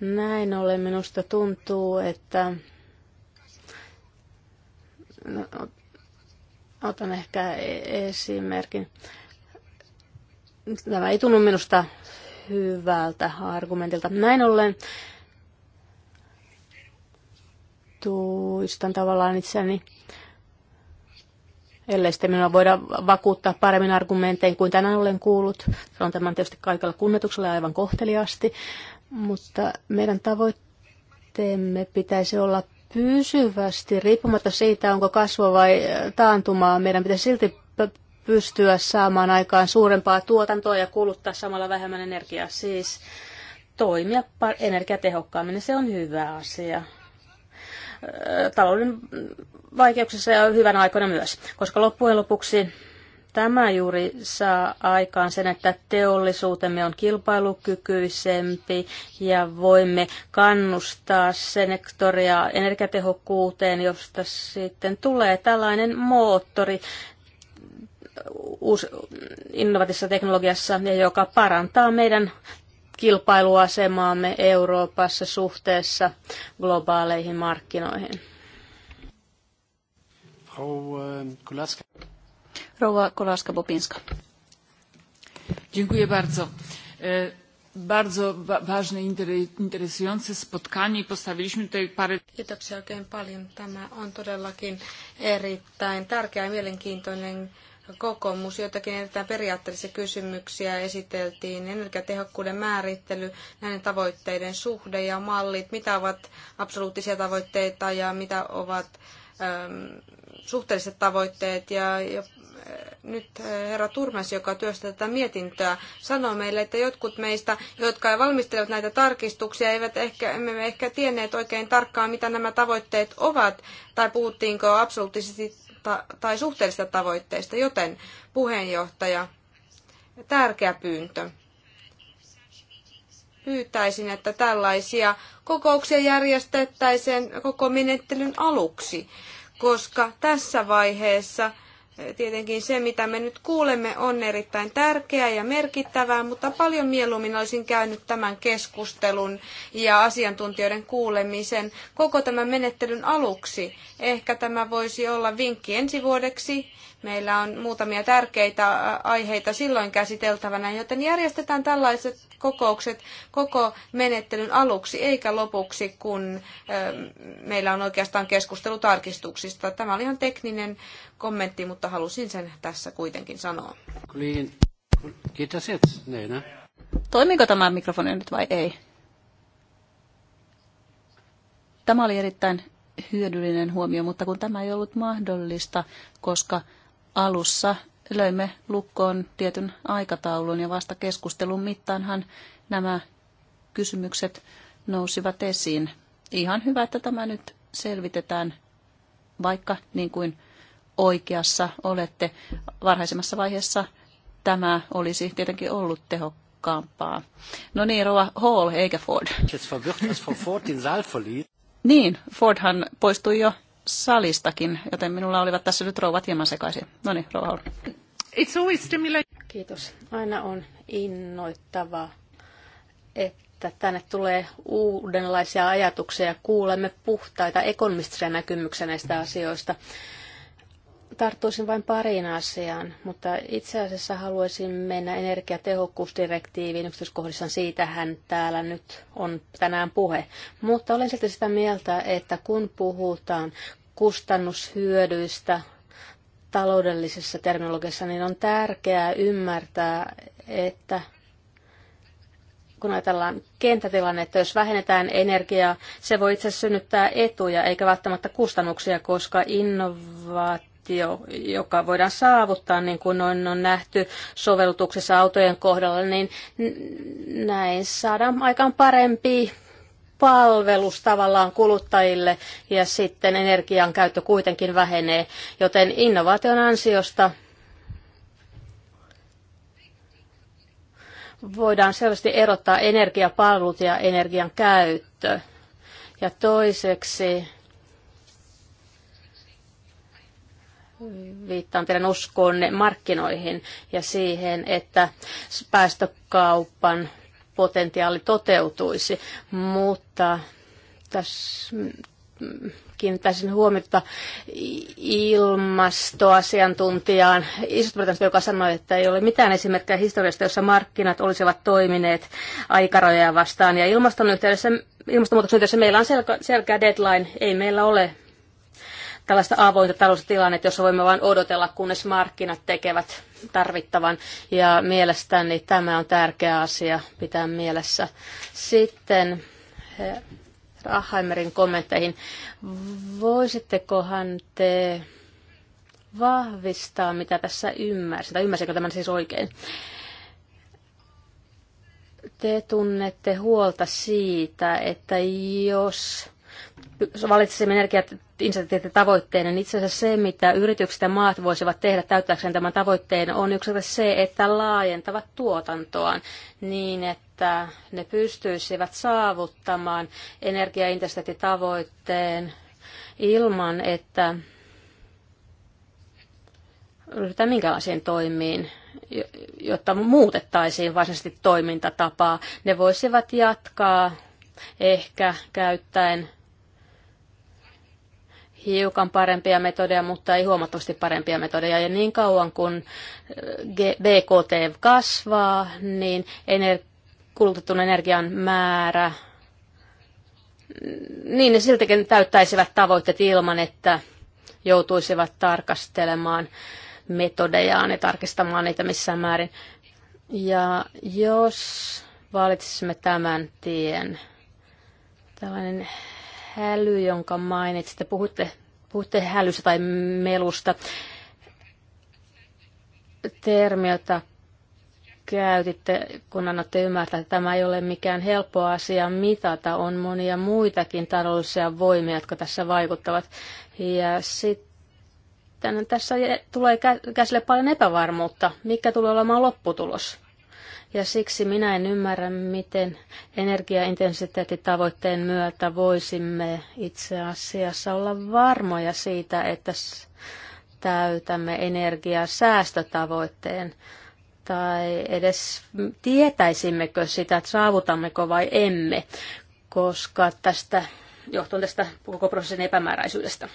Näin ollen minusta tuntuu, että No, otan ehkä e- esimerkin. Tämä ei tunnu minusta hyvältä argumentilta. Näin ollen tuistan tavallaan itseäni, ellei sitten minua voida vakuuttaa paremmin argumentein kuin tänään olen kuullut. Se on tämän tietysti kaikella kunnetuksella aivan kohteliaasti, mutta meidän tavoitteemme pitäisi olla pysyvästi, riippumatta siitä, onko kasvua vai äh, taantumaa, meidän pitäisi silti pystyä saamaan aikaan suurempaa tuotantoa ja kuluttaa samalla vähemmän energiaa. Siis toimia energiatehokkaammin, se on hyvä asia. Äh, talouden vaikeuksissa ja hyvän aikoina myös, koska loppujen lopuksi Tämä juuri saa aikaan sen, että teollisuutemme on kilpailukykyisempi ja voimme kannustaa senektoria energiatehokkuuteen, josta sitten tulee tällainen moottori uusi, innovatiivisessa teknologiassa, ja joka parantaa meidän kilpailuasemaamme Euroopassa suhteessa globaaleihin markkinoihin. Frau äh, Kulaska. Rouva Kolarska-Bobinska. Dziękuję bardzo. E, bardzo ważne, interesujące spotkanie i postawiliśmy tutaj parę... Kiitoksia oikein paljon. Tämä on todellakin erittäin tärkeä ja mielenkiintoinen kokoomus. Joitakin erittäin periaatteellisia kysymyksiä esiteltiin. Energiatehokkuuden määrittely, näiden tavoitteiden suhde ja mallit. Mitä ovat absoluuttisia tavoitteita ja mitä ovat äm, suhteelliset tavoitteet ja, ja nyt eh, herra Turmes, joka työstää tätä mietintöä, sanoo meille, että jotkut meistä, jotka valmistelevat näitä tarkistuksia, eivät ehkä, emme ehkä tienneet oikein tarkkaan, mitä nämä tavoitteet ovat, tai puhuttiinko absoluuttisesti tai suhteellisista tavoitteista, joten puheenjohtaja, tärkeä pyyntö. Pyytäisin, että tällaisia kokouksia järjestettäisiin koko menettelyn aluksi, koska tässä vaiheessa – Tietenkin se, mitä me nyt kuulemme, on erittäin tärkeää ja merkittävää, mutta paljon mieluummin olisin käynyt tämän keskustelun ja asiantuntijoiden kuulemisen koko tämän menettelyn aluksi. Ehkä tämä voisi olla vinkki ensi vuodeksi. Meillä on muutamia tärkeitä aiheita silloin käsiteltävänä, joten järjestetään tällaiset kokoukset koko menettelyn aluksi eikä lopuksi, kun meillä on oikeastaan keskustelu tarkistuksista. Tämä oli ihan tekninen kommentti, mutta halusin sen tässä kuitenkin sanoa. Niin. Kiitos, Toimiiko tämä mikrofoni nyt vai ei? Tämä oli erittäin hyödyllinen huomio, mutta kun tämä ei ollut mahdollista, koska alussa löimme lukkoon tietyn aikataulun ja vasta keskustelun mittaanhan nämä kysymykset nousivat esiin. Ihan hyvä, että tämä nyt selvitetään, vaikka niin kuin oikeassa olette. Varhaisemmassa vaiheessa tämä olisi tietenkin ollut tehokkaampaa. No niin, Rova Hall, eikä Ford. niin, Fordhan poistui jo salistakin, joten minulla olivat tässä nyt rouvat hieman sekaisin. No niin, Rova Hall. It's always stimulating. Kiitos. Aina on innoittavaa, että tänne tulee uudenlaisia ajatuksia ja kuulemme puhtaita ekonomistisia näkymyksiä näistä asioista. Tarttuisin vain pariin asiaan, mutta itse asiassa haluaisin mennä energiatehokkuusdirektiiviin yksityiskohdissaan. Siitähän täällä nyt on tänään puhe. Mutta olen silti sitä mieltä, että kun puhutaan kustannushyödyistä taloudellisessa terminologiassa, niin on tärkeää ymmärtää, että kun ajatellaan että jos vähennetään energiaa, se voi itse asiassa synnyttää etuja eikä välttämättä kustannuksia, koska innovaatio, joka voidaan saavuttaa, niin kuin on, on nähty sovellutuksessa autojen kohdalla, niin näin saadaan aikaan parempi palvelus tavallaan kuluttajille ja sitten energian käyttö kuitenkin vähenee, joten innovaation ansiosta voidaan selvästi erottaa energiapalvelut ja energian käyttö. Ja toiseksi viittaan teidän uskoonne markkinoihin ja siihen, että päästökaupan potentiaali toteutuisi, mutta tässä kiinnittäisin huomiota ilmastoasiantuntijaan Isosta-Britanniasta, joka sanoi, että ei ole mitään esimerkkejä historiasta, jossa markkinat olisivat toimineet aikarajoja vastaan. Ja ilmaston yhteydessä, ilmastonmuutoksen yhteydessä meillä on selkä, selkeä deadline, ei meillä ole tällaista avointa taloustilannetta, jossa voimme vain odotella, kunnes markkinat tekevät tarvittavan. Ja mielestäni tämä on tärkeä asia pitää mielessä. Sitten Rahheimerin kommentteihin. Voisittekohan te vahvistaa, mitä tässä ymmärsin, tai ymmärsikö tämän siis oikein? Te tunnette huolta siitä, että jos valitsisimme energiainsensiittitavoitteena, niin itse asiassa se, mitä yritykset ja maat voisivat tehdä täyttääkseen tämän tavoitteen, on yksi se, että laajentavat tuotantoaan niin, että ne pystyisivät saavuttamaan tavoitteen ilman, että ryhdytään minkälaisiin toimiin, jotta muutettaisiin varsinaisesti toimintatapaa. Ne voisivat jatkaa ehkä käyttäen hiukan parempia metodeja, mutta ei huomattavasti parempia metodeja. Ja niin kauan kun eh, BKT kasvaa, niin ener- kulutetun energian määrä, niin ne siltikin täyttäisivät tavoitteet ilman, että joutuisivat tarkastelemaan metodejaan ja tarkistamaan niitä missään määrin. Ja jos valitsisimme tämän tien, tällainen häly, jonka mainitsitte. Puhutte, puhutte hälystä tai melusta. Termi, jota käytitte, kun annatte ymmärtää, että tämä ei ole mikään helppo asia mitata. On monia muitakin taloudellisia voimia, jotka tässä vaikuttavat. Ja sitten tässä tulee käsille paljon epävarmuutta. Mikä tulee olemaan lopputulos? Ja siksi minä en ymmärrä, miten energiaintensiteettitavoitteen myötä voisimme itse asiassa olla varmoja siitä, että täytämme energiasäästötavoitteen tai edes tietäisimmekö sitä, että saavutammeko vai emme, koska tästä johtuen tästä koko prosessin epämääräisyydestä.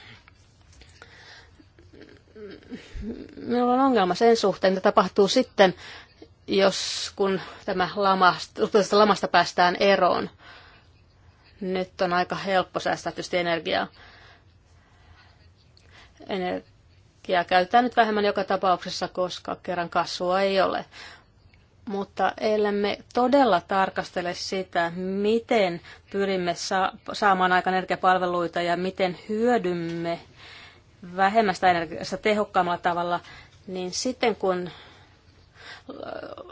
Minulla on ongelma sen suhteen, että tapahtuu sitten, jos kun tämä lamasta, lamasta päästään eroon. Nyt on aika helppo säästää tietysti energiaa. Energiaa käytetään nyt vähemmän joka tapauksessa, koska kerran kasvua ei ole. Mutta ellemme todella tarkastele sitä, miten pyrimme saamaan aika energiapalveluita ja miten hyödymme vähemmästä energiasta tehokkaammalla tavalla, niin sitten kun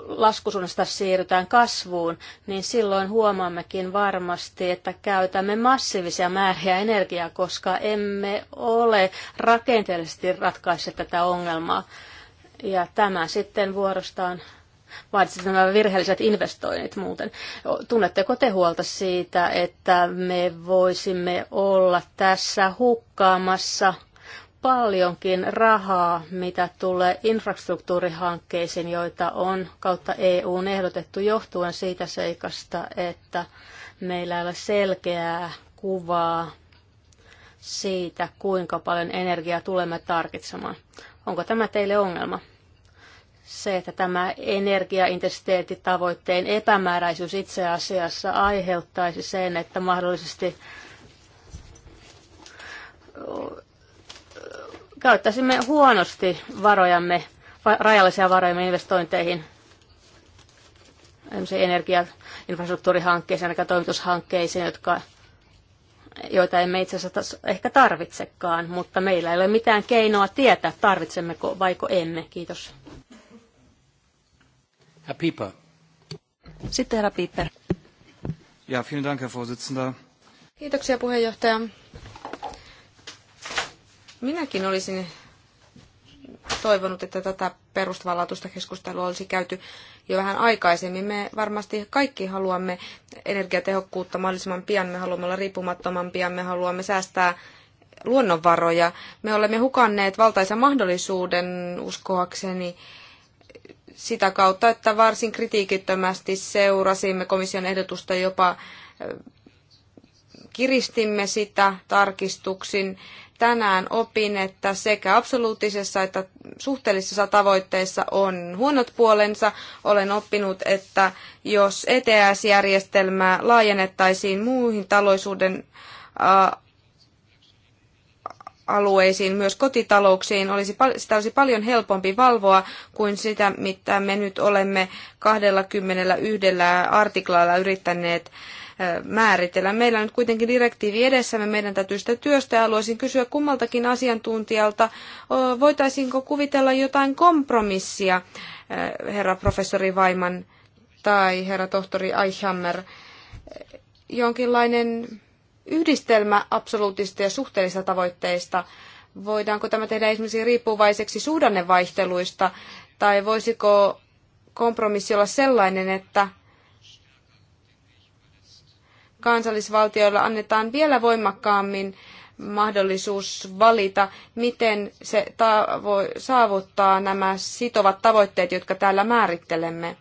laskusuunnasta siirrytään kasvuun, niin silloin huomaammekin varmasti, että käytämme massiivisia määriä energiaa, koska emme ole rakenteellisesti ratkaisseet tätä ongelmaa. Ja tämä sitten vuorostaan mainitsit nämä virheelliset investoinnit muuten. Tunnetteko te huolta siitä, että me voisimme olla tässä hukkaamassa – paljonkin rahaa, mitä tulee infrastruktuurihankkeisiin, joita on kautta EUn ehdotettu johtuen siitä seikasta, että meillä ei ole selkeää kuvaa siitä, kuinka paljon energiaa tulemme tarvitsemaan. Onko tämä teille ongelma? Se, että tämä energiaintensiteettitavoitteen epämääräisyys itse asiassa aiheuttaisi sen, että mahdollisesti käyttäisimme huonosti varojamme, rajallisia varojamme investointeihin, energiainfrastruktuurihankkeisiin, ainakaan toimitushankkeisiin, jotka, joita emme itse asiassa ehkä tarvitsekaan, mutta meillä ei ole mitään keinoa tietää, tarvitsemmeko vaiko emme. Kiitos. Herr Pieper. Sitten herra Pieper. Ja, vielen Dank, Herr Vorsitzender. Kiitoksia puheenjohtaja. Minäkin olisin toivonut, että tätä perustavanlaatuista keskustelua olisi käyty jo vähän aikaisemmin. Me varmasti kaikki haluamme energiatehokkuutta mahdollisimman pian, me haluamme olla riippumattomampia, me haluamme säästää luonnonvaroja. Me olemme hukanneet valtaisen mahdollisuuden uskoakseni sitä kautta, että varsin kritiikittömästi seurasimme komission ehdotusta jopa eh, kiristimme sitä tarkistuksin tänään opin, että sekä absoluuttisessa että suhteellisissa tavoitteissa on huonot puolensa. Olen oppinut, että jos ETS-järjestelmää laajennettaisiin muihin talousuuden alueisiin, myös kotitalouksiin, olisi, sitä olisi paljon helpompi valvoa kuin sitä, mitä me nyt olemme 21 artiklalla yrittäneet määritellä. Meillä on nyt kuitenkin direktiivi edessämme, meidän täytyy sitä työstä. Haluaisin kysyä kummaltakin asiantuntijalta, voitaisiinko kuvitella jotain kompromissia, herra professori Vaiman tai herra tohtori Eichhammer, jonkinlainen yhdistelmä absoluuttista ja suhteellista tavoitteista. Voidaanko tämä tehdä esimerkiksi riippuvaiseksi suhdannevaihteluista, tai voisiko kompromissi olla sellainen, että kansallisvaltioilla annetaan vielä voimakkaammin mahdollisuus valita, miten se saavuttaa nämä sitovat tavoitteet, jotka täällä määrittelemme.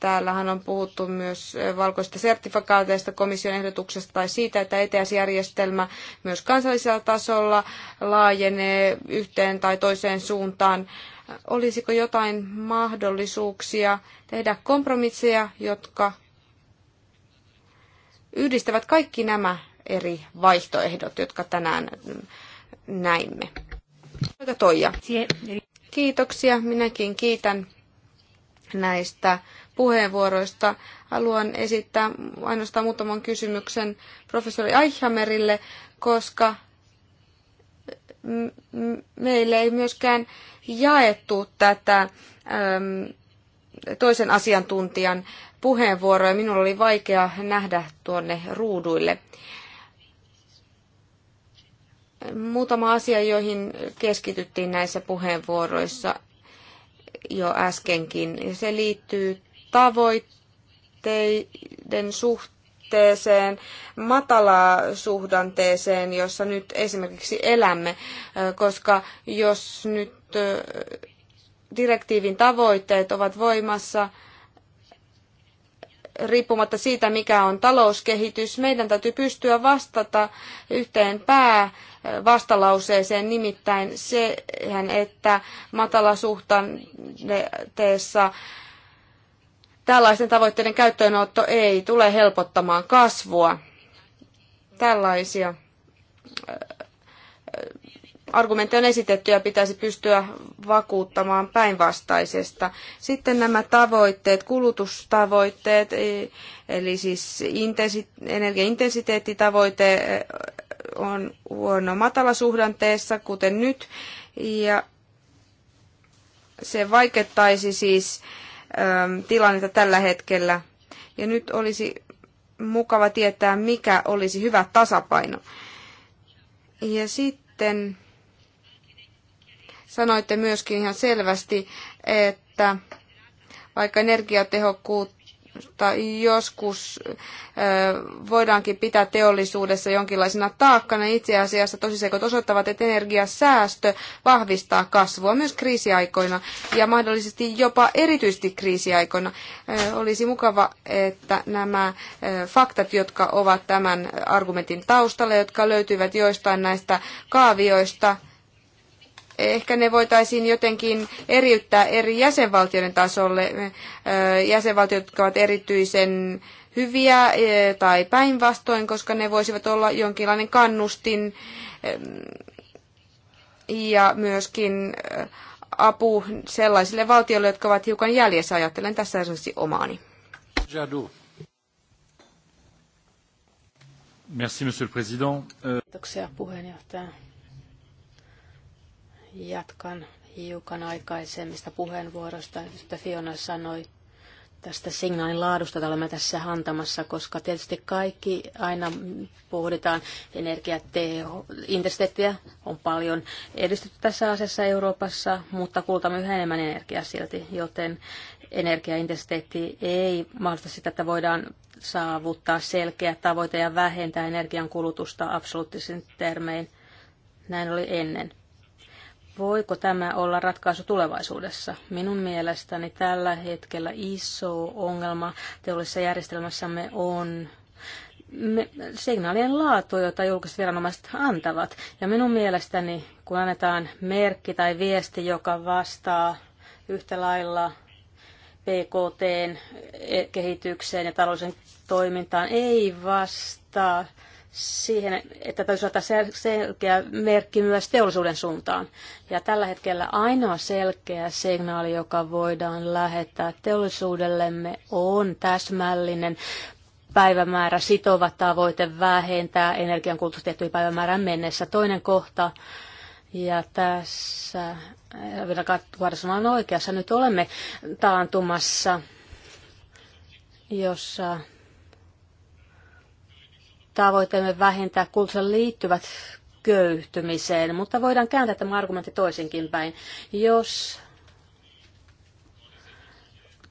Täällähän on puhuttu myös valkoista sertifikaateista, komission ehdotuksesta tai siitä, että ETS-järjestelmä myös kansallisella tasolla laajenee yhteen tai toiseen suuntaan. Olisiko jotain mahdollisuuksia tehdä kompromisseja, jotka yhdistävät kaikki nämä eri vaihtoehdot, jotka tänään näimme. Toija. Kiitoksia. Minäkin kiitän näistä puheenvuoroista. Haluan esittää ainoastaan muutaman kysymyksen professori Aichamerille, koska meille ei myöskään jaettu tätä toisen asiantuntijan puheenvuoro ja minulla oli vaikea nähdä tuonne ruuduille. Muutama asia, joihin keskityttiin näissä puheenvuoroissa jo äskenkin. Se liittyy tavoitteiden suhteeseen, suhdanteeseen, jossa nyt esimerkiksi elämme, koska jos nyt direktiivin tavoitteet ovat voimassa riippumatta siitä, mikä on talouskehitys. Meidän täytyy pystyä vastata yhteen päävastalauseeseen, nimittäin siihen, että matalasuhtanteessa tällaisten tavoitteiden käyttöönotto ei tule helpottamaan kasvua. Tällaisia argumentti on esitetty ja pitäisi pystyä vakuuttamaan päinvastaisesta. Sitten nämä tavoitteet, kulutustavoitteet, e, eli siis intensi- energiaintensiteettitavoite e, on huono matalasuhdanteessa, kuten nyt, ja se vaikeuttaisi siis äm, e, tilannetta tällä hetkellä. Ja nyt olisi mukava tietää, mikä olisi hyvä tasapaino. Ja sitten Sanoitte myöskin ihan selvästi, että vaikka energiatehokkuutta joskus voidaankin pitää teollisuudessa jonkinlaisena taakkana, itse asiassa tosiseikot osoittavat, että energiasäästö vahvistaa kasvua myös kriisiaikoina ja mahdollisesti jopa erityisesti kriisiaikoina. Olisi mukava, että nämä faktat, jotka ovat tämän argumentin taustalla, jotka löytyvät joistain näistä kaavioista, ehkä ne voitaisiin jotenkin eriyttää eri jäsenvaltioiden tasolle. Jäsenvaltiot, jotka ovat erityisen hyviä tai päinvastoin, koska ne voisivat olla jonkinlainen kannustin ja myöskin apu sellaisille valtioille, jotka ovat hiukan jäljessä. Ajattelen tässä esimerkiksi omaani. Jadu. Merci, monsieur le président. Kiitoksia puheenjohtaja. Jatkan hiukan aikaisemmista puheenvuoroista, josta Fiona sanoi tästä signaalin laadusta, jota olemme tässä antamassa, koska tietysti kaikki aina pohditaan energiateho, intensiteettiä on paljon edistetty tässä asiassa Euroopassa, mutta kulutamme yhä enemmän energiaa silti, joten energiaintensiteetti ei mahdollista sitä, että voidaan saavuttaa selkeä tavoite ja vähentää energian kulutusta absoluuttisin termein. Näin oli ennen. Voiko tämä olla ratkaisu tulevaisuudessa? Minun mielestäni tällä hetkellä iso ongelma teollisessa järjestelmässämme on me, signaalien laatu, jota julkiset viranomaiset antavat. Ja minun mielestäni, kun annetaan merkki tai viesti, joka vastaa yhtä lailla PKT eh, kehitykseen ja taloudellisen toimintaan, ei vastaa siihen, että täytyy ottaa selkeä merkki myös teollisuuden suuntaan. Ja tällä hetkellä ainoa selkeä signaali, joka voidaan lähettää teollisuudellemme, on täsmällinen päivämäärä sitova tavoite vähentää energiankulutus tiettyyn päivämäärään mennessä. Toinen kohta, ja tässä Vilkatvarsan on oikeassa, nyt olemme taantumassa, jossa tavoitteemme vähentää kulutuksen liittyvät köyhtymiseen, mutta voidaan kääntää tämä argumentti toisinkin päin. Jos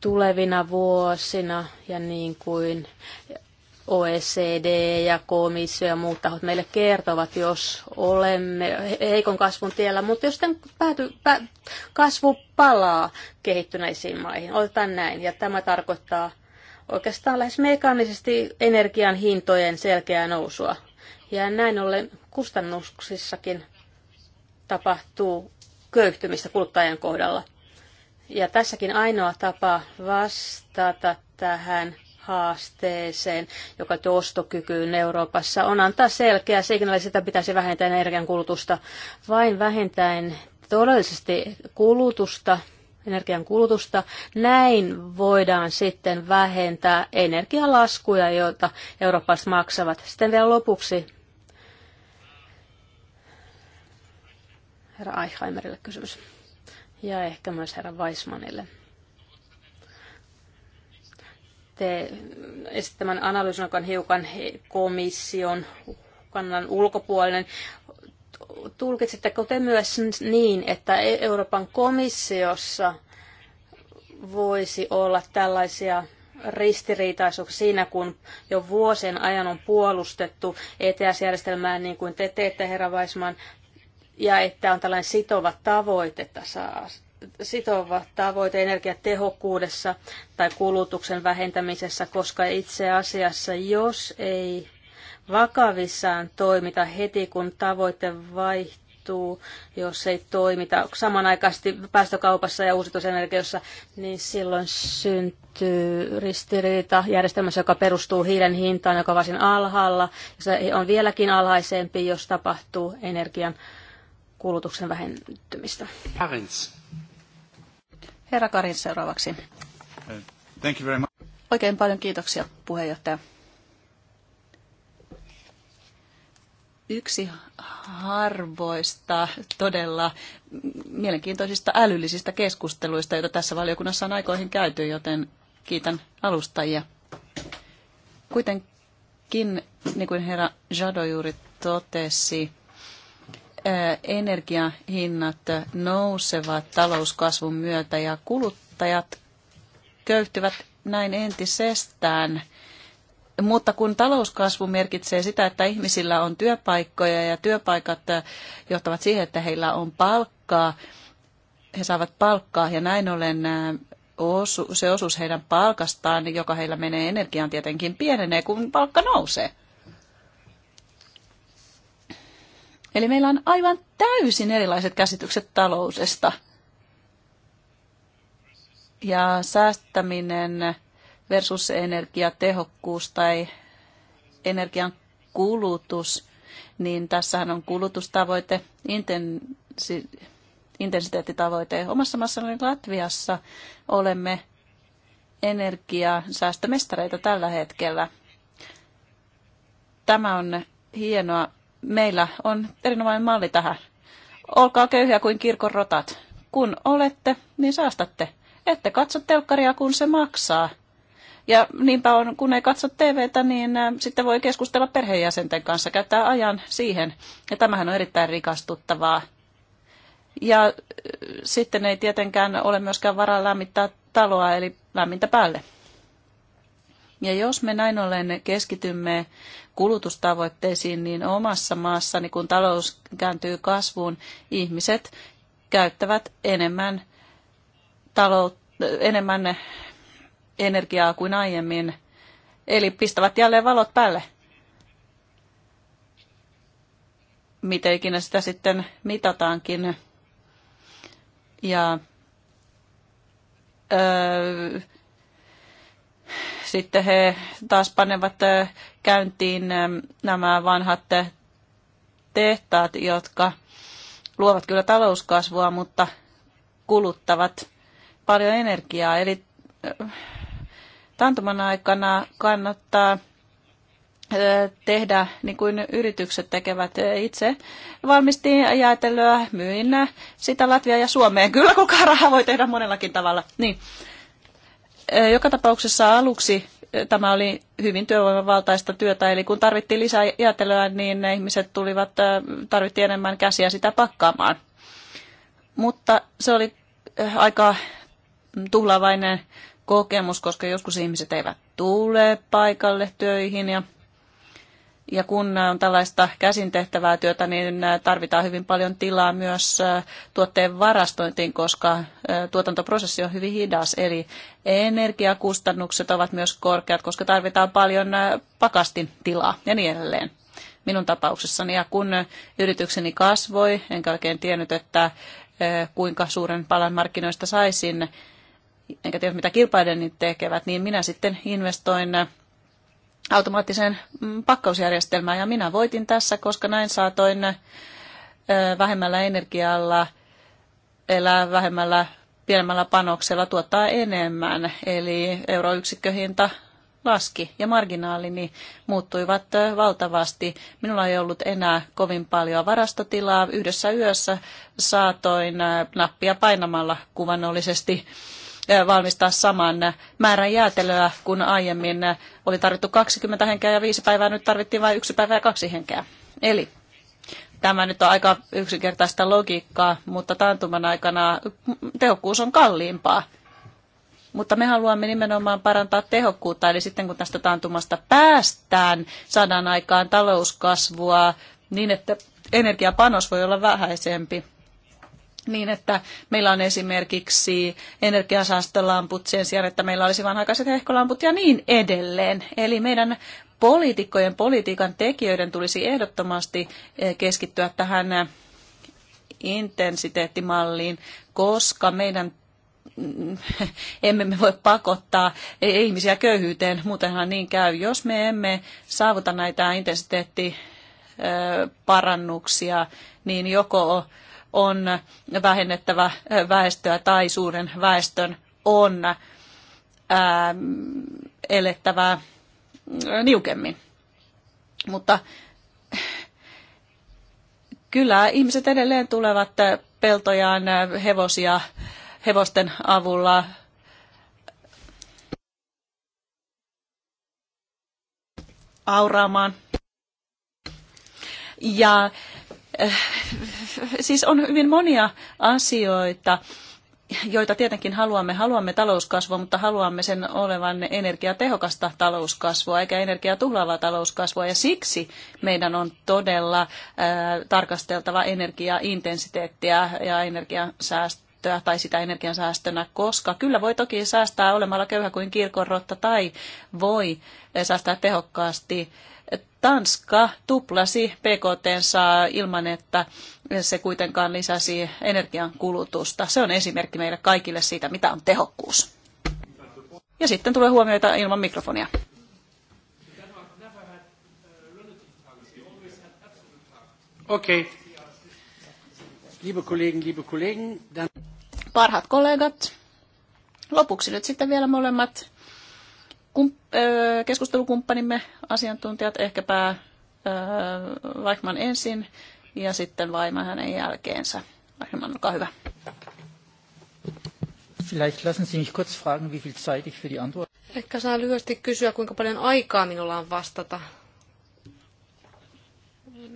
tulevina vuosina ja niin kuin OECD ja komissio ja muut tahot meille kertovat, jos olemme heikon kasvun tiellä, mutta jos sitten pääty, pää, kasvu palaa kehittyneisiin maihin, otetaan näin, ja tämä tarkoittaa oikeastaan lähes mekaanisesti energian hintojen selkeää nousua. Ja näin ollen kustannuksissakin tapahtuu köyhtymistä kuluttajan kohdalla. Ja tässäkin ainoa tapa vastata tähän haasteeseen, joka ostokykyyn Euroopassa on antaa selkeä signaali, että pitäisi vähentää energiankulutusta. Vain vähentäen todellisesti kulutusta energian kulutusta. Näin voidaan sitten vähentää energialaskuja, joita Euroopassa maksavat. Sitten vielä lopuksi herra Eichheimerille kysymys ja ehkä myös herra Weismanille. Te esittämän analyysin, joka on hiukan komission kannan ulkopuolinen, tulkitsetteko te myös niin, että e- Euroopan komissiossa voisi olla tällaisia ristiriitaisuuksia siinä, kun jo vuosien ajan on puolustettu ETS-järjestelmää niin kuin te teette, herra Weisman, ja että on tällainen sitova tavoite tässä sitova tavoite energiatehokkuudessa tai kulutuksen vähentämisessä, koska itse asiassa jos ei vakavissaan toimita heti, kun tavoite vaihtuu, jos ei toimita samanaikaisesti päästökaupassa ja uusiutusenergiassa, niin silloin syntyy ristiriita järjestelmässä, joka perustuu hiilen hintaan, joka on varsin alhaalla. Ja se on vieläkin alhaisempi, jos tapahtuu energian kulutuksen vähentymistä. Karins. Herra Karins seuraavaksi. Thank you very much. Oikein paljon kiitoksia puheenjohtaja. yksi harvoista todella mielenkiintoisista älyllisistä keskusteluista, joita tässä valiokunnassa on aikoihin käyty, joten kiitän alustajia. Kuitenkin, niin kuin herra Jado juuri totesi, eh, energiahinnat nousevat talouskasvun myötä ja kuluttajat köyhtyvät näin entisestään – mutta kun talouskasvu merkitsee sitä, että ihmisillä on työpaikkoja ja työpaikat äh, johtavat siihen, että heillä on palkkaa, he saavat palkkaa ja näin ollen äh, osu, se osuus heidän palkastaan, joka heillä menee energiaan tietenkin pienenee, kun palkka nousee. Eli meillä on aivan täysin erilaiset käsitykset taloudesta. Ja säästäminen versus energiatehokkuus tai energian kulutus, niin tässähän on kulutustavoite, intensi, intensiteettitavoite. Omassa maassani Latviassa olemme energiasäästömestareita tällä hetkellä. Tämä on hienoa. Meillä on erinomainen malli tähän. Olkaa köyhiä kuin kirkon rotat. Kun olette, niin saastatte. Ette katso telkkaria, kun se maksaa. Ja niinpä on, kun ei katso TVtä, niin äh, sitten voi keskustella perheenjäsenten kanssa, käyttää ajan siihen. Ja tämähän on erittäin rikastuttavaa. Ja äh, sitten ei tietenkään ole myöskään varaa lämmittää taloa, eli lämmintä päälle. Ja jos me näin ollen keskitymme kulutustavoitteisiin, niin omassa maassa, niin kun talous kääntyy kasvuun, ihmiset käyttävät enemmän, talou- enemmän energiaa kuin aiemmin. Eli pistävät jälleen valot päälle. Miten ikinä sitä sitten mitataankin. Ja öö, sitten he taas panevat käyntiin nämä vanhat tehtaat, jotka luovat kyllä talouskasvua, mutta kuluttavat paljon energiaa. Eli taantuman aikana kannattaa tehdä niin kuin yritykset tekevät itse. Valmistin jäätelöä, myin sitä Latvia ja Suomeen. Kyllä kukaan raha voi tehdä monellakin tavalla. Niin. Joka tapauksessa aluksi tämä oli hyvin työvoimavaltaista työtä, eli kun tarvittiin lisää jäätelöä, niin ne ihmiset tulivat, tarvittiin enemmän käsiä sitä pakkaamaan. Mutta se oli aika tuhlavainen kokemus, koska joskus ihmiset eivät tule paikalle töihin ja ja kun äh, on tällaista käsin tehtävää työtä, niin äh, tarvitaan hyvin paljon tilaa myös äh, tuotteen varastointiin, koska tuotantoprosessi on hyvin hidas. Eli energiakustannukset ovat myös korkeat, koska tarvitaan paljon pakastin tilaa ja niin edelleen minun tapauksessani. Ja kun yritykseni kasvoi, enkä oikein tiennyt, että kuinka suuren palan markkinoista saisin, enkä tiedä mitä kilpailijani tekevät, niin minä sitten investoin äh, automaattiseen mm, pakkausjärjestelmään ja minä voitin tässä, koska näin saatoin äh, vähemmällä energialla elää vähemmällä pienemmällä panoksella tuottaa enemmän, eli euroyksikköhinta laski ja marginaalini muuttuivat äh, valtavasti. Minulla ei ollut enää kovin paljon varastotilaa. Yhdessä yössä saatoin nappia painamalla kuvannollisesti valmistaa saman määrän jäätelöä, kuin aiemmin oli tarvittu 20 henkeä ja viisi päivää, nyt tarvittiin vain yksi päivä ja kaksi henkeä. Eli tämä nyt on aika yksinkertaista logiikkaa, mutta taantuman aikana tehokkuus on kalliimpaa. Mutta me haluamme nimenomaan parantaa tehokkuutta, eli sitten kun tästä taantumasta päästään, saadaan aikaan talouskasvua niin, että energiapanos voi olla vähäisempi niin, että meillä on esimerkiksi energiasäästölamput sen sijaan, että meillä olisi vanhakaiset hehkolamput ja niin edelleen. Eli meidän poliitikkojen, politiikan tekijöiden tulisi ehdottomasti eh, keskittyä tähän eh, intensiteettimalliin, koska meidän mm, emme me voi pakottaa eh, ihmisiä köyhyyteen, muutenhan niin käy. Jos me emme saavuta näitä intensiteettiparannuksia, niin joko on vähennettävä väestöä tai suuren väestön on ää, elettävä niukemmin. Mutta kyllä ihmiset edelleen tulevat peltojaan hevosia hevosten avulla auraamaan. Ja Eh, siis on hyvin monia asioita, joita tietenkin haluamme. Haluamme talouskasvua, mutta haluamme sen olevan energiatehokasta talouskasvua eikä energiatuhlaavaa talouskasvua. Ja siksi meidän on todella eh, tarkasteltava energiaintensiteettiä ja energiansäästöä säästöä tai sitä energiansäästönä, koska kyllä voi toki säästää olemalla köyhä kuin kirkonrotta tai voi säästää tehokkaasti Tanska tuplasi PKTnsa ilman, että se kuitenkaan lisäsi energian kulutusta. Se on esimerkki meille kaikille siitä, mitä on tehokkuus. Ja sitten tulee huomioita ilman mikrofonia. Okei. Okay. Liebe Kollegen, liebe Kollegen, kollegat, lopuksi nyt sitten vielä molemmat keskustelukumppanimme asiantuntijat, ehkäpä Weichmann ensin ja sitten Vaima hänen jälkeensä. Weichmann, olkaa hyvä. Vielleicht lassen Sie mich kurz fragen, wie viel Zeit ich für die Antwort... Ehkä saa lyhyesti kysyä, kuinka paljon aikaa minulla on vastata.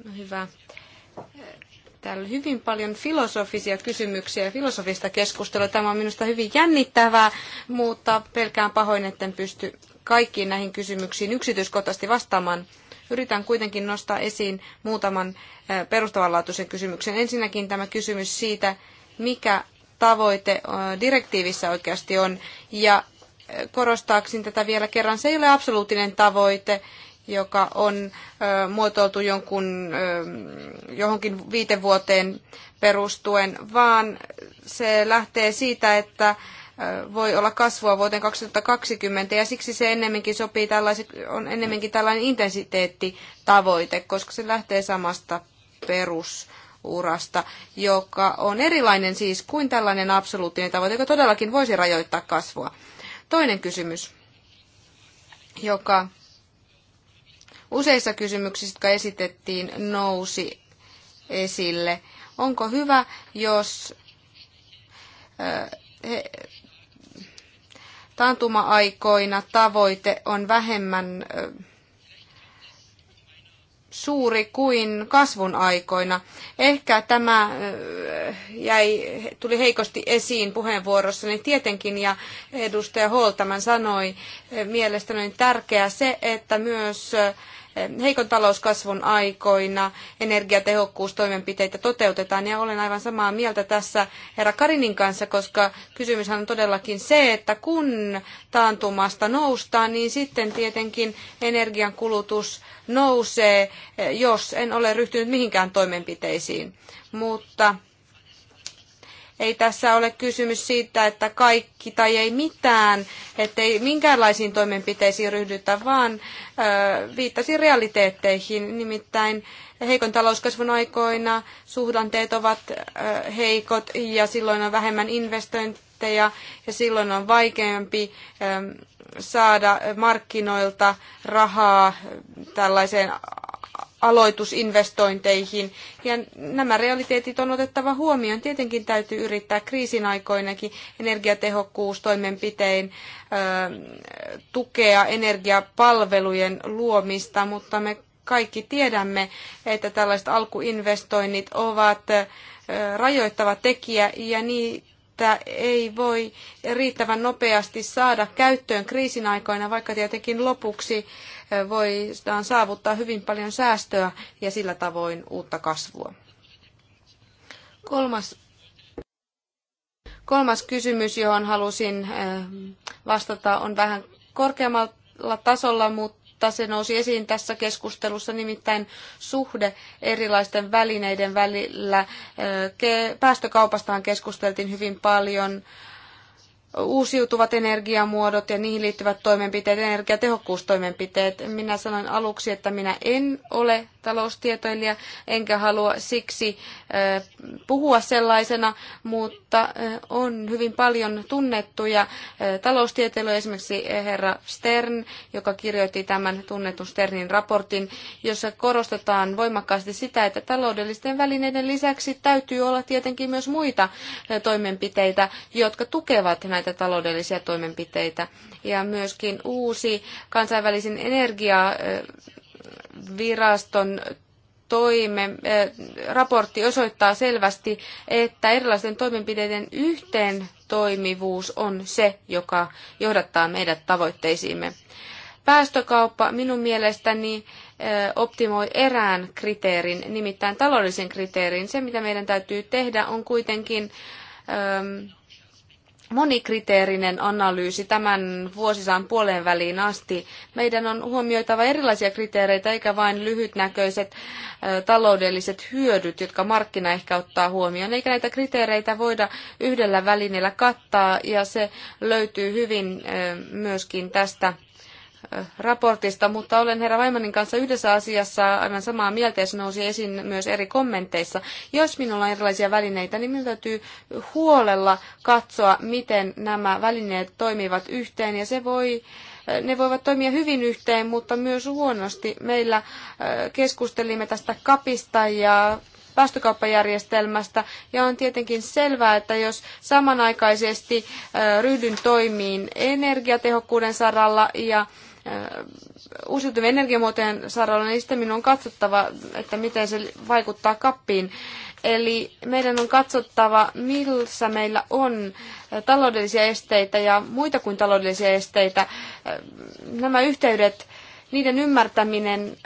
No hyvä. Täällä hyvin paljon filosofisia kysymyksiä ja filosofista keskustelua. Tämä on minusta hyvin jännittävää, mutta pelkään pahoin, etten pysty kaikkiin näihin kysymyksiin yksityiskohtaisesti vastaamaan. Yritän kuitenkin nostaa esiin muutaman eh, perustavanlaatuisen kysymyksen. Ensinnäkin tämä kysymys siitä, mikä tavoite eh, direktiivissä oikeasti on. Ja eh, korostaakseni tätä vielä kerran, se ei ole absoluuttinen tavoite joka on muotoiltu jonkun, johonkin viitevuoteen perustuen, vaan se lähtee siitä, että voi olla kasvua vuoteen 2020 ja siksi se ennemminkin sopii tällaiset, on ennemminkin tällainen intensiteettitavoite, koska se lähtee samasta perusurasta, joka on erilainen siis kuin tällainen absoluuttinen tavoite, joka todellakin voisi rajoittaa kasvua. Toinen kysymys, joka Useissa kysymyksissä, jotka esitettiin, nousi esille. Onko hyvä, jos taantuma-aikoina tavoite on vähemmän suuri kuin kasvun aikoina. Ehkä tämä jäi, tuli heikosti esiin puheenvuorossani niin tietenkin, ja edustaja Holtaman sanoi mielestäni on tärkeää se, että myös heikon talouskasvun aikoina energiatehokkuustoimenpiteitä toteutetaan. Ja olen aivan samaa mieltä tässä herra Karinin kanssa, koska kysymyshän on todellakin se, että kun taantumasta noustaan, niin sitten tietenkin energian kulutus nousee, jos en ole ryhtynyt mihinkään toimenpiteisiin. Mutta ei tässä ole kysymys siitä, että kaikki tai ei mitään, ettei minkäänlaisiin toimenpiteisiin ryhdytä, vaan ö, viittasi realiteetteihin. Nimittäin heikon talouskasvun aikoina suhdanteet ovat ö, heikot ja silloin on vähemmän investointeja ja silloin on vaikeampi ö, saada markkinoilta rahaa tällaiseen aloitusinvestointeihin. Ja nämä realiteetit on otettava huomioon. Tietenkin täytyy yrittää kriisin aikoinakin energiatehokkuustoimenpitein ö, tukea energiapalvelujen luomista, mutta me kaikki tiedämme, että tällaiset alkuinvestoinnit ovat rajoittava tekijä ja niitä ei voi riittävän nopeasti saada käyttöön kriisin aikoina, vaikka tietenkin lopuksi voidaan saavuttaa hyvin paljon säästöä ja sillä tavoin uutta kasvua. Kolmas, kolmas kysymys, johon halusin vastata, on vähän korkeammalla tasolla, mutta mutta se nousi esiin tässä keskustelussa, nimittäin suhde erilaisten välineiden välillä. Päästökaupastahan keskusteltiin hyvin paljon uusiutuvat energiamuodot ja niihin liittyvät toimenpiteet, energiatehokkuustoimenpiteet. Minä sanoin aluksi, että minä en ole taloustietoilija, enkä halua siksi puhua sellaisena, mutta on hyvin paljon tunnettuja taloustieteilijöitä, esimerkiksi herra Stern, joka kirjoitti tämän tunnetun Sternin raportin, jossa korostetaan voimakkaasti sitä, että taloudellisten välineiden lisäksi täytyy olla tietenkin myös muita toimenpiteitä, jotka tukevat näitä näitä taloudellisia toimenpiteitä. Ja myöskin uusi kansainvälisen energiaviraston toime, raportti osoittaa selvästi, että erilaisten toimenpiteiden yhteen toimivuus on se, joka johdattaa meidät tavoitteisiimme. Päästökauppa minun mielestäni optimoi erään kriteerin, nimittäin taloudellisen kriteerin. Se, mitä meidän täytyy tehdä, on kuitenkin monikriteerinen analyysi tämän vuosisaan puoleen väliin asti. Meidän on huomioitava erilaisia kriteereitä, eikä vain lyhytnäköiset taloudelliset hyödyt, jotka markkina ehkä ottaa huomioon. Eikä näitä kriteereitä voida yhdellä välineellä kattaa, ja se löytyy hyvin myöskin tästä raportista, mutta olen herra Vaimanin kanssa yhdessä asiassa aivan samaa mieltä ja se nousi esiin myös eri kommenteissa. Jos minulla on erilaisia välineitä, niin minun täytyy huolella katsoa, miten nämä välineet toimivat yhteen ja se voi ne voivat toimia hyvin yhteen, mutta myös huonosti. Meillä äh, keskustelimme tästä kapista ja päästökauppajärjestelmästä ja on tietenkin selvää, että jos samanaikaisesti äh, ryhdyn toimiin energiatehokkuuden saralla ja uusiutuvien energiamuotojen saralla, niin sitten minun on katsottava, että miten se vaikuttaa kappiin. Eli meidän on katsottava, missä meillä on taloudellisia esteitä ja muita kuin taloudellisia esteitä. Nämä yhteydet, niiden ymmärtäminen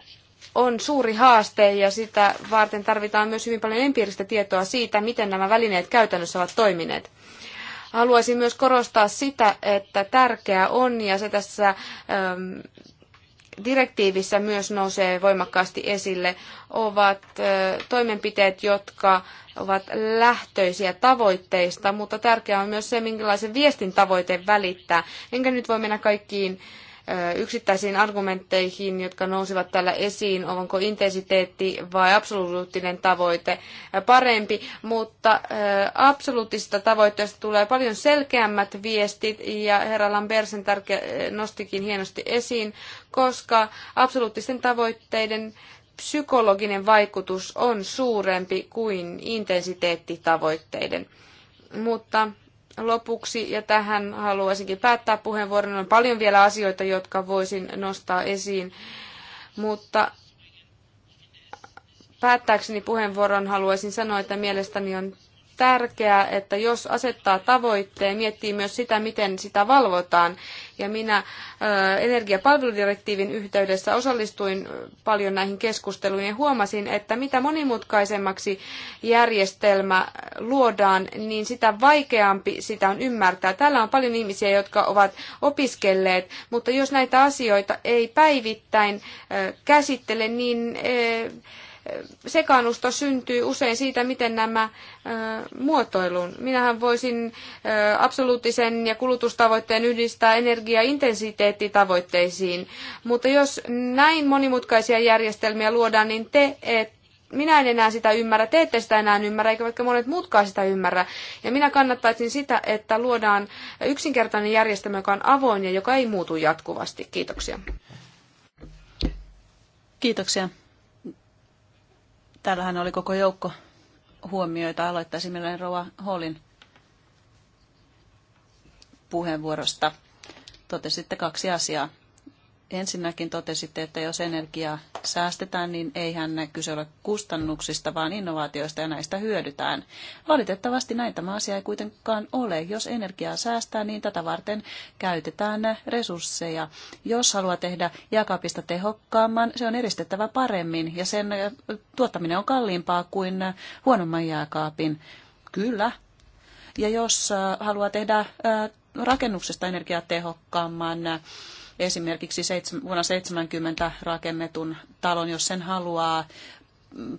on suuri haaste ja sitä varten tarvitaan myös hyvin paljon empiiristä tietoa siitä, miten nämä välineet käytännössä ovat toimineet. Haluaisin myös korostaa sitä, että tärkeää on, ja se tässä ähm, direktiivissä myös nousee voimakkaasti esille, ovat äh, toimenpiteet, jotka ovat lähtöisiä tavoitteista, mutta tärkeää on myös se, minkälaisen viestin tavoite välittää. Enkä nyt voi mennä kaikkiin yksittäisiin argumentteihin, jotka nousivat täällä esiin, onko intensiteetti vai absoluuttinen tavoite parempi, mutta absoluuttisista tavoitteista tulee paljon selkeämmät viestit ja herra Lambersen tärkeä, nostikin hienosti esiin, koska absoluuttisten tavoitteiden psykologinen vaikutus on suurempi kuin intensiteettitavoitteiden. Mutta lopuksi, ja tähän haluaisinkin päättää puheenvuoron, on paljon vielä asioita, jotka voisin nostaa esiin, mutta päättääkseni puheenvuoron haluaisin sanoa, että mielestäni on tärkeää, että jos asettaa tavoitteen, miettii myös sitä, miten sitä valvotaan. Ja minä energiapalveludirektiivin yhteydessä osallistuin paljon näihin keskusteluihin ja huomasin, että mitä monimutkaisemmaksi järjestelmä luodaan, niin sitä vaikeampi sitä on ymmärtää. Täällä on paljon ihmisiä, jotka ovat opiskelleet, mutta jos näitä asioita ei päivittäin käsittele, niin sekaannusta syntyy usein siitä, miten nämä muotoilun. Minähän voisin absoluuttisen ja kulutustavoitteen yhdistää energiaintensiteettitavoitteisiin, mutta jos näin monimutkaisia järjestelmiä luodaan, niin te et minä en enää sitä ymmärrä, te ette sitä enää ymmärrä, eikä vaikka monet muutkaan sitä ymmärrä. Ja minä kannattaisin sitä, että luodaan yksinkertainen järjestelmä, joka on avoin ja joka ei muutu jatkuvasti. Kiitoksia. Kiitoksia. Täällähän oli koko joukko huomioita. Aloittaisin mielelläni Rova Hallin puheenvuorosta. Totesitte kaksi asiaa. Ensinnäkin totesitte, että jos energiaa säästetään, niin eihän kyse ole kustannuksista, vaan innovaatioista ja näistä hyödytään. Valitettavasti näin tämä asia ei kuitenkaan ole. Jos energiaa säästää, niin tätä varten käytetään resursseja. Jos haluaa tehdä jakapista tehokkaamman, se on eristettävä paremmin ja sen eh, tuottaminen on kalliimpaa kuin huonomman jääkaapin. Kyllä. Ja jos eh, haluaa tehdä eh, rakennuksesta energiatehokkaamman, tehokkaamman, esimerkiksi vuonna 70 rakennetun talon, jos sen haluaa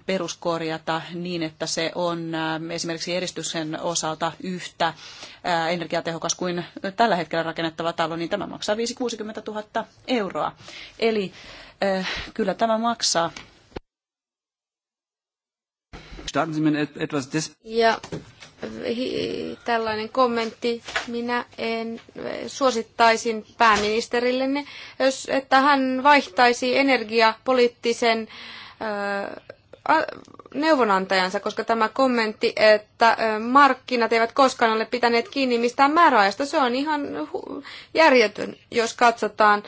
peruskorjata niin, että se on ähm, esimerkiksi eristyksen osalta yhtä äh, energiatehokas kuin tällä hetkellä rakennettava talo, niin tämä maksaa 5-60 000 euroa. Eli äh, kyllä tämä maksaa. Ja tällainen kommentti. Minä en suosittaisin pääministerillenne, jos, että hän vaihtaisi energiapoliittisen neuvonantajansa, koska tämä kommentti, että markkinat eivät koskaan ole pitäneet kiinni mistään määräajasta, se on ihan järjetön, jos katsotaan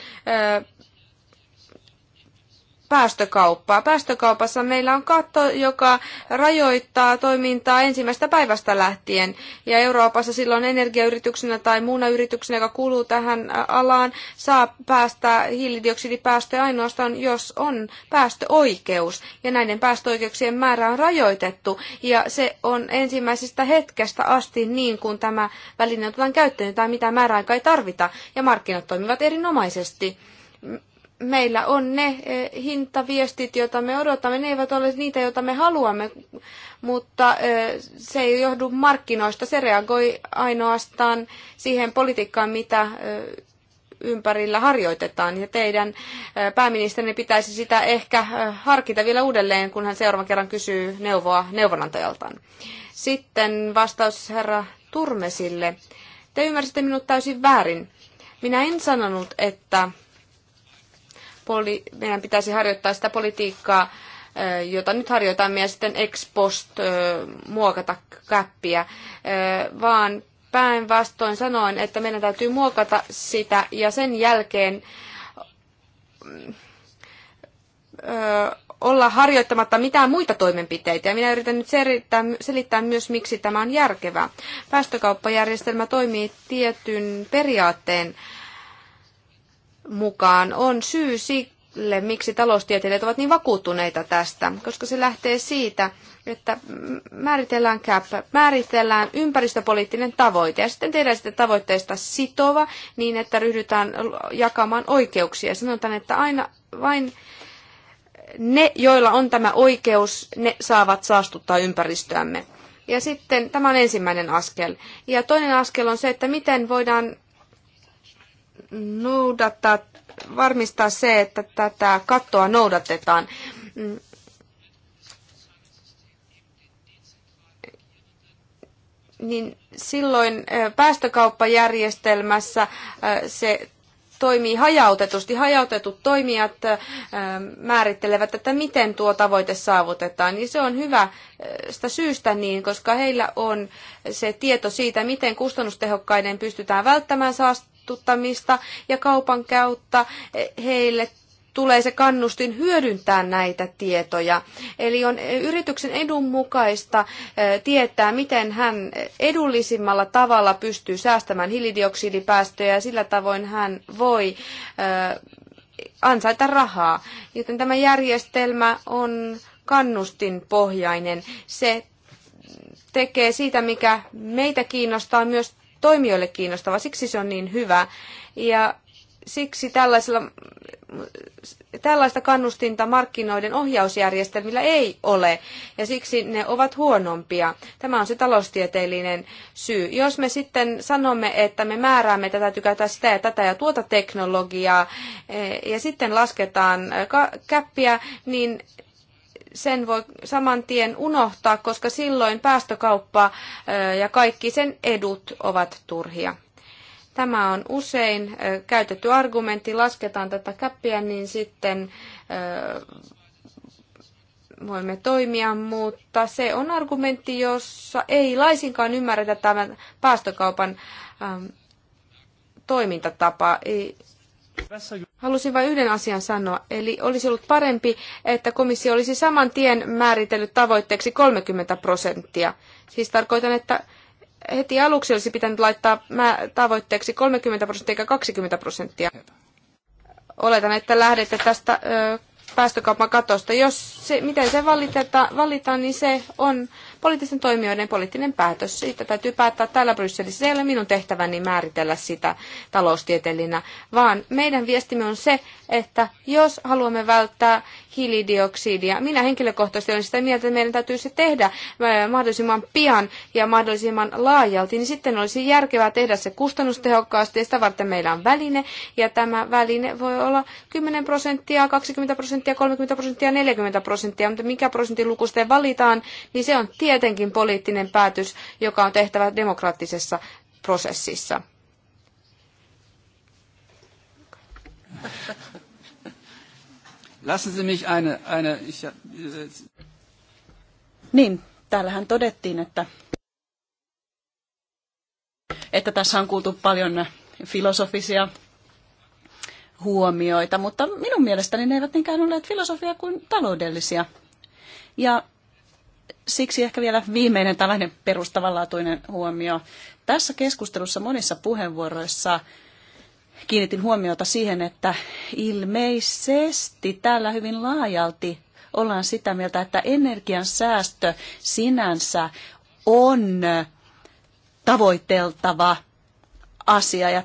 päästökauppaa. Päästökaupassa meillä on katto, joka rajoittaa toimintaa ensimmäistä päivästä lähtien. Ja Euroopassa silloin energiayrityksenä tai muuna yrityksenä, joka kuuluu tähän alaan, saa päästä hiilidioksidipäästöjä ainoastaan, jos on päästöoikeus. Ja näiden päästöoikeuksien määrä on rajoitettu. Ja se on ensimmäisestä hetkestä asti niin kuin tämä väline otetaan käyttöön tai mitä määräaikaa ei tarvita. Ja markkinat toimivat erinomaisesti meillä on ne e, hintaviestit, joita me odotamme. Ne eivät ole niitä, joita me haluamme, mutta e, se ei johdu markkinoista. Se reagoi ainoastaan siihen politiikkaan, mitä e, ympärillä harjoitetaan. Ja teidän pääministerinne pitäisi sitä ehkä harkita vielä uudelleen, kun hän seuraavan kerran kysyy neuvoa neuvonantajaltaan. Sitten vastaus herra Turmesille. Te ymmärsitte minut täysin väärin. Minä en sanonut, että poli- meidän pitäisi harjoittaa sitä politiikkaa, jota nyt harjoitamme ja sitten ex post muokata käppiä, vaan päinvastoin sanoin, että meidän täytyy muokata sitä ja sen jälkeen olla harjoittamatta mitään muita toimenpiteitä. Ja minä yritän nyt selittää, selittää myös, miksi tämä on järkevää. Päästökauppajärjestelmä toimii tietyn periaatteen mukaan on syy sille, miksi taloustieteilijät ovat niin vakuuttuneita tästä, koska se lähtee siitä, että määritellään cap, määritellään ympäristöpoliittinen tavoite ja sitten tehdään sitä tavoitteesta sitova niin, että ryhdytään jakamaan oikeuksia. Sanotaan, että aina vain ne, joilla on tämä oikeus, ne saavat saastuttaa ympäristöämme. Ja sitten tämä on ensimmäinen askel. Ja toinen askel on se, että miten voidaan noudattaa, varmistaa se, että tätä kattoa noudatetaan. Niin silloin päästökauppajärjestelmässä se toimii hajautetusti. Hajautetut toimijat määrittelevät, että miten tuo tavoite saavutetaan. Niin se on hyvä sitä syystä niin, koska heillä on se tieto siitä, miten kustannustehokkaiden pystytään välttämään saast- saastuttamista ja kaupan käyttä heille tulee se kannustin hyödyntää näitä tietoja. Eli on yrityksen edun mukaista eh, tietää, miten hän edullisimmalla tavalla pystyy säästämään hiilidioksidipäästöjä ja sillä tavoin hän voi eh, ansaita rahaa. Joten tämä järjestelmä on kannustinpohjainen. Se tekee siitä, mikä meitä kiinnostaa, myös toimijoille kiinnostava, siksi se on niin hyvä. Ja siksi tällaisella, tällaista kannustinta markkinoiden ohjausjärjestelmillä ei ole, ja siksi ne ovat huonompia. Tämä on se taloustieteellinen syy. Jos me sitten sanomme, että me määräämme tätä, tykätä sitä ja tätä ja tuota teknologiaa, eh, ja sitten lasketaan eh, käppiä, niin sen voi saman tien unohtaa, koska silloin päästökauppa ja kaikki sen edut ovat turhia. Tämä on usein käytetty argumentti, lasketaan tätä käppiä, niin sitten voimme toimia, mutta se on argumentti, jossa ei laisinkaan ymmärretä tämän päästökaupan toimintatapa. Halusin vain yhden asian sanoa, eli olisi ollut parempi, että komissio olisi saman tien määritellyt tavoitteeksi 30 prosenttia. Siis tarkoitan, että heti aluksi olisi pitänyt laittaa tavoitteeksi 30 prosenttia eikä 20 prosenttia. Oletan, että lähdette tästä ö, päästökaupan katosta. Jos se, miten se valiteta, valitaan, niin se on poliittisten toimijoiden poliittinen päätös. Siitä täytyy päättää täällä Brysselissä. Se ei ole minun tehtäväni määritellä sitä taloustieteellinä, vaan meidän viestimme on se, että jos haluamme välttää hiilidioksidia. Minä henkilökohtaisesti olen sitä mieltä, että meidän täytyy se tehdä mahdollisimman pian ja mahdollisimman laajalti, niin sitten olisi järkevää tehdä se kustannustehokkaasti ja sitä varten meillä on väline ja tämä väline voi olla 10 prosenttia, 20 prosenttia, 30 prosenttia, 40 prosenttia, mutta mikä prosenttiluku sitten valitaan, niin se on tietenkin poliittinen päätös, joka on tehtävä demokraattisessa prosessissa. Lassen Sie mich eine, eine ich, äh, Niin, täällähän todettiin, että, että tässä on kuultu paljon filosofisia huomioita, mutta minun mielestäni ne eivät niinkään olleet filosofia kuin taloudellisia. Ja siksi ehkä vielä viimeinen tällainen perustavanlaatuinen huomio. Tässä keskustelussa monissa puheenvuoroissa kiinnitin huomiota siihen, että ilmeisesti täällä hyvin laajalti ollaan sitä mieltä, että energian säästö sinänsä on tavoiteltava asia ja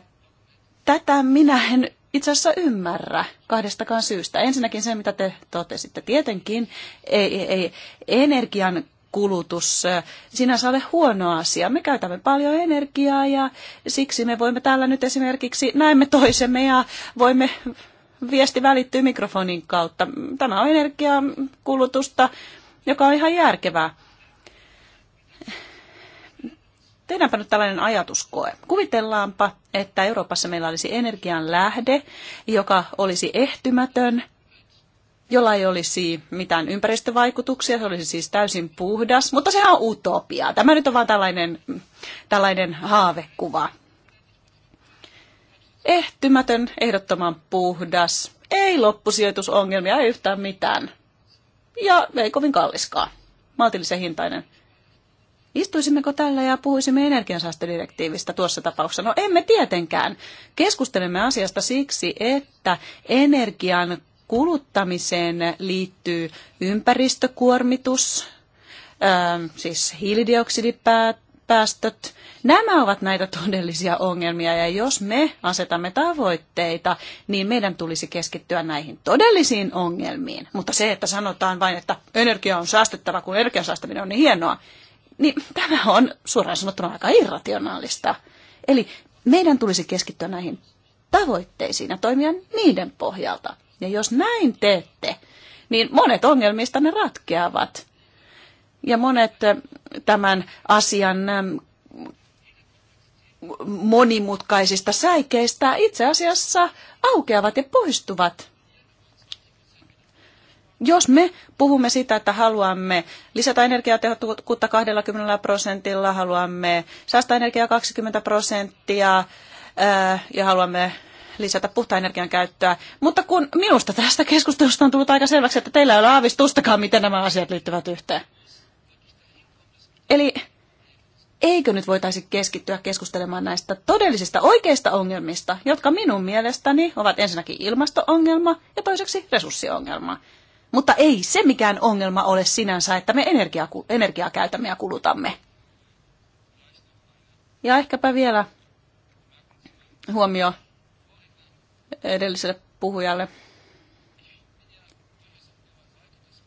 tätä minä en itse asiassa ymmärrä kahdestakaan syystä. Ensinnäkin se, mitä te totesitte. Tietenkin ei, ei, ei, energian kulutus sinänsä ole huono asia. Me käytämme paljon energiaa ja siksi me voimme täällä nyt esimerkiksi näemme toisemme ja voimme viesti välittyy mikrofonin kautta. Tämä on energiakulutusta, joka on ihan järkevää. Tehdäänpä nyt tällainen ajatuskoe. Kuvitellaanpa, että Euroopassa meillä olisi energian lähde, joka olisi ehtymätön – jolla ei olisi mitään ympäristövaikutuksia, se olisi siis täysin puhdas, mutta se on utopia. Tämä nyt on vain tällainen, tällainen haavekuva. Ehtymätön, ehdottoman puhdas, ei loppusijoitusongelmia, ei yhtään mitään. Ja ei kovin kalliskaan, maltillisen hintainen. Istuisimmeko tällä ja puhuisimme energiansäästödirektiivistä tuossa tapauksessa? No emme tietenkään. Keskustelemme asiasta siksi, että energian kuluttamiseen liittyy ympäristökuormitus, siis hiilidioksidipäästöt. Nämä ovat näitä todellisia ongelmia ja jos me asetamme tavoitteita, niin meidän tulisi keskittyä näihin todellisiin ongelmiin. Mutta se, että sanotaan vain, että energia on säästettävä, kun energian säästäminen on niin hienoa, niin tämä on suoraan sanottuna aika irrationaalista. Eli meidän tulisi keskittyä näihin tavoitteisiin ja toimia niiden pohjalta. Ja jos näin teette, niin monet ongelmista ne ratkeavat. Ja monet eh, tämän asian eh, monimutkaisista säikeistä itse asiassa aukeavat ja poistuvat. Jos me puhumme sitä, että haluamme lisätä energiatehokkuutta 20 prosentilla, haluamme säästää energiaa 20 prosenttia eh, ja haluamme lisätä puhtaan energian käyttöä. Mutta kun minusta tästä keskustelusta on tullut aika selväksi, että teillä ei ole aavistustakaan, miten nämä asiat liittyvät yhteen. Eli eikö nyt voitaisi keskittyä keskustelemaan näistä todellisista oikeista ongelmista, jotka minun mielestäni ovat ensinnäkin ilmastoongelma ja toiseksi resurssiongelma. Mutta ei se mikään ongelma ole sinänsä, että me energiaa, energiaa käytämme ja kulutamme. Ja ehkäpä vielä huomio edelliselle puhujalle.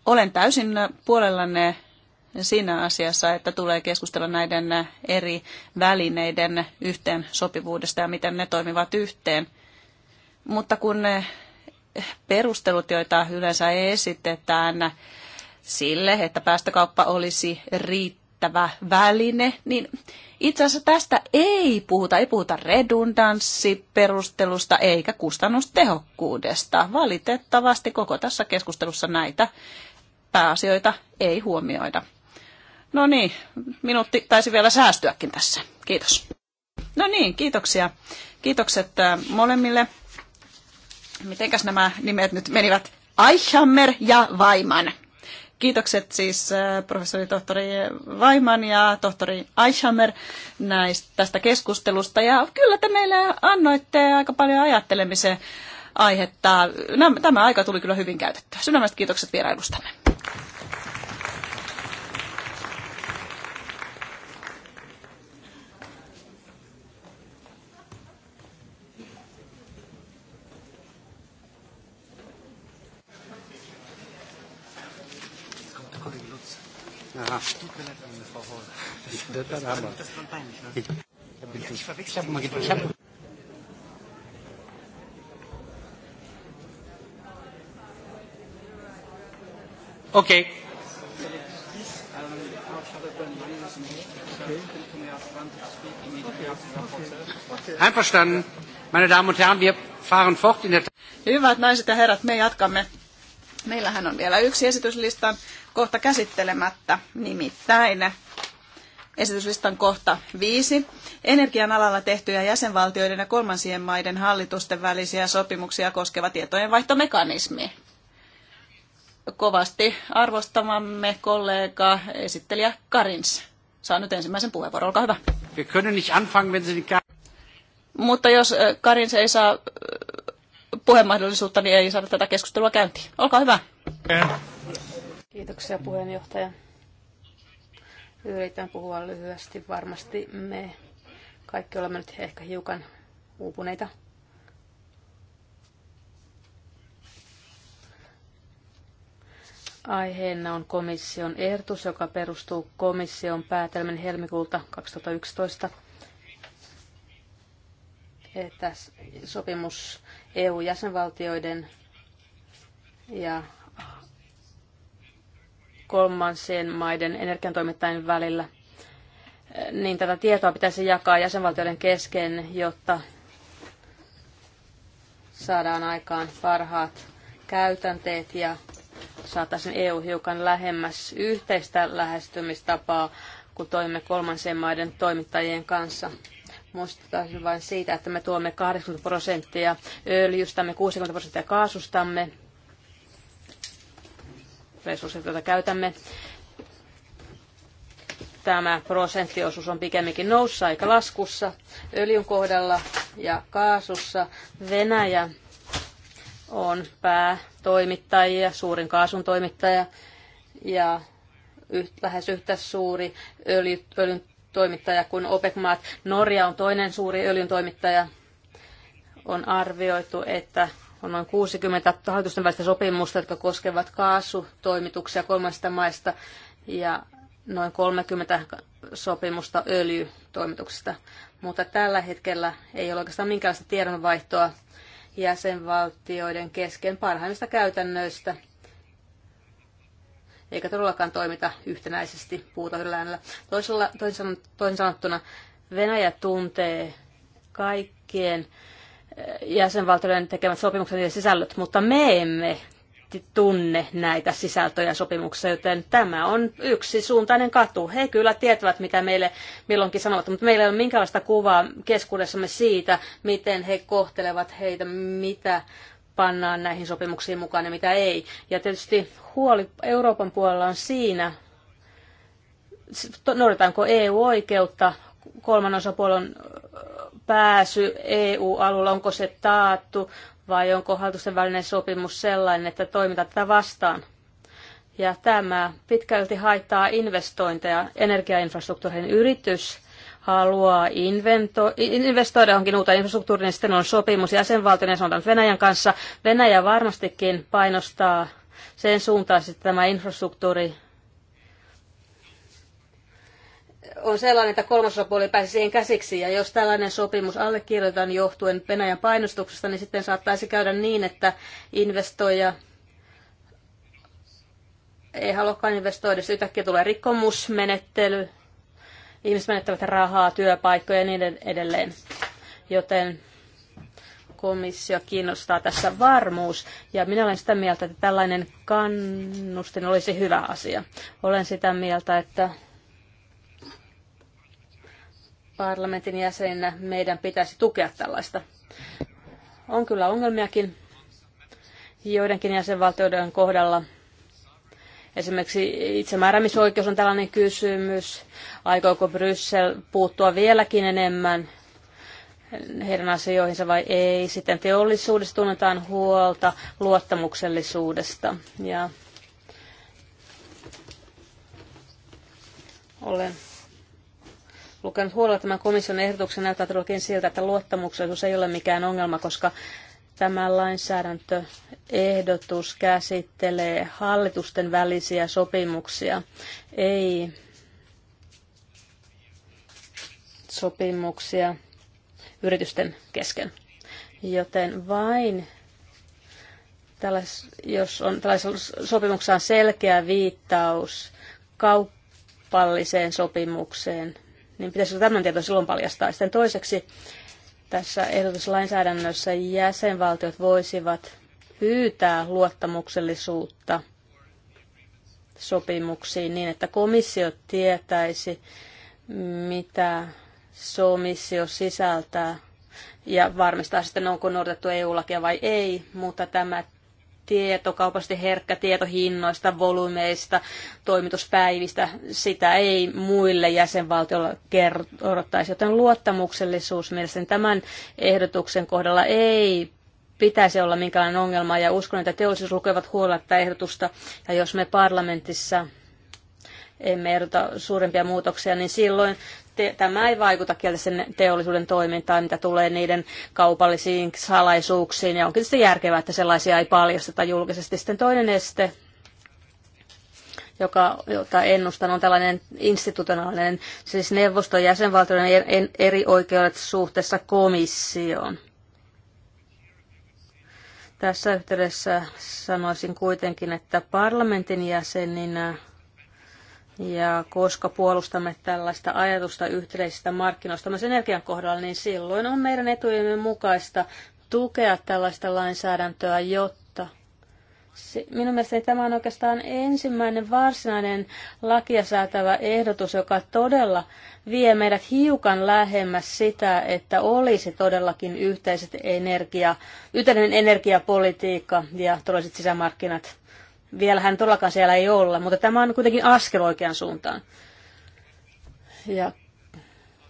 Olen täysin puolellanne siinä asiassa, että tulee keskustella näiden eri välineiden yhteen sopivuudesta ja miten ne toimivat yhteen. Mutta kun ne perustelut, joita yleensä esitetään sille, että päästökauppa olisi riittävä, riittävä väline, niin itse asiassa tästä ei puhuta, ei puhuta redundanssiperustelusta eikä kustannustehokkuudesta. Valitettavasti koko tässä keskustelussa näitä pääasioita ei huomioida. No niin, minuutti taisi vielä säästyäkin tässä. Kiitos. No niin, kiitoksia. Kiitokset äh, molemmille. Mitenkäs nämä nimet nyt menivät? Aichammer ja Vaiman. Kiitokset siis äh, professori tohtori Vaiman ja tohtori Aishammer näistä, tästä keskustelusta. Ja kyllä te meille annoitte aika paljon ajattelemisen aihetta. Tämä aika tuli kyllä hyvin käytettyä. Sydämestä kiitokset vierailustanne. Okay. Einverstanden. Meine Damen und Herren, wir fahren fort in der... Hyvät naiset ja herrat, me jatkamme. Meillähän on vielä yksi esityslistan kohta käsittelemättä, nimittäin esityslistan kohta 5. Energian alalla tehtyjä jäsenvaltioiden ja kolmansien maiden hallitusten välisiä sopimuksia koskeva tietojenvaihtomekanismi. Kovasti arvostamamme kollega esittelijä Karins saa nyt ensimmäisen puheenvuoron. Olkaa hyvä. Mutta jos äh, Karins ei saa äh, puhemahdollisuutta, niin ei saada tätä keskustelua käyntiin. Olkaa hyvä. Äh, Kiitoksia puheenjohtaja. Yritän puhua lyhyesti. Varmasti me kaikki olemme nyt ehkä hiukan uupuneita. Aiheena on komission ehdotus, joka perustuu komission päätelmän helmikuulta 2011 että sopimus EU-jäsenvaltioiden ja kolmansien maiden energiantoimittajien välillä, niin tätä tietoa pitäisi jakaa jäsenvaltioiden kesken, jotta saadaan aikaan parhaat käytänteet ja saataisiin EU hiukan lähemmäs yhteistä lähestymistapaa, kun toimme kolmansien maiden toimittajien kanssa. Muistuttaisin vain siitä, että me tuomme 80 prosenttia öljystämme, 60 prosenttia kaasustamme resurssit, joita käytämme. Tämä prosenttiosuus on pikemminkin noussa aika laskussa öljyn kohdalla ja kaasussa. Venäjä on päätoimittajia, suurin kaasun toimittaja ja yht, lähes yhtä suuri öljy, öljyn toimittaja kuin OPEC-maat. Norja on toinen suuri öljyn toimittaja. On arvioitu, että on noin 60 hallitusten välistä sopimusta, jotka koskevat kaasutoimituksia kolmansista maista ja noin 30 sopimusta öljytoimituksista. Mutta tällä hetkellä ei ole oikeastaan minkäänlaista tiedonvaihtoa jäsenvaltioiden kesken parhaimmista käytännöistä, eikä todellakaan toimita yhtenäisesti puutahyläänellä. Toisella, toisin sanottuna Venäjä tuntee kaikkien jäsenvaltioiden tekemät sopimukset ja sisällöt, mutta me emme tunne näitä sisältöjä sopimuksessa, joten tämä on yksi suuntainen katu. He kyllä tietävät, mitä meille milloinkin sanovat, mutta meillä ei ole minkäänlaista kuvaa keskuudessamme siitä, miten he kohtelevat heitä, mitä pannaan näihin sopimuksiin mukaan ja mitä ei. Ja tietysti huoli Euroopan puolella on siinä, noudataanko EU-oikeutta kolmannen osapuolen pääsy EU-alueella, onko se taattu vai onko hallitusten välinen sopimus sellainen, että toimitaan tätä vastaan. Ja tämä pitkälti haittaa investointeja energiainfrastruktuurin yritys haluaa invento, investoida johonkin uuteen infrastruktuuriin, niin sitten on sopimus jäsenvaltion ja sanotaan Venäjän kanssa. Venäjä varmastikin painostaa sen suuntaan, että tämä infrastruktuuri on sellainen, että kolmasosapuoli pääsisi siihen käsiksi, ja jos tällainen sopimus allekirjoitetaan johtuen Venäjän painostuksesta, niin sitten saattaisi käydä niin, että investoija ei haluakaan investoida, sitten yhtäkkiä tulee rikkomusmenettely, ihmiset menettävät rahaa, työpaikkoja ja niin edelleen. Joten komissio kiinnostaa tässä varmuus. Ja minä olen sitä mieltä, että tällainen kannustin olisi hyvä asia. Olen sitä mieltä, että parlamentin jäseninä meidän pitäisi tukea tällaista. On kyllä ongelmiakin joidenkin jäsenvaltioiden kohdalla. Esimerkiksi itsemääräämisoikeus on tällainen kysymys. Aikooko Bryssel puuttua vieläkin enemmän heidän asioihinsa vai ei. Sitten teollisuudesta tunnetaan huolta luottamuksellisuudesta. Ja olen lukenut huolella tämän komission ehdotuksen, näyttää todellakin siltä, että luottamuksellisuus ei ole mikään ongelma, koska tämä lainsäädäntöehdotus käsittelee hallitusten välisiä sopimuksia, ei sopimuksia yritysten kesken. Joten vain tällais, jos on tällaisessa sopimuksessa selkeä viittaus kauppalliseen sopimukseen, niin pitäisikö tämän tieto silloin paljastaa? Sitten toiseksi tässä ehdotuslainsäädännössä jäsenvaltiot voisivat pyytää luottamuksellisuutta sopimuksiin niin, että komissio tietäisi, mitä somissio sisältää ja varmistaa sitten, onko noudatettu EU-lakia vai ei, mutta tämä tietokaupasti herkkä tieto hinnoista, volyymeista, toimituspäivistä, sitä ei muille jäsenvaltioille kerrottaisi, joten luottamuksellisuus mielestäni tämän ehdotuksen kohdalla ei pitäisi olla minkälainen ongelma, ja uskon, että teollisuus lukevat huolella ehdotusta, ja jos me parlamentissa emme ehdota suurempia muutoksia, niin silloin te, tämä ei vaikuta kielteisen teollisuuden toimintaan, mitä tulee niiden kaupallisiin salaisuuksiin, ja onkin sitten järkevää, että sellaisia ei paljasteta julkisesti. Sitten toinen este, joka, jota ennustan, on tällainen institutionaalinen, siis neuvoston jäsenvaltioiden eri oikeudet suhteessa komissioon. Tässä yhteydessä sanoisin kuitenkin, että parlamentin jäseninä ja koska puolustamme tällaista ajatusta yhteisistä markkinoista myös energian kohdalla, niin silloin on meidän etujemme mukaista tukea tällaista lainsäädäntöä, jotta Minun mielestäni tämä on oikeastaan ensimmäinen varsinainen lakia säätävä ehdotus, joka todella vie meidät hiukan lähemmäs sitä, että olisi todellakin yhteiset energia, yhteinen energiapolitiikka ja todelliset sisämarkkinat vielä hän todellakaan siellä ei olla, mutta tämä on kuitenkin askel oikeaan suuntaan. Ja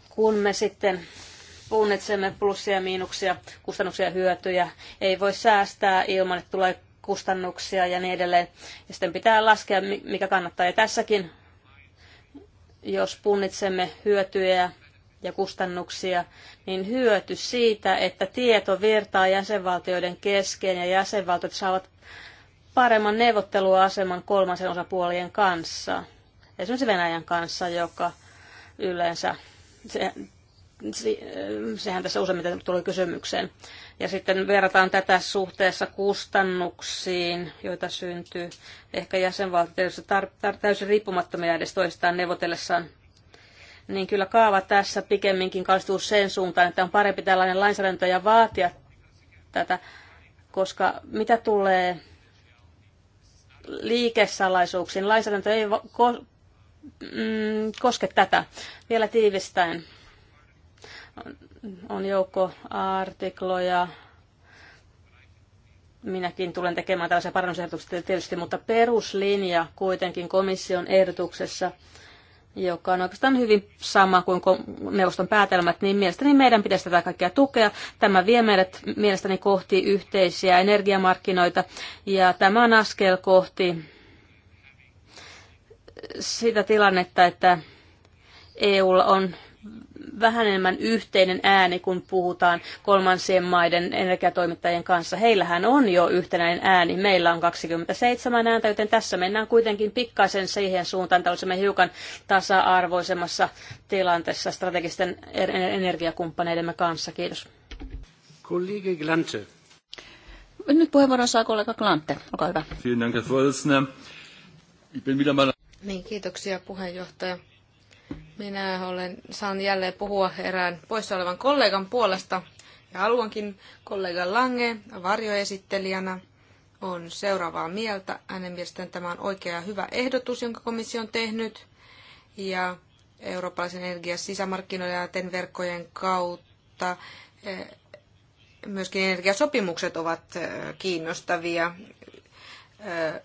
kun me sitten punnitsemme plussia ja miinuksia, kustannuksia ja hyötyjä, ei voi säästää ilman, että tulee kustannuksia ja niin edelleen. Ja sitten pitää laskea, mikä kannattaa. Ja tässäkin, jos punnitsemme hyötyjä ja kustannuksia, niin hyöty siitä, että tieto virtaa jäsenvaltioiden kesken ja jäsenvaltiot saavat paremman neuvotteluaseman kolmasen osapuolien kanssa, esimerkiksi Venäjän kanssa, joka yleensä, se, se, sehän tässä useimmiten tuli kysymykseen. Ja sitten verrataan tätä suhteessa kustannuksiin, joita syntyy ehkä jäsenvaltioissa tar- tar- täysin riippumattomia edes toistaan neuvotellessaan niin kyllä kaava tässä pikemminkin kallistuu sen suuntaan, että on parempi tällainen lainsäädäntö ja vaatia tätä, koska mitä tulee liikesalaisuuksiin. Lainsäädäntö ei ko- mm, koske tätä. Vielä tiivistäen on joukko artikloja. Minäkin tulen tekemään tällaisia parannusehdotuksia tietysti, mutta peruslinja kuitenkin komission ehdotuksessa – joka on oikeastaan hyvin sama kuin neuvoston päätelmät, niin mielestäni meidän pitäisi tätä kaikkea tukea. Tämä vie meidät mielestäni kohti yhteisiä energiamarkkinoita ja tämä on askel kohti sitä tilannetta, että EUlla on vähän enemmän yhteinen ääni, kun puhutaan kolmansien maiden energiatoimittajien kanssa. Heillähän on jo yhtenäinen ääni, meillä on 27 ääntä, joten tässä mennään kuitenkin pikkaisen siihen suuntaan, että olisimme hiukan tasa-arvoisemmassa tilanteessa strategisten er- er- energiakumppaneidemme kanssa. Kiitos. Kollege Glante. Nyt puheenvuoron saa kollega Glante. Olkaa hyvä. Niin, kiitoksia puheenjohtaja. Minä olen, saan jälleen puhua erään poissa olevan kollegan puolesta. Ja haluankin kollega Lange varjoesittelijänä on seuraavaa mieltä. Hänen mielestään tämä on oikea ja hyvä ehdotus, jonka komissio on tehnyt. Ja eurooppalaisen energian sisämarkkinoiden ja ten verkkojen kautta eh, myöskin energiasopimukset ovat eh, kiinnostavia. Eh,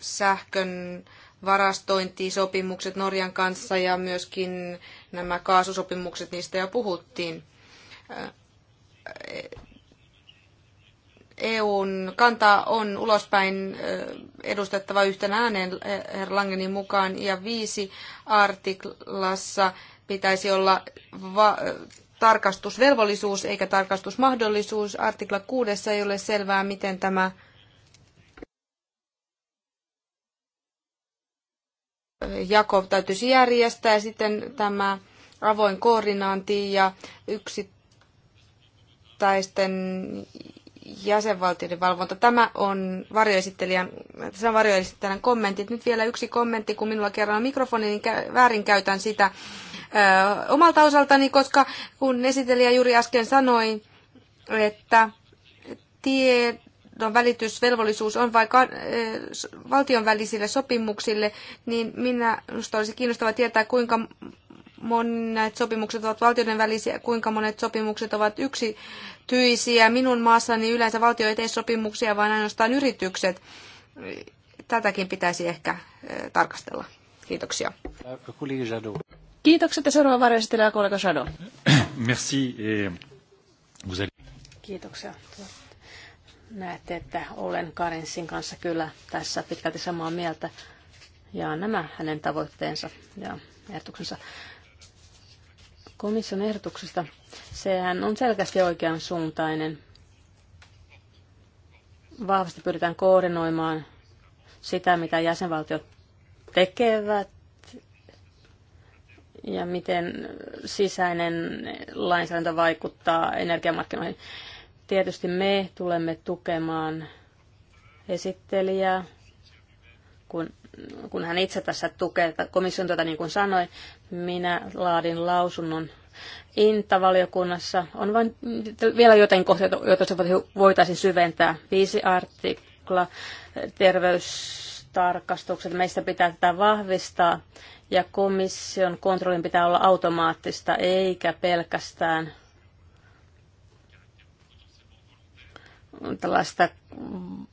sähkön varastointisopimukset Norjan kanssa ja myöskin nämä kaasusopimukset, niistä jo puhuttiin. E-, e EUn kanta on ulospäin edustettava yhtenä ääneen Langenin mukaan ja viisi artiklassa pitäisi olla tarkastusvelvollisuus eikä tarkastusmahdollisuus. Artikla kuudessa ei ole selvää, miten tämä jako täytyisi järjestää ja sitten tämä avoin koordinaanti ja yksittäisten jäsenvaltioiden valvonta. Tämä on varjoesittelijän, tässä varjoesittelijän kommentti. Nyt vielä yksi kommentti, kun minulla kerran on mikrofoni, niin käytän sitä ö, omalta osaltani, koska kun esittelijä juuri äsken sanoi, että tie, välitysvelvollisuus on vain eh, valtion välisille sopimuksille, niin minusta olisi kiinnostavaa tietää, kuinka monet sopimukset ovat valtioiden välisiä, kuinka monet sopimukset ovat yksityisiä. Minun maassani yleensä valtio ei tee sopimuksia, vaan ainoastaan yritykset. Tätäkin pitäisi ehkä eh, tarkastella. Kiitoksia. Kiitokset ja seuraava kollega Shadow. Merci. Eh, Kiitoksia Näette, että olen Karensin kanssa kyllä tässä pitkälti samaa mieltä. Ja nämä hänen tavoitteensa ja ehdotuksensa komission ehdotuksesta. Sehän on selkeästi oikean suuntainen. Vahvasti pyritään koordinoimaan sitä, mitä jäsenvaltiot tekevät ja miten sisäinen lainsäädäntö vaikuttaa energiamarkkinoihin. Tietysti me tulemme tukemaan esittelijää, kun, kun hän itse tässä tukee komission tätä niin kuin sanoi, minä laadin lausunnon Inta-valiokunnassa. On vain vielä jotain kohtia, joita se voitaisiin syventää. Viisi artikla, terveystarkastukset, meistä pitää tätä vahvistaa ja komission kontrollin pitää olla automaattista eikä pelkästään tällaista mm,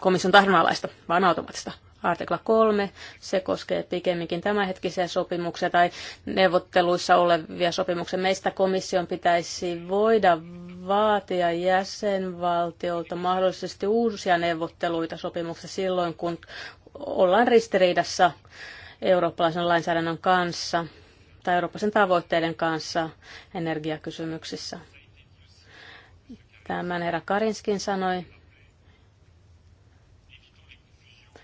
komission tahdonalaista, vaan automaattista. Artikla 3, se koskee pikemminkin tämänhetkisiä sopimuksia tai neuvotteluissa olevia sopimuksia. Meistä komission pitäisi voida vaatia jäsenvaltiolta mahdollisesti uusia neuvotteluita sopimuksessa silloin, kun ollaan ristiriidassa eurooppalaisen lainsäädännön kanssa tai eurooppalaisen tavoitteiden kanssa energiakysymyksissä. Tämän herra Karinskin sanoi.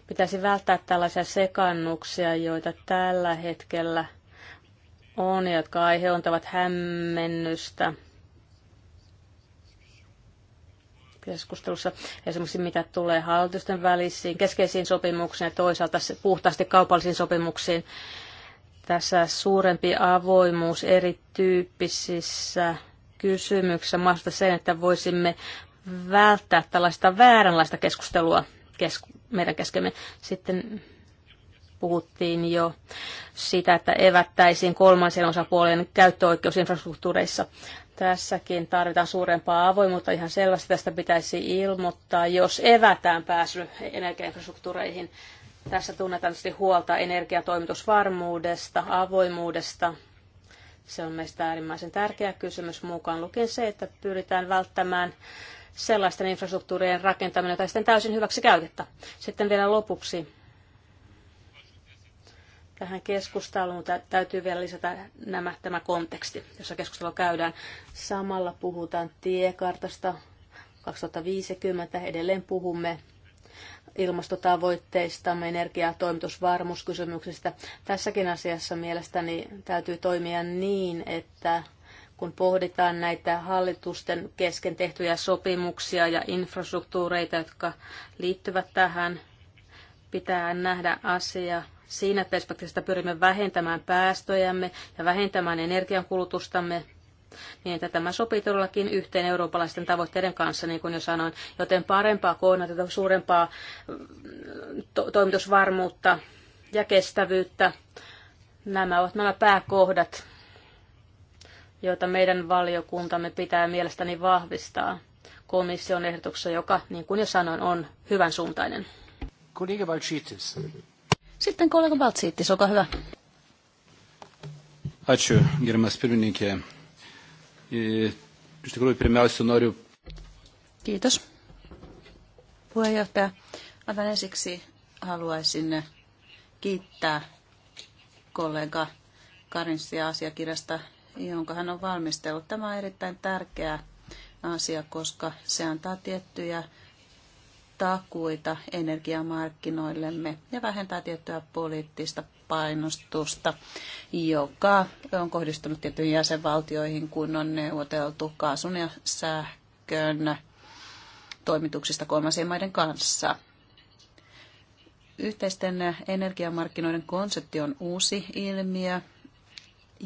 Pitäisi välttää tällaisia sekannuksia, joita tällä hetkellä on, jotka aiheuttavat hämmennystä keskustelussa esimerkiksi mitä tulee hallitusten välisiin keskeisiin sopimuksiin ja toisaalta puhtaasti kaupallisiin sopimuksiin. Tässä suurempi avoimuus erityyppisissä kysymyksessä mahdollista sen, että voisimme välttää tällaista vääränlaista keskustelua kesku- meidän keskemme. Sitten puhuttiin jo sitä, että evättäisiin kolmansien osapuolen käyttöoikeus infrastruktuureissa. Tässäkin tarvitaan suurempaa avoimuutta. Ihan selvästi tästä pitäisi ilmoittaa, jos evätään pääsy energiainfrastruktuureihin. Tässä tunnetaan huolta energiatoimitusvarmuudesta, avoimuudesta, se on meistä äärimmäisen tärkeä kysymys mukaan lukien se, että pyritään välttämään sellaisten infrastruktuurien rakentaminen, tai sitten täysin hyväksi käytettä. Sitten vielä lopuksi tähän keskusteluun täytyy vielä lisätä nämä, tämä konteksti, jossa keskustelua käydään. Samalla puhutaan tiekartasta 2050, edelleen puhumme ilmastotavoitteistamme, energia- ja toimitusvarmuuskysymyksistä. Tässäkin asiassa mielestäni täytyy toimia niin, että kun pohditaan näitä hallitusten kesken tehtyjä sopimuksia ja infrastruktuureita, jotka liittyvät tähän, pitää nähdä asia siinä perspektiivistä pyrimme vähentämään päästöjämme ja vähentämään energiankulutustamme niin että tämä sopii todellakin yhteen eurooppalaisten tavoitteiden kanssa, niin kuin jo sanoin, joten parempaa koordinaatiota, suurempaa mm, to- toimitusvarmuutta ja kestävyyttä. Nämä ovat nämä pääkohdat, joita meidän valiokuntamme pitää mielestäni vahvistaa komission ehdotuksessa, joka, niin kuin jo sanoin, on hyvän suuntainen. Sitten kollega Valtsiittis, olkaa hyvä. Ačiū, gerbiamas pirmininkė. Iš pirmiausia, noriu. Kiitos. Puheenjohtaja, aivan ensiksi haluaisin kiittää kollega Karinsia asiakirjasta, jonka hän on valmistellut. Tämä on erittäin tärkeä asia, koska se antaa tiettyjä takuita energiamarkkinoillemme ja vähentää tiettyä poliittista painostusta, joka on kohdistunut tiettyihin jäsenvaltioihin, kun on neuvoteltu kaasun ja sähkön toimituksista kolmansien maiden kanssa. Yhteisten energiamarkkinoiden konsepti on uusi ilmiö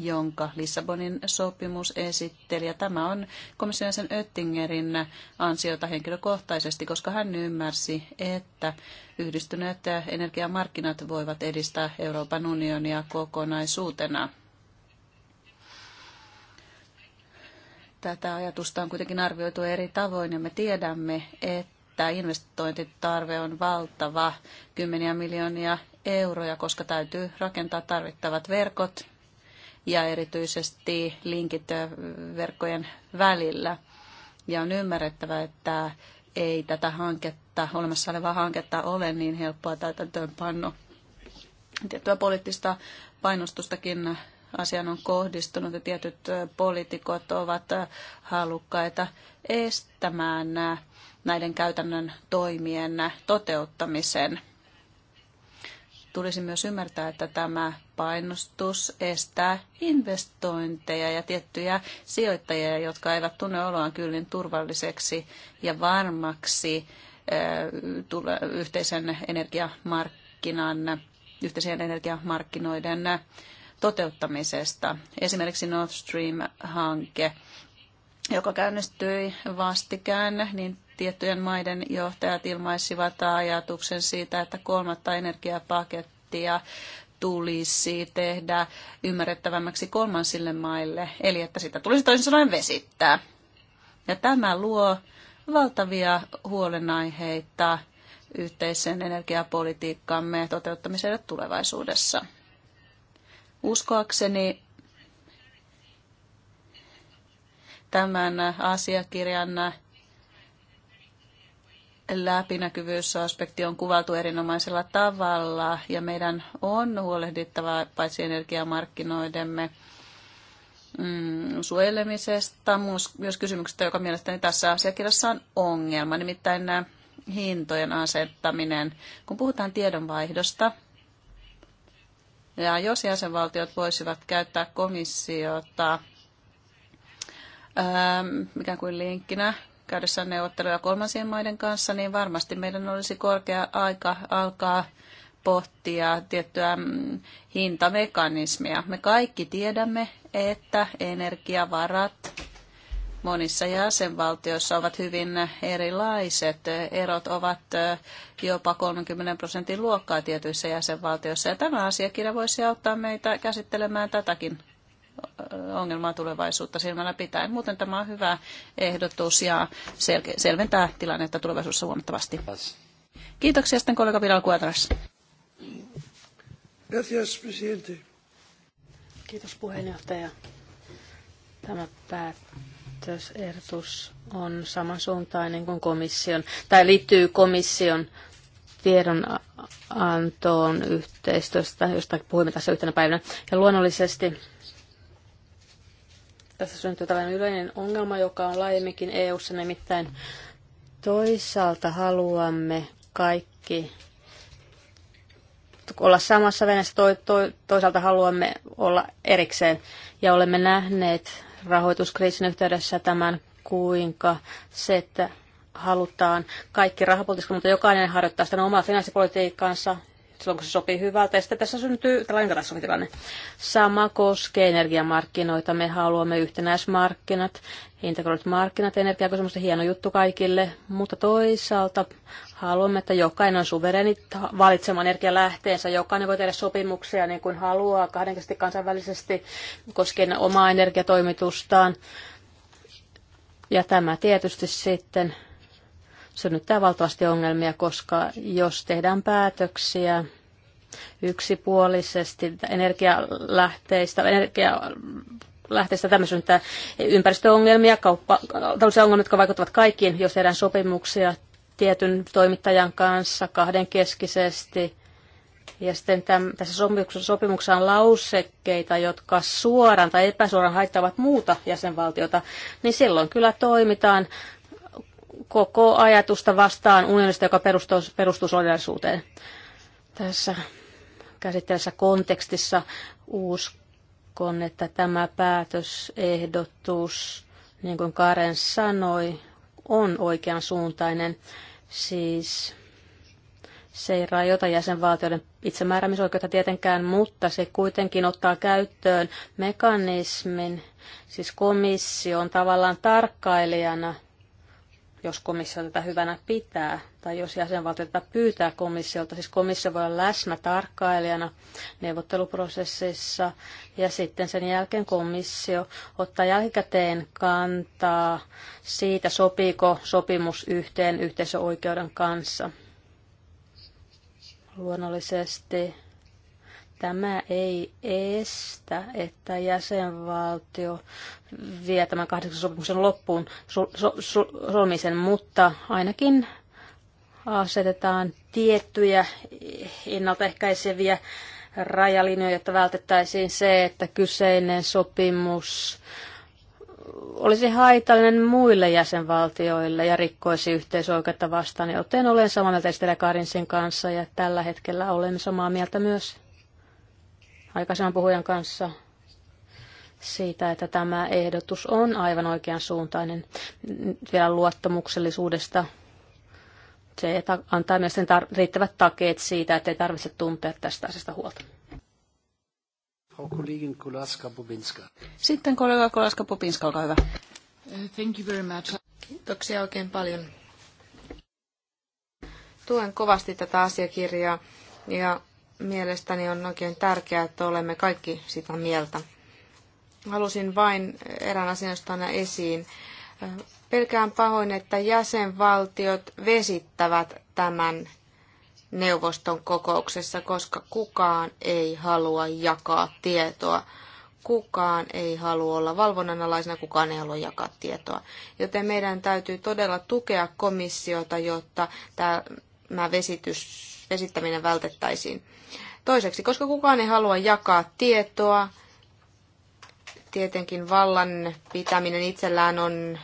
jonka Lissabonin sopimus esitteli. Ja tämä on komission sen Öttingerin ansiota henkilökohtaisesti, koska hän ymmärsi, että yhdistyneet energiamarkkinat voivat edistää Euroopan unionia kokonaisuutena. Tätä ajatusta on kuitenkin arvioitu eri tavoin ja me tiedämme, että investointitarve on valtava, kymmeniä miljoonia euroja, koska täytyy rakentaa tarvittavat verkot ja erityisesti linkit verkkojen välillä. Ja on ymmärrettävä, että ei tätä hanketta, olemassa olevaa hanketta ole niin helppoa täytäntöönpanno. Tiettyä poliittista painostustakin asian on kohdistunut ja tietyt poliitikot ovat halukkaita estämään näiden käytännön toimien toteuttamisen tulisi myös ymmärtää, että tämä painostus estää investointeja ja tiettyjä sijoittajia, jotka eivät tunne oloaan kyllin turvalliseksi ja varmaksi yhteisen energiamarkkinan, yhteisen energiamarkkinoiden toteuttamisesta. Esimerkiksi Nord Stream-hanke, joka käynnistyi vastikään, niin tiettyjen maiden johtajat ilmaisivat ajatuksen siitä, että kolmatta energiapakettia tulisi tehdä ymmärrettävämmäksi kolmansille maille, eli että sitä tulisi toisin sanoen vesittää. Ja tämä luo valtavia huolenaiheita yhteisen energiapolitiikkamme toteuttamiselle tulevaisuudessa. Uskoakseni tämän asiakirjan läpinäkyvyysaspekti on kuvaltu erinomaisella tavalla ja meidän on huolehdittava paitsi energiamarkkinoidemme mm, suojelemisesta, myös kysymyksestä, joka mielestäni tässä asiakirjassa on ongelma, nimittäin nämä hintojen asettaminen. Kun puhutaan tiedonvaihdosta, ja jos jäsenvaltiot voisivat käyttää komissiota mikä kuin linkkinä käydessään neuvotteluja kolmansien maiden kanssa, niin varmasti meidän olisi korkea aika alkaa pohtia tiettyä mm, hintamekanismia. Me kaikki tiedämme, että energiavarat monissa jäsenvaltioissa ovat hyvin erilaiset. Erot ovat jopa 30 prosentin luokkaa tietyissä jäsenvaltioissa. Ja tämä asiakirja voisi auttaa meitä käsittelemään tätäkin ongelmaa tulevaisuutta silmällä pitäen. Muuten tämä on hyvä ehdotus ja sel- selventää tilannetta tulevaisuudessa huomattavasti. Kiitoksia sitten kollega Vidal Kuotras. Kiitos puheenjohtaja. Tämä päätösehdotus on samansuuntainen kuin komission, tai liittyy komission tiedonantoon yhteistyöstä, josta puhuimme tässä yhtenä päivänä. Ja luonnollisesti tässä syntyy tällainen yleinen ongelma, joka on laajemminkin EU-ssa, nimittäin toisaalta haluamme kaikki olla samassa veneessä, to, to, toisaalta haluamme olla erikseen. Ja olemme nähneet rahoituskriisin yhteydessä tämän, kuinka se, että halutaan kaikki rahapolitiikka, mutta jokainen harjoittaa sitä omaa finanssipolitiikkaansa silloin kun se sopii hyvältä. Ja sitten tässä syntyy tällainen katastrofitilanne. Sama koskee energiamarkkinoita. Me haluamme yhtenäismarkkinat, integroidut markkinat. Energiako on semmoista hieno juttu kaikille, mutta toisaalta haluamme, että jokainen on suvereni valitsemaan energialähteensä. Jokainen voi tehdä sopimuksia niin kuin haluaa, kahdenkesti kansainvälisesti koskien omaa energiatoimitustaan. Ja tämä tietysti sitten synnyttää valtavasti ongelmia, koska jos tehdään päätöksiä yksipuolisesti energialähteistä, energialähteistä tämmöisiä ympäristöongelmia, kauppa, ongelmia, jotka vaikuttavat kaikkiin, jos tehdään sopimuksia tietyn toimittajan kanssa kahdenkeskisesti – ja sitten täm, tässä sopimuksessa on lausekkeita, jotka suoraan tai epäsuoraan haittavat muuta jäsenvaltiota, niin silloin kyllä toimitaan koko ajatusta vastaan unionista, joka perustuu, perustuu solidaarisuuteen. Tässä käsittelyssä kontekstissa uskon, että tämä päätösehdotus, niin kuin Karen sanoi, on oikeansuuntainen. Siis se ei rajoita jäsenvaltioiden itsemääräämisoikeutta tietenkään, mutta se kuitenkin ottaa käyttöön mekanismin, siis komissio on tavallaan tarkkailijana – jos komissio tätä hyvänä pitää, tai jos jäsenvaltio tätä pyytää komissiolta, siis komissio voi olla läsnä tarkkailijana neuvotteluprosessissa, ja sitten sen jälkeen komissio ottaa jälkikäteen kantaa siitä, sopiiko sopimus yhteen yhteisöoikeuden kanssa. Luonnollisesti Tämä ei estä, että jäsenvaltio vie tämän kahdeksan sopimuksen loppuun solmisen, mutta ainakin asetetaan tiettyjä ennaltaehkäiseviä rajalinjoja, jotta vältettäisiin se, että kyseinen sopimus olisi haitallinen muille jäsenvaltioille ja rikkoisi yhteisoikeutta vastaan, joten olen samaa mieltä Estelä Karinsin kanssa ja tällä hetkellä olen samaa mieltä myös aikaisemman puhujan kanssa siitä, että tämä ehdotus on aivan oikean suuntainen vielä luottamuksellisuudesta. Se antaa sen tar- riittävät takeet siitä, että ei tarvitse tuntea tästä asiasta huolta. Sitten kollega Kolaska Popinska, olkaa hyvä. Thank you very much. Kiitoksia oikein paljon. Tuen kovasti tätä asiakirjaa ja mielestäni on oikein tärkeää, että olemme kaikki sitä mieltä. Halusin vain erään asian nostaa esiin. Pelkään pahoin, että jäsenvaltiot vesittävät tämän neuvoston kokouksessa, koska kukaan ei halua jakaa tietoa. Kukaan ei halua olla valvonnan alaisena, kukaan ei halua jakaa tietoa. Joten meidän täytyy todella tukea komissiota, jotta tämä vesitys esittäminen vältettäisiin. Toiseksi, koska kukaan ei halua jakaa tietoa, tietenkin vallan pitäminen itsellään on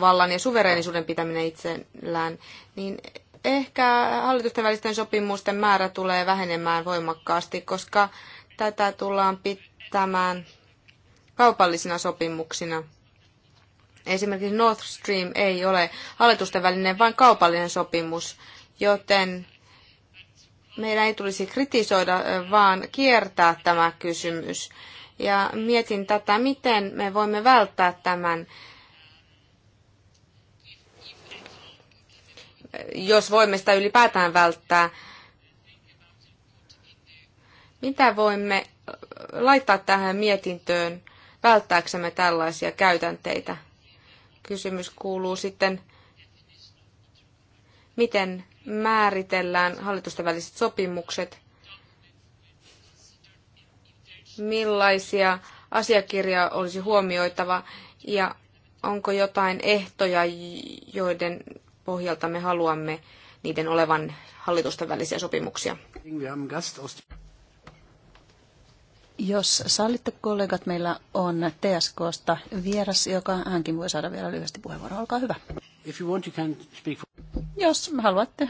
vallan ja suvereenisuuden pitäminen itsellään, niin ehkä hallitusten välisten sopimusten määrä tulee vähenemään voimakkaasti, koska tätä tullaan pitämään kaupallisina sopimuksina. Esimerkiksi Nord Stream ei ole hallitusten välinen, vaan kaupallinen sopimus, joten meidän ei tulisi kritisoida, vaan kiertää tämä kysymys. Ja mietin tätä, miten me voimme välttää tämän jos voimme sitä ylipäätään välttää, mitä voimme laittaa tähän mietintöön välttääksemme tällaisia käytänteitä? Kysymys kuuluu sitten, miten määritellään hallitusten väliset sopimukset, millaisia asiakirjaa olisi huomioitava ja onko jotain ehtoja, joiden pohjalta me haluamme niiden olevan hallitusten välisiä sopimuksia. Jos sallitte kollegat, meillä on TSKsta vieras, joka hänkin voi saada vielä lyhyesti puheenvuoron. Olkaa hyvä. If you want, you can speak jos haluatte,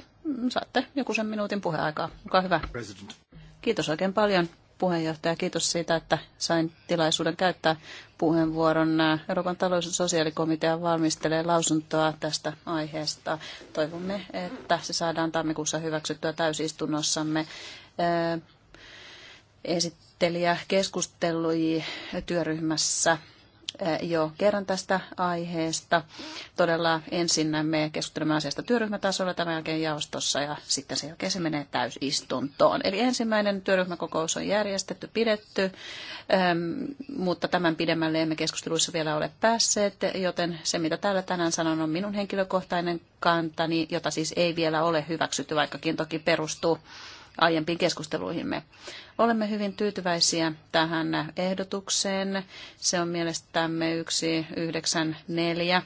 saatte joku sen minuutin puheaikaa. Olkaa hyvä. President. Kiitos oikein paljon puheenjohtaja. Kiitos siitä, että sain tilaisuuden käyttää puheenvuoron. Euroopan talous- ja sosiaalikomitea valmistelee lausuntoa tästä aiheesta. Toivomme, että se saadaan tammikuussa hyväksyttyä täysistunnossamme. Esittelijä keskustelui työryhmässä Eh, jo kerran tästä aiheesta. Todella ensin me keskustelemme asiasta työryhmätasolla, tämän jälkeen jaostossa ja sitten sen jälkeen se menee täysistuntoon. Eli ensimmäinen työryhmäkokous on järjestetty, pidetty, ehm, mutta tämän pidemmälle emme keskusteluissa vielä ole päässeet, joten se mitä täällä tänään sanon on minun henkilökohtainen kantani, jota siis ei vielä ole hyväksytty, vaikkakin toki perustuu aiempiin keskusteluihimme. Olemme hyvin tyytyväisiä tähän ehdotukseen. Se on mielestämme yksi neljä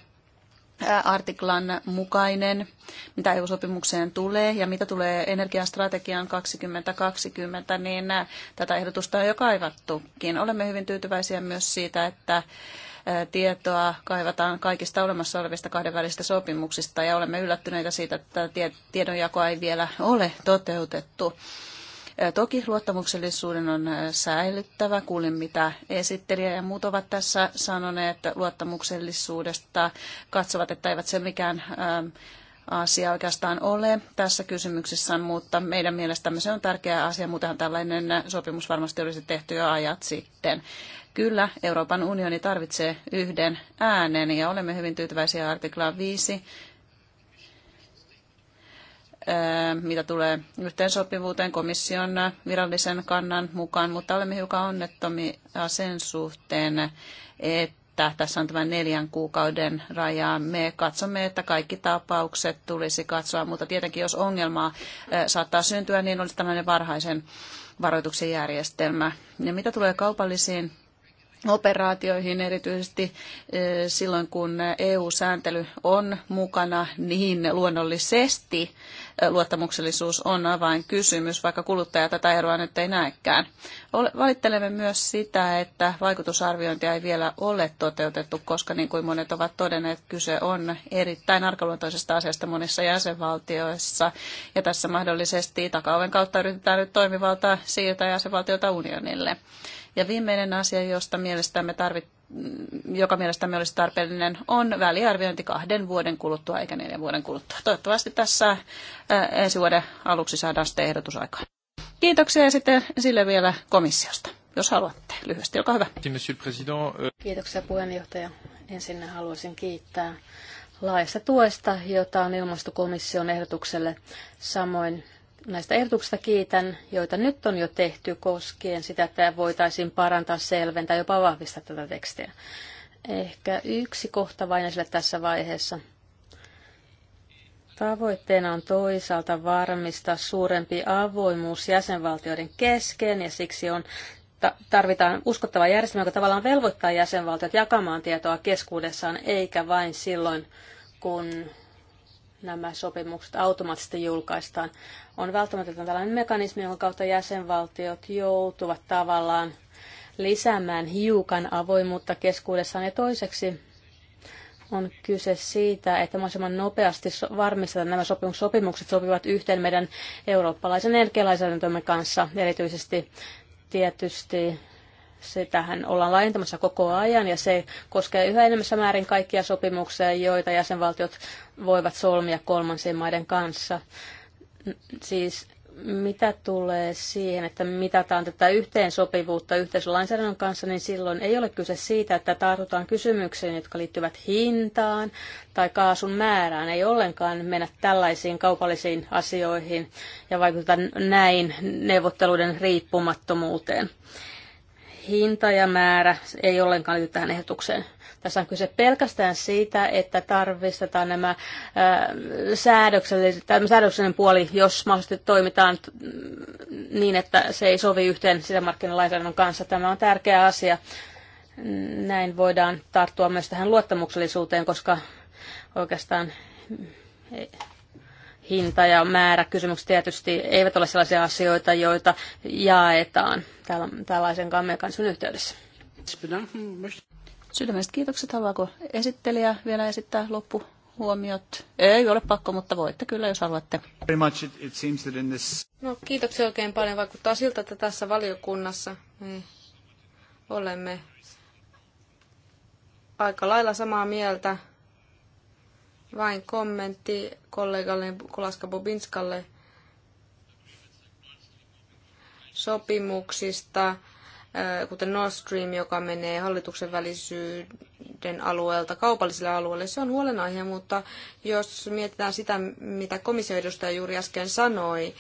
artiklan mukainen, mitä EU-sopimukseen tulee ja mitä tulee energiastrategiaan 2020, niin tätä ehdotusta on jo kaivattukin. Olemme hyvin tyytyväisiä myös siitä, että tietoa kaivataan kaikista olemassa olevista kahdenvälisistä sopimuksista ja olemme yllättyneitä siitä, että tiedonjakoa ei vielä ole toteutettu. Toki luottamuksellisuuden on säilyttävä. Kuulin, mitä esittelijä ja muut ovat tässä sanoneet luottamuksellisuudesta. Katsovat, että eivät se mikään asia oikeastaan ole tässä kysymyksessä, mutta meidän mielestämme se on tärkeä asia. Muutenhan tällainen sopimus varmasti olisi tehty jo ajat sitten. Kyllä, Euroopan unioni tarvitsee yhden äänen ja olemme hyvin tyytyväisiä artiklaan 5 mitä tulee yhteensopivuuteen komission virallisen kannan mukaan, mutta olemme hiukan onnettomia sen suhteen, että tässä on tämä neljän kuukauden raja. Me katsomme, että kaikki tapaukset tulisi katsoa, mutta tietenkin jos ongelmaa saattaa syntyä, niin olisi tällainen varhaisen varoituksen järjestelmä. Ja mitä tulee kaupallisiin operaatioihin, erityisesti eh, silloin kun EU-sääntely on mukana, niin luonnollisesti eh, luottamuksellisuus on avainkysymys, vaikka kuluttaja tätä eroa nyt ei näekään. Valittelemme myös sitä, että vaikutusarviointia ei vielä ole toteutettu, koska niin kuin monet ovat todenneet, kyse on erittäin arkaluontoisesta asiasta monissa jäsenvaltioissa. Ja tässä mahdollisesti takaoven kautta yritetään nyt toimivaltaa siirtää jäsenvaltiota unionille. Ja viimeinen asia, josta mielestämme tarvit, joka mielestämme olisi tarpeellinen, on väliarviointi kahden vuoden kuluttua eikä neljän vuoden kuluttua. Toivottavasti tässä äh, ensi vuoden aluksi saadaan sitten ehdotus aikaan. Kiitoksia ja sitten sille vielä komissiosta, jos haluatte. Lyhyesti, olkaa hyvä. Euh, Kiitoksia puheenjohtaja. Ensin haluaisin kiittää laajasta tuesta, jota on ilmastokomission ehdotukselle. Samoin näistä ehdotuksista kiitän, joita nyt on jo tehty koskien sitä, että voitaisiin parantaa, selventää, jopa vahvistaa tätä tekstiä. Ehkä yksi kohta vain esille tässä vaiheessa. Tavoitteena on toisaalta varmistaa suurempi avoimuus jäsenvaltioiden kesken ja siksi on tarvitaan uskottava järjestelmä, joka tavallaan velvoittaa jäsenvaltiot jakamaan tietoa keskuudessaan, eikä vain silloin, kun nämä sopimukset automaattisesti julkaistaan. On välttämätöntä tällainen mekanismi, jonka kautta jäsenvaltiot joutuvat tavallaan lisäämään hiukan avoimuutta keskuudessaan. Ja toiseksi on kyse siitä, että mahdollisimman nopeasti varmistetaan että nämä sopimukset sopivat yhteen meidän eurooppalaisen energialainsäädäntömme kanssa, erityisesti tietysti se tähän ollaan laajentamassa koko ajan ja se koskee yhä enemmässä määrin kaikkia sopimuksia, joita jäsenvaltiot voivat solmia kolmansien maiden kanssa. Siis mitä tulee siihen, että mitataan tätä yhteensopivuutta yhteislainsäädännön kanssa, niin silloin ei ole kyse siitä, että tartutaan kysymyksiin, jotka liittyvät hintaan tai kaasun määrään. Ei ollenkaan mennä tällaisiin kaupallisiin asioihin ja vaikuttaa näin neuvotteluiden riippumattomuuteen hinta ja määrä ei ollenkaan liity tähän ehdotukseen. Tässä on kyse pelkästään siitä, että tarvistetaan nämä äh, säädökselliset, tämä säädöksellinen puoli, jos mahdollisesti toimitaan niin, että se ei sovi yhteen sisämarkkinalainsäädännön kanssa. Tämä on tärkeä asia. Näin voidaan tarttua myös tähän luottamuksellisuuteen, koska oikeastaan hinta- ja määrä Kysymykset tietysti eivät ole sellaisia asioita, joita jaetaan tällaisen mekanismin yhteydessä. Sydämestä kiitokset. Haluaako esittelijä vielä esittää Huomiot. Ei ole pakko, mutta voitte kyllä, jos haluatte. No, kiitoksia oikein paljon. Vaikuttaa siltä, että tässä valiokunnassa me olemme aika lailla samaa mieltä vain kommentti kollegalle Kolaska Bobinskalle sopimuksista, kuten Nord Stream, joka menee hallituksen välisyyden alueelta kaupalliselle alueelle. Se on huolenaihe, mutta jos mietitään sitä, mitä komissioedustaja juuri äsken sanoi,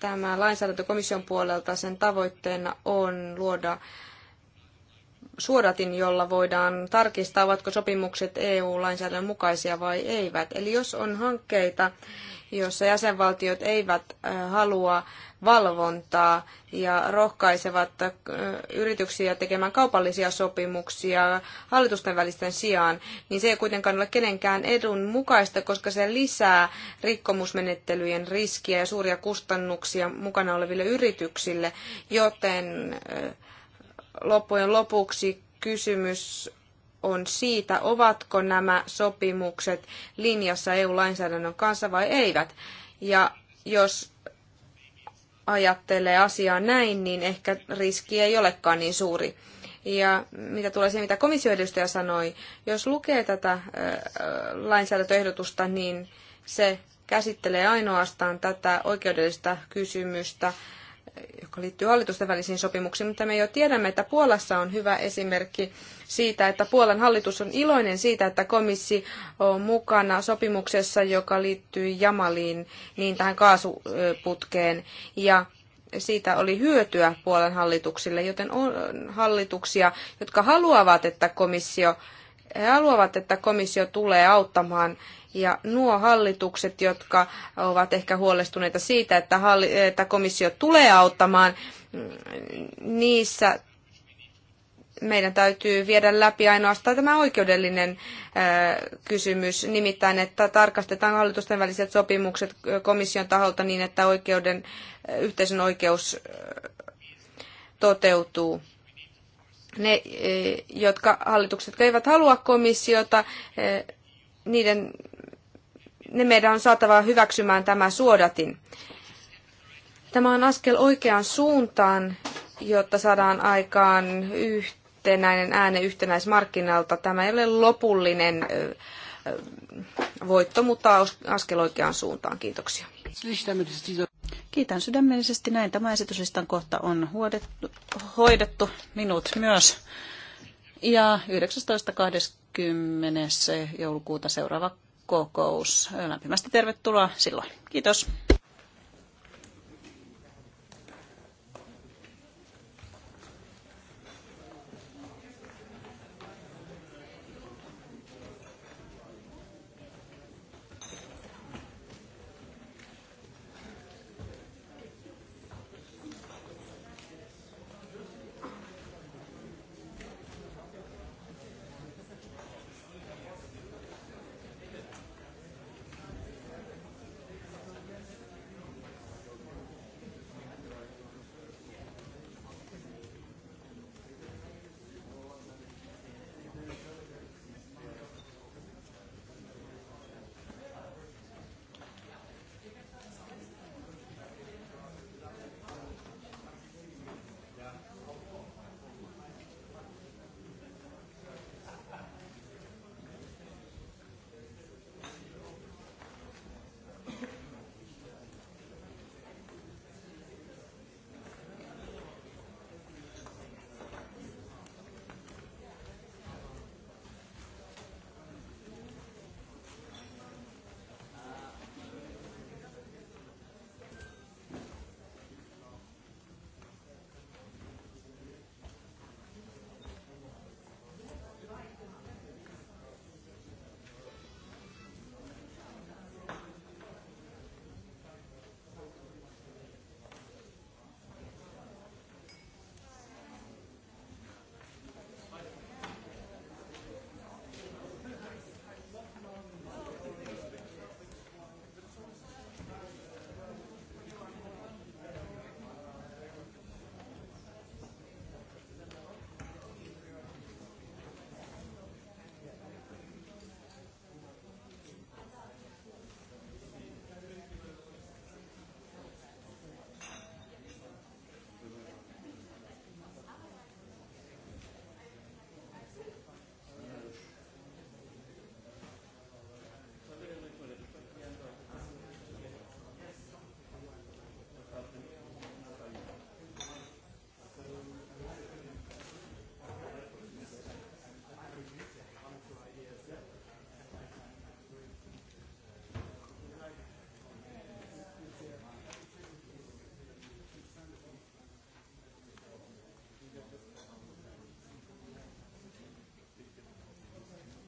tämä lainsäädäntö komission puolelta, sen tavoitteena on luoda suodatin, jolla voidaan tarkistaa, ovatko sopimukset EU-lainsäädännön mukaisia vai eivät. Eli jos on hankkeita, jossa jäsenvaltiot eivät halua valvontaa ja rohkaisevat yrityksiä tekemään kaupallisia sopimuksia hallitusten välisten sijaan, niin se ei kuitenkaan ole kenenkään edun mukaista, koska se lisää rikkomusmenettelyjen riskiä ja suuria kustannuksia mukana oleville yrityksille, joten loppujen lopuksi kysymys on siitä, ovatko nämä sopimukset linjassa EU-lainsäädännön kanssa vai eivät. Ja jos ajattelee asiaa näin, niin ehkä riski ei olekaan niin suuri. Ja mitä tulee siihen, mitä komissioedustaja sanoi, jos lukee tätä lainsäädäntöehdotusta, niin se käsittelee ainoastaan tätä oikeudellista kysymystä joka liittyy hallitusten välisiin sopimuksiin, mutta me jo tiedämme, että Puolassa on hyvä esimerkki siitä, että Puolan hallitus on iloinen siitä, että komissi on mukana sopimuksessa, joka liittyy Jamaliin, niin tähän kaasuputkeen. Ja siitä oli hyötyä Puolan hallituksille, joten on hallituksia, jotka haluavat, että komissio he haluavat, että komissio tulee auttamaan ja nuo hallitukset, jotka ovat ehkä huolestuneita siitä, että, halli- että komissio tulee auttamaan, niissä meidän täytyy viedä läpi ainoastaan tämä oikeudellinen kysymys, nimittäin että tarkastetaan hallitusten väliset sopimukset komission taholta niin, että oikeuden, yhteisön oikeus toteutuu. Ne, jotka hallitukset jotka eivät halua komissiota, niiden ne meidän on saatava hyväksymään tämä suodatin. Tämä on askel oikeaan suuntaan, jotta saadaan aikaan yhtenäinen ääne yhtenäismarkkinalta. Tämä ei ole lopullinen voitto, mutta askel oikeaan suuntaan. Kiitoksia. Kiitän sydämellisesti näin. Tämä esityslistan kohta on huodettu, hoidettu, minut myös. Ja 19.20. joulukuuta seuraava kokous. Lämpimästi tervetuloa silloin. Kiitos.